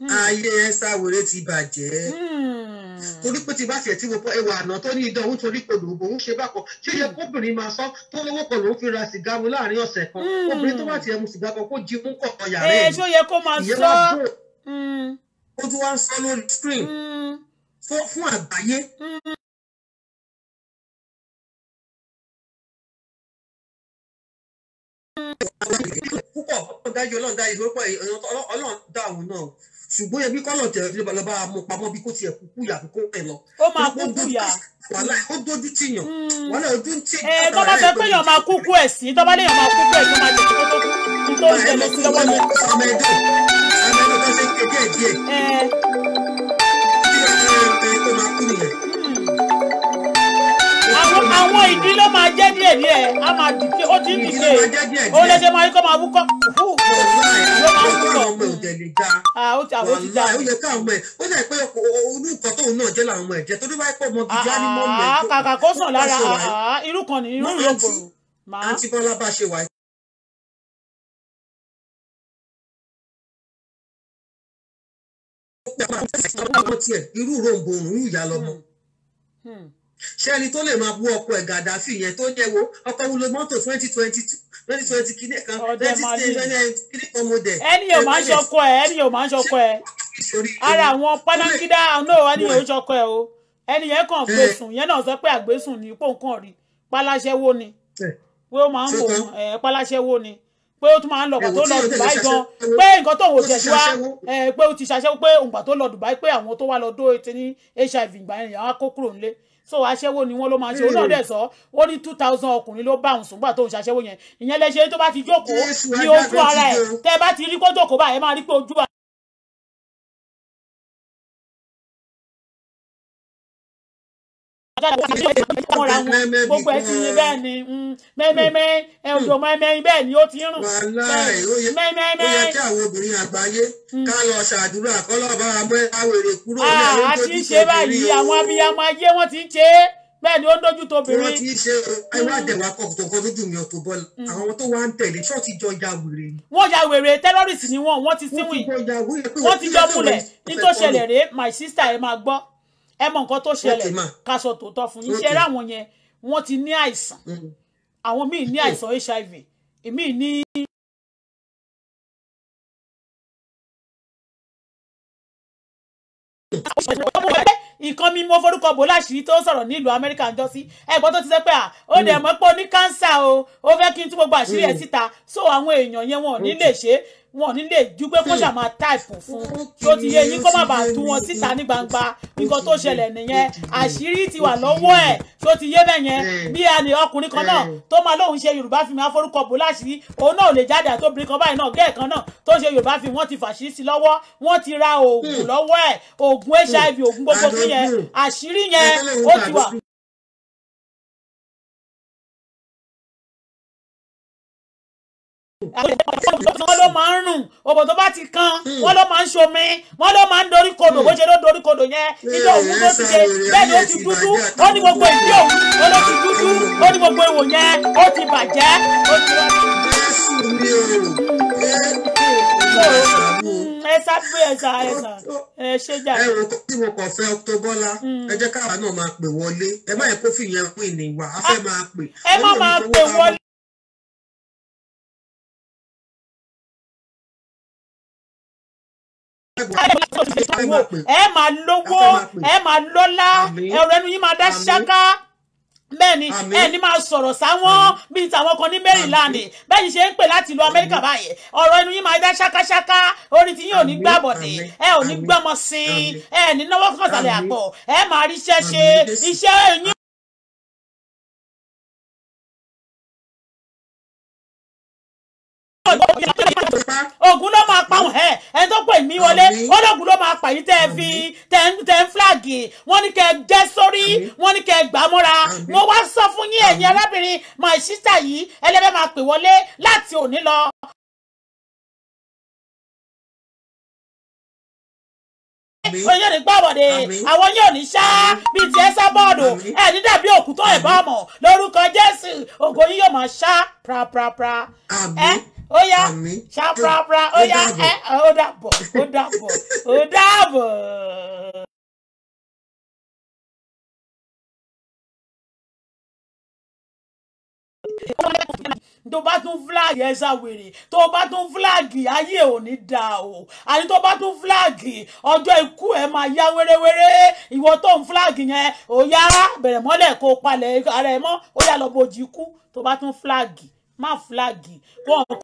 hmm. ayé ẹ sáwòrè ti bàjẹ́ hmm. torí pé ti bá tiẹ̀ tí mo bọ́ ẹwà àná tó ní idán òun torí kò lòun òun ṣe bákan ṣé yẹ hmm. kóbìnrin máa sọ tó lówó kan lòun fi ra sìgá mu láàrin ọ̀sẹ̀ kan obìnrin tó bá tiẹ̀ mu sìgá kan kó jí mú kọ̀ọ̀kan yàrá eh, ẹ̀ ṣó yẹ kó máa sọ ojú wa ń sọ lórí screen fún àgbáyé púpọ̀ ọlọ́dájú ọlọ́dájú ṣùgbọ́n ẹbí kọ́lọ̀ tẹ̀ lọ́ba mú pamọ́ bí kò tiẹ̀ kúkú yà kó ẹ̀ lọ. ó máa kúkú yà. wàhálà ó dojú tìyàn wàhálà ojú ń tì. ẹ tó fẹ́ pé yàn máa kúkú ẹ̀ sí tó lè yàn máa kúkú ẹ̀ tó máa tètè tó kú tó ń ṣẹlẹ̀ sí lọ́wọ́ náà. ọmọ ẹgbẹ́ ọmọ ẹgbẹ́ tó ṣe kéde ẹ̀ díẹ̀. ẹ ẹ ẹ tó máa kú nìyẹn àwọn ìdí ló máa jẹ́ díẹ̀ díẹ̀ a máa dìde ó ti ń dìde ó lédè máa máa wúkọ́ fú ló máa wúkọ́ ó ti àwọn ti já ó yẹ ó dà pé olú nǹkan tóun náà jẹ́ làwọn ọmọ ẹ tó dé pọ̀ mọ́ gíga ní mọ́ mi. kàkà kó sàn lára irú kan ní irú yóò irú ròǹbòrùn irú ìyá lọmọ ṣẹ́ni tó lè máa bú ọkọ ẹ̀ gàdáfì yẹn tó yẹ wo ọkọ̀ wo mọ́tò twenty twenty two twenty twenty kìíní kan twenty three eh, kan mo dẹ̀. ẹni yóò máa ń eh, ṣọkọ ẹ ẹni yóò máa ń ṣọkọ ẹ ara àwọn pátákìdá náà ẹni yóò ṣọkọ ẹ o ẹni yẹn kàn eh. gbèsùn yẹn náà sọ pé àgbèsùn ní ipò nǹkan rí páláṣẹ́wó ni pé ó máa ń wò ẹ páláṣẹ́wó ni pé ó tún máa ń lọ ọgbà tó lọ Dubai gan pé nǹkan tó wò jẹ sí wa pé ó ti ṣàṣẹ́wó pé òǹgbà tó lọ Dubai pé àwọn tó wà lọ dó etí ní HIV ìgbà yẹn àwọn akókòrò ńlẹ̀ so aṣẹ́wó ni wọ́n ló máa ṣe òun náà hmm. dẹ̀ sọ ó ní two thousand ọkùnrin ló bá òun sùn gbà tó ń ṣaṣẹ́wó yẹn ìyẹn lè ṣe tó bá ti jókòó ní ojú ara ẹ̀ tẹ́ bá ti rí kó jókòó báyìí ẹ máa rí pé ojú mọ́ra wọn gbogbo ẹ ti yin bẹ́ẹ̀ ni mm, mẹ́mẹ́mẹ́ ẹ òjò hmm. mẹ́mẹ́rin bẹ́ẹ̀ ni ó ti rùn mẹ́mẹ́mẹ́. ó yẹ kí àwọn obìnrin àgbáyé hmm. ká lọ ṣàdúrà kọ́lọ́ọ̀bá amọ́ àwèrè kúrò ní ah, àwọn tó ti ṣe báyìí àwọn abiyamọ ayé wọn ti ń ṣe é bẹ́ẹ̀ ni ó dójú tó obìnrin. wọ́n ti ṣe ẹwádìí hmm. wa kọ̀ọ̀tọ̀ kan lójú mi ọ̀tọ̀ bọ́ọ̀lù àwọn tó wá ń tẹ̀lé ṣọ́ọ̀tì jọ ya wèrè. wọ́n ya wèrè terrorist ni wọ́n wọ́n ti síwìn wọ́n ti jọ múlẹ̀ ní tó ṣẹlẹ̀ rèé my sister ẹ máa gbọ́ ẹ mọ nǹkan tó ṣẹlẹ̀ káṣọ tòótọ́ fún yín ṣe eré àwọn yẹn wọ́n ti ní àìsàn àwọn míì ní àìsàn hiv èmi ní. nǹkan mi mo forúkọ bò láṣìírí tó sọ̀rọ̀ nílùú amẹ́ríkà ń jọ sí ẹ̀gbọ́n tó ti sẹ́ pé à ah, ó dẹ̀ mm. mọ́ pé ó ní kánsà o ó fẹ́ kí n tú gbogbo àṣírí ẹ̀ mm. síta so àwọn èèyàn yẹn wọn ò ní lè ṣe wọn ò ní lè ju pé kó hmm. ṣàmà táìpù fún tó ti yé yín kó má bàa tú wọn síta ní gbangba nǹkan tó ṣẹlẹ̀ nìyẹn àṣírí ti wà lọ́wọ́ ẹ̀ tó ti yé bẹ́ẹ̀ yẹn hmm. bí àní ọkùnrin kan náà hmm. tó máa lóun ṣe yorùbá fi máa forúkọ bò láṣìírí òun náà ò lè jáde àtòbìnrin kan báyìí náà gẹ́ẹ̀ kan náà tó ṣe yorùbá fi wọ́n ti fàṣírí sí lọ́wọ́ wọ́n ti ra oògùn lọ́wọ́ ẹ̀ oògùn hiv oògùn gbogbo sí yẹn àṣírí yẹn ó ti wọ́n ló máa ń rùn òbò tó bá ti kan wọ́n ló máa ń ṣomi wọ́n ló máa ń dorí bó ṣe ló dorí yẹn nínú òun ló ti ṣe bẹ́ẹ̀ ni ó ti dúdú ó ní gbogbo ìdí òun ó ló ti dúdú ó ní gbogbo ìwò yẹn ó ti bàjẹ́ mm, ẹ sá ẹ sá ẹ sá ẹ ṣe jà. fẹ́ Auto mm. ẹ jẹ́ káwa náà máa pè wọlé ẹ má yẹ kó fìyẹn pè ní wa a fẹ́ máa pè. ẹ má máa pè wọlé. ẹ máa lówó ẹ máa lọ́lá ọ̀rọ̀ ẹnu yín máa dá ṣáká bẹ́ẹ̀ ni ẹni máa sọ̀rọ̀ sáwọn bíi tàwọn kan ní Maryland bẹ́ẹ̀ ni ṣe ń pè láti ìlú Amẹ́ríkà báyìí ọ̀rọ̀ ẹnu yín máa dá ṣákáṣáká orí tí yín ò ní gbà bọ̀dẹ̀ ẹ ò ní gbọ́mọ sí i ẹ ní náwó kọ̀ọ̀sálẹ̀ àpọ̀ ẹ máa ríṣẹ́ ṣe iṣẹ́ yín. ogun ló máa pa òun ẹ ẹni tó pè mí wọlé ológun ló máa pa yìí tẹ fi tẹ ń flagi wọn ní kẹ jẹ sórí wọn ní kẹ gbà mọ́ra mo wá sọ fún yín ẹ̀yin arábìnrin my sister yìí ẹlẹ́fẹ́ máa pè wọlé láti òní lọ. oyún ní gbàbọ̀dé àwọn yóò ní ṣá bíi ti ẹsẹ̀ bọ́ọ̀dù ẹ̀ẹ́dí dàbí òkú tó ẹ̀bá mọ̀ lórúkọ Jésù ògo yín yóò máa ṣá prapra ẹ ó yá ṣàpàpà ó yá ẹ ó dàbọ̀ ó dàbọ̀ ó dàbọ̀. tó bá tún fúláàgì ẹ̀sà wèrè tó bá tún fúláàgì ayé ò ní da o àti tó bá tún fúláàgì ọjọ́ ikú ẹ̀ máa yá wéréwéré ìwọ tó ń fúláàgì yẹn ò yá bẹ̀rẹ̀ mọ́lẹ̀ kó palẹ̀ ara ẹ̀ mọ́ ó yá lọ bójú ikú tó bá tún fúláàgì má fúláàgì kó ọ̀n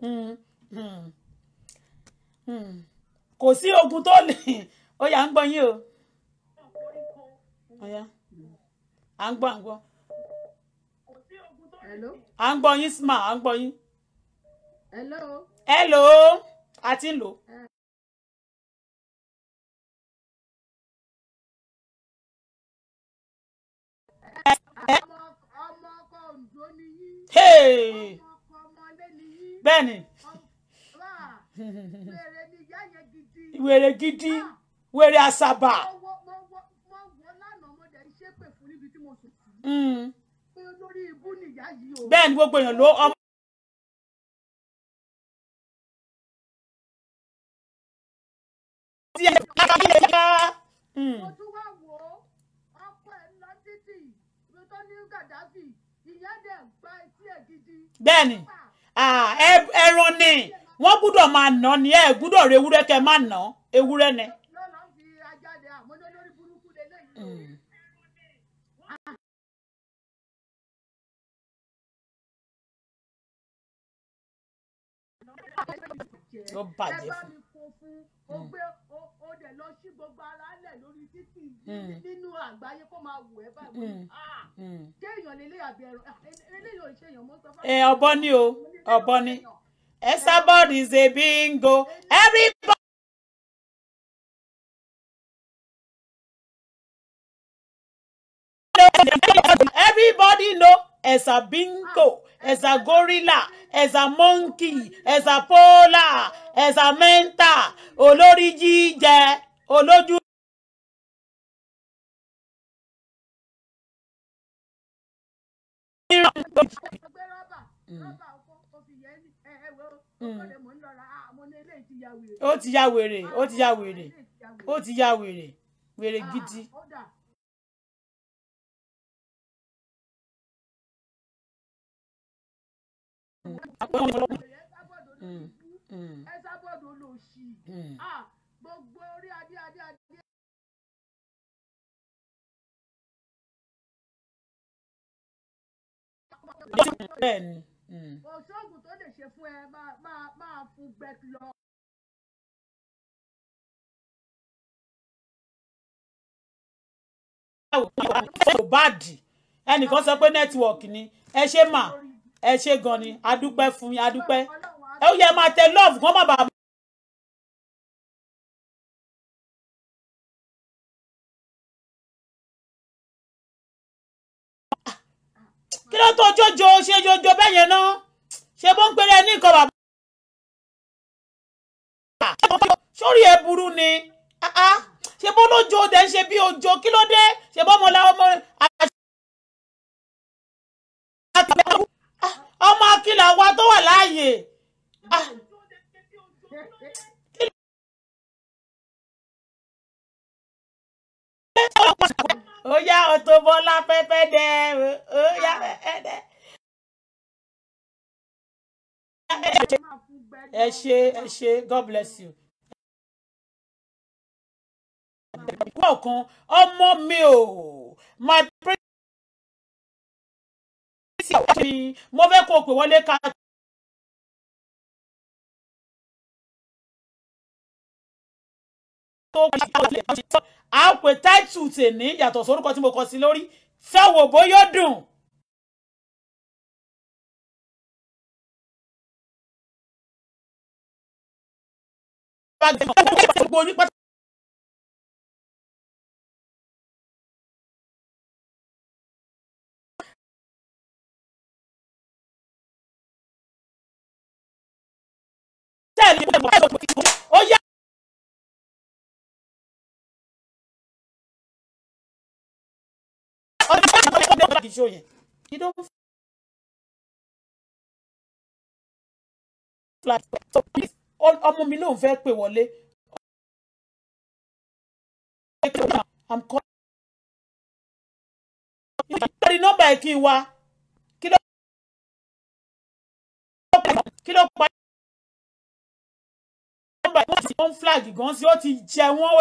Hmm, hmm, hmm. kò sí ogun tó lè ó yá ń gbọ́ yín o à ń gbọ́ à ń gbọ́ à ń gbọ́ yín sma à ń gbọ́ yín. hello. a ti ń lò. ẹ ah. ẹ. Eh, eh bẹ́ẹ̀ni wèrè gidi wèrè àṣàbà. Hmm. bẹ́ẹ̀ni gbogbo èèyàn ló ọmọ. ti ẹ kára bí ẹ yá. Hmm bẹ́ẹ̀ni ah, ẹran ni wọ́n gbúdọ̀ máa nà ni ẹ gbúdọ̀ rẹ ewúrẹ́ kẹ má nà ewúrẹ́ ni. Mm. ó bàjẹ́ fún un o gbé o dẹ̀ lọ sí gbogbo ara lẹ̀ lórí títì nínú àgbáyé kó máa wù ẹ́ báyìí ah! ṣé èèyàn lélẹ́ àbí ẹran ah, eléyìí ò ṣe èèyàn mọ́ sọ fún mi. ni o ọ̀bọ ni everybody is a bingo everybody. everybody know as a bingo, ah. as a gorilla, as a monkey, as a polar, as a menta, olórí jíjẹ, olójú. Mm. Mm. Mm. Ah, ó ti ya wèrè ó ti ya wèrè ó ti ya wèrè wèrè gidi. Ah, àpẹẹrẹ i gbogbo orí adé adé adé. bẹ́ẹ̀ni. òṣoògùn tó lè ṣe fún ẹ máa fún gbẹ̀t lọ. báwo báwo báàdì ẹnìkan sọ pé nẹ́tíwọ̀kì ni ẹ ṣe máa ẹ ṣe gan ni adúpẹ́ fún yín adúpẹ́ ẹ ó yẹ máa tẹ love kán má bàa. kí ló tó jójo ṣe jojo bẹ́ẹ̀ yẹn náà ṣe bó ń pèrè ní nǹkan bàbá sórí ẹ burú ni ah, ah. ṣe bó lójo dẹ ṣe bí ojo kí ló dé ṣe bó ọmọ làwọn ọmọ. ọmọ akílà wa tó wà láàyè. Ah. ó yá Auto Bola pẹ́pẹ́ dẹ ó yá pẹ́pẹ́ dẹ. ẹ ṣé ẹ ṣé God bless you welcome ọmọ mi o my sí ọ̀wá mi mo fẹ́ kó o pè wọlé ká. a pè táìtù tèmi yàtọ̀ sórúkọ tí mo kọ sí lórí fẹ́ wò bóyá dùn. di show you don't fly so please ọmọ mi lòun fẹ́ pè wọlé i'm calling You nọ́mbà ẹ̀ kí n wá kí ló kí ló pa nọ́mbà One flag gan sí ó ti jẹ wọ́n ó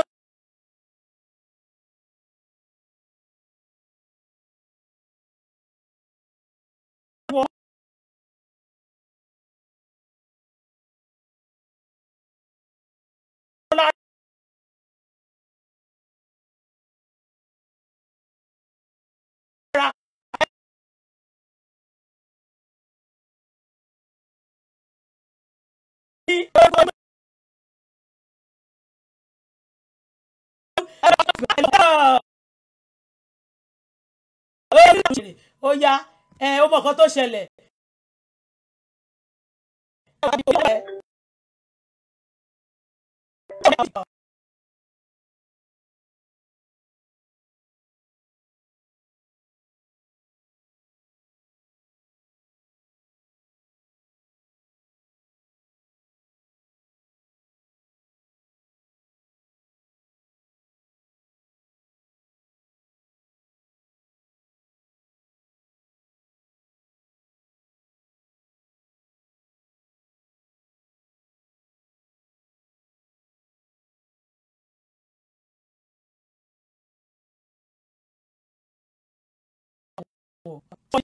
Oh yeah, eh, omo koto shele. Oh, yeah. 哦。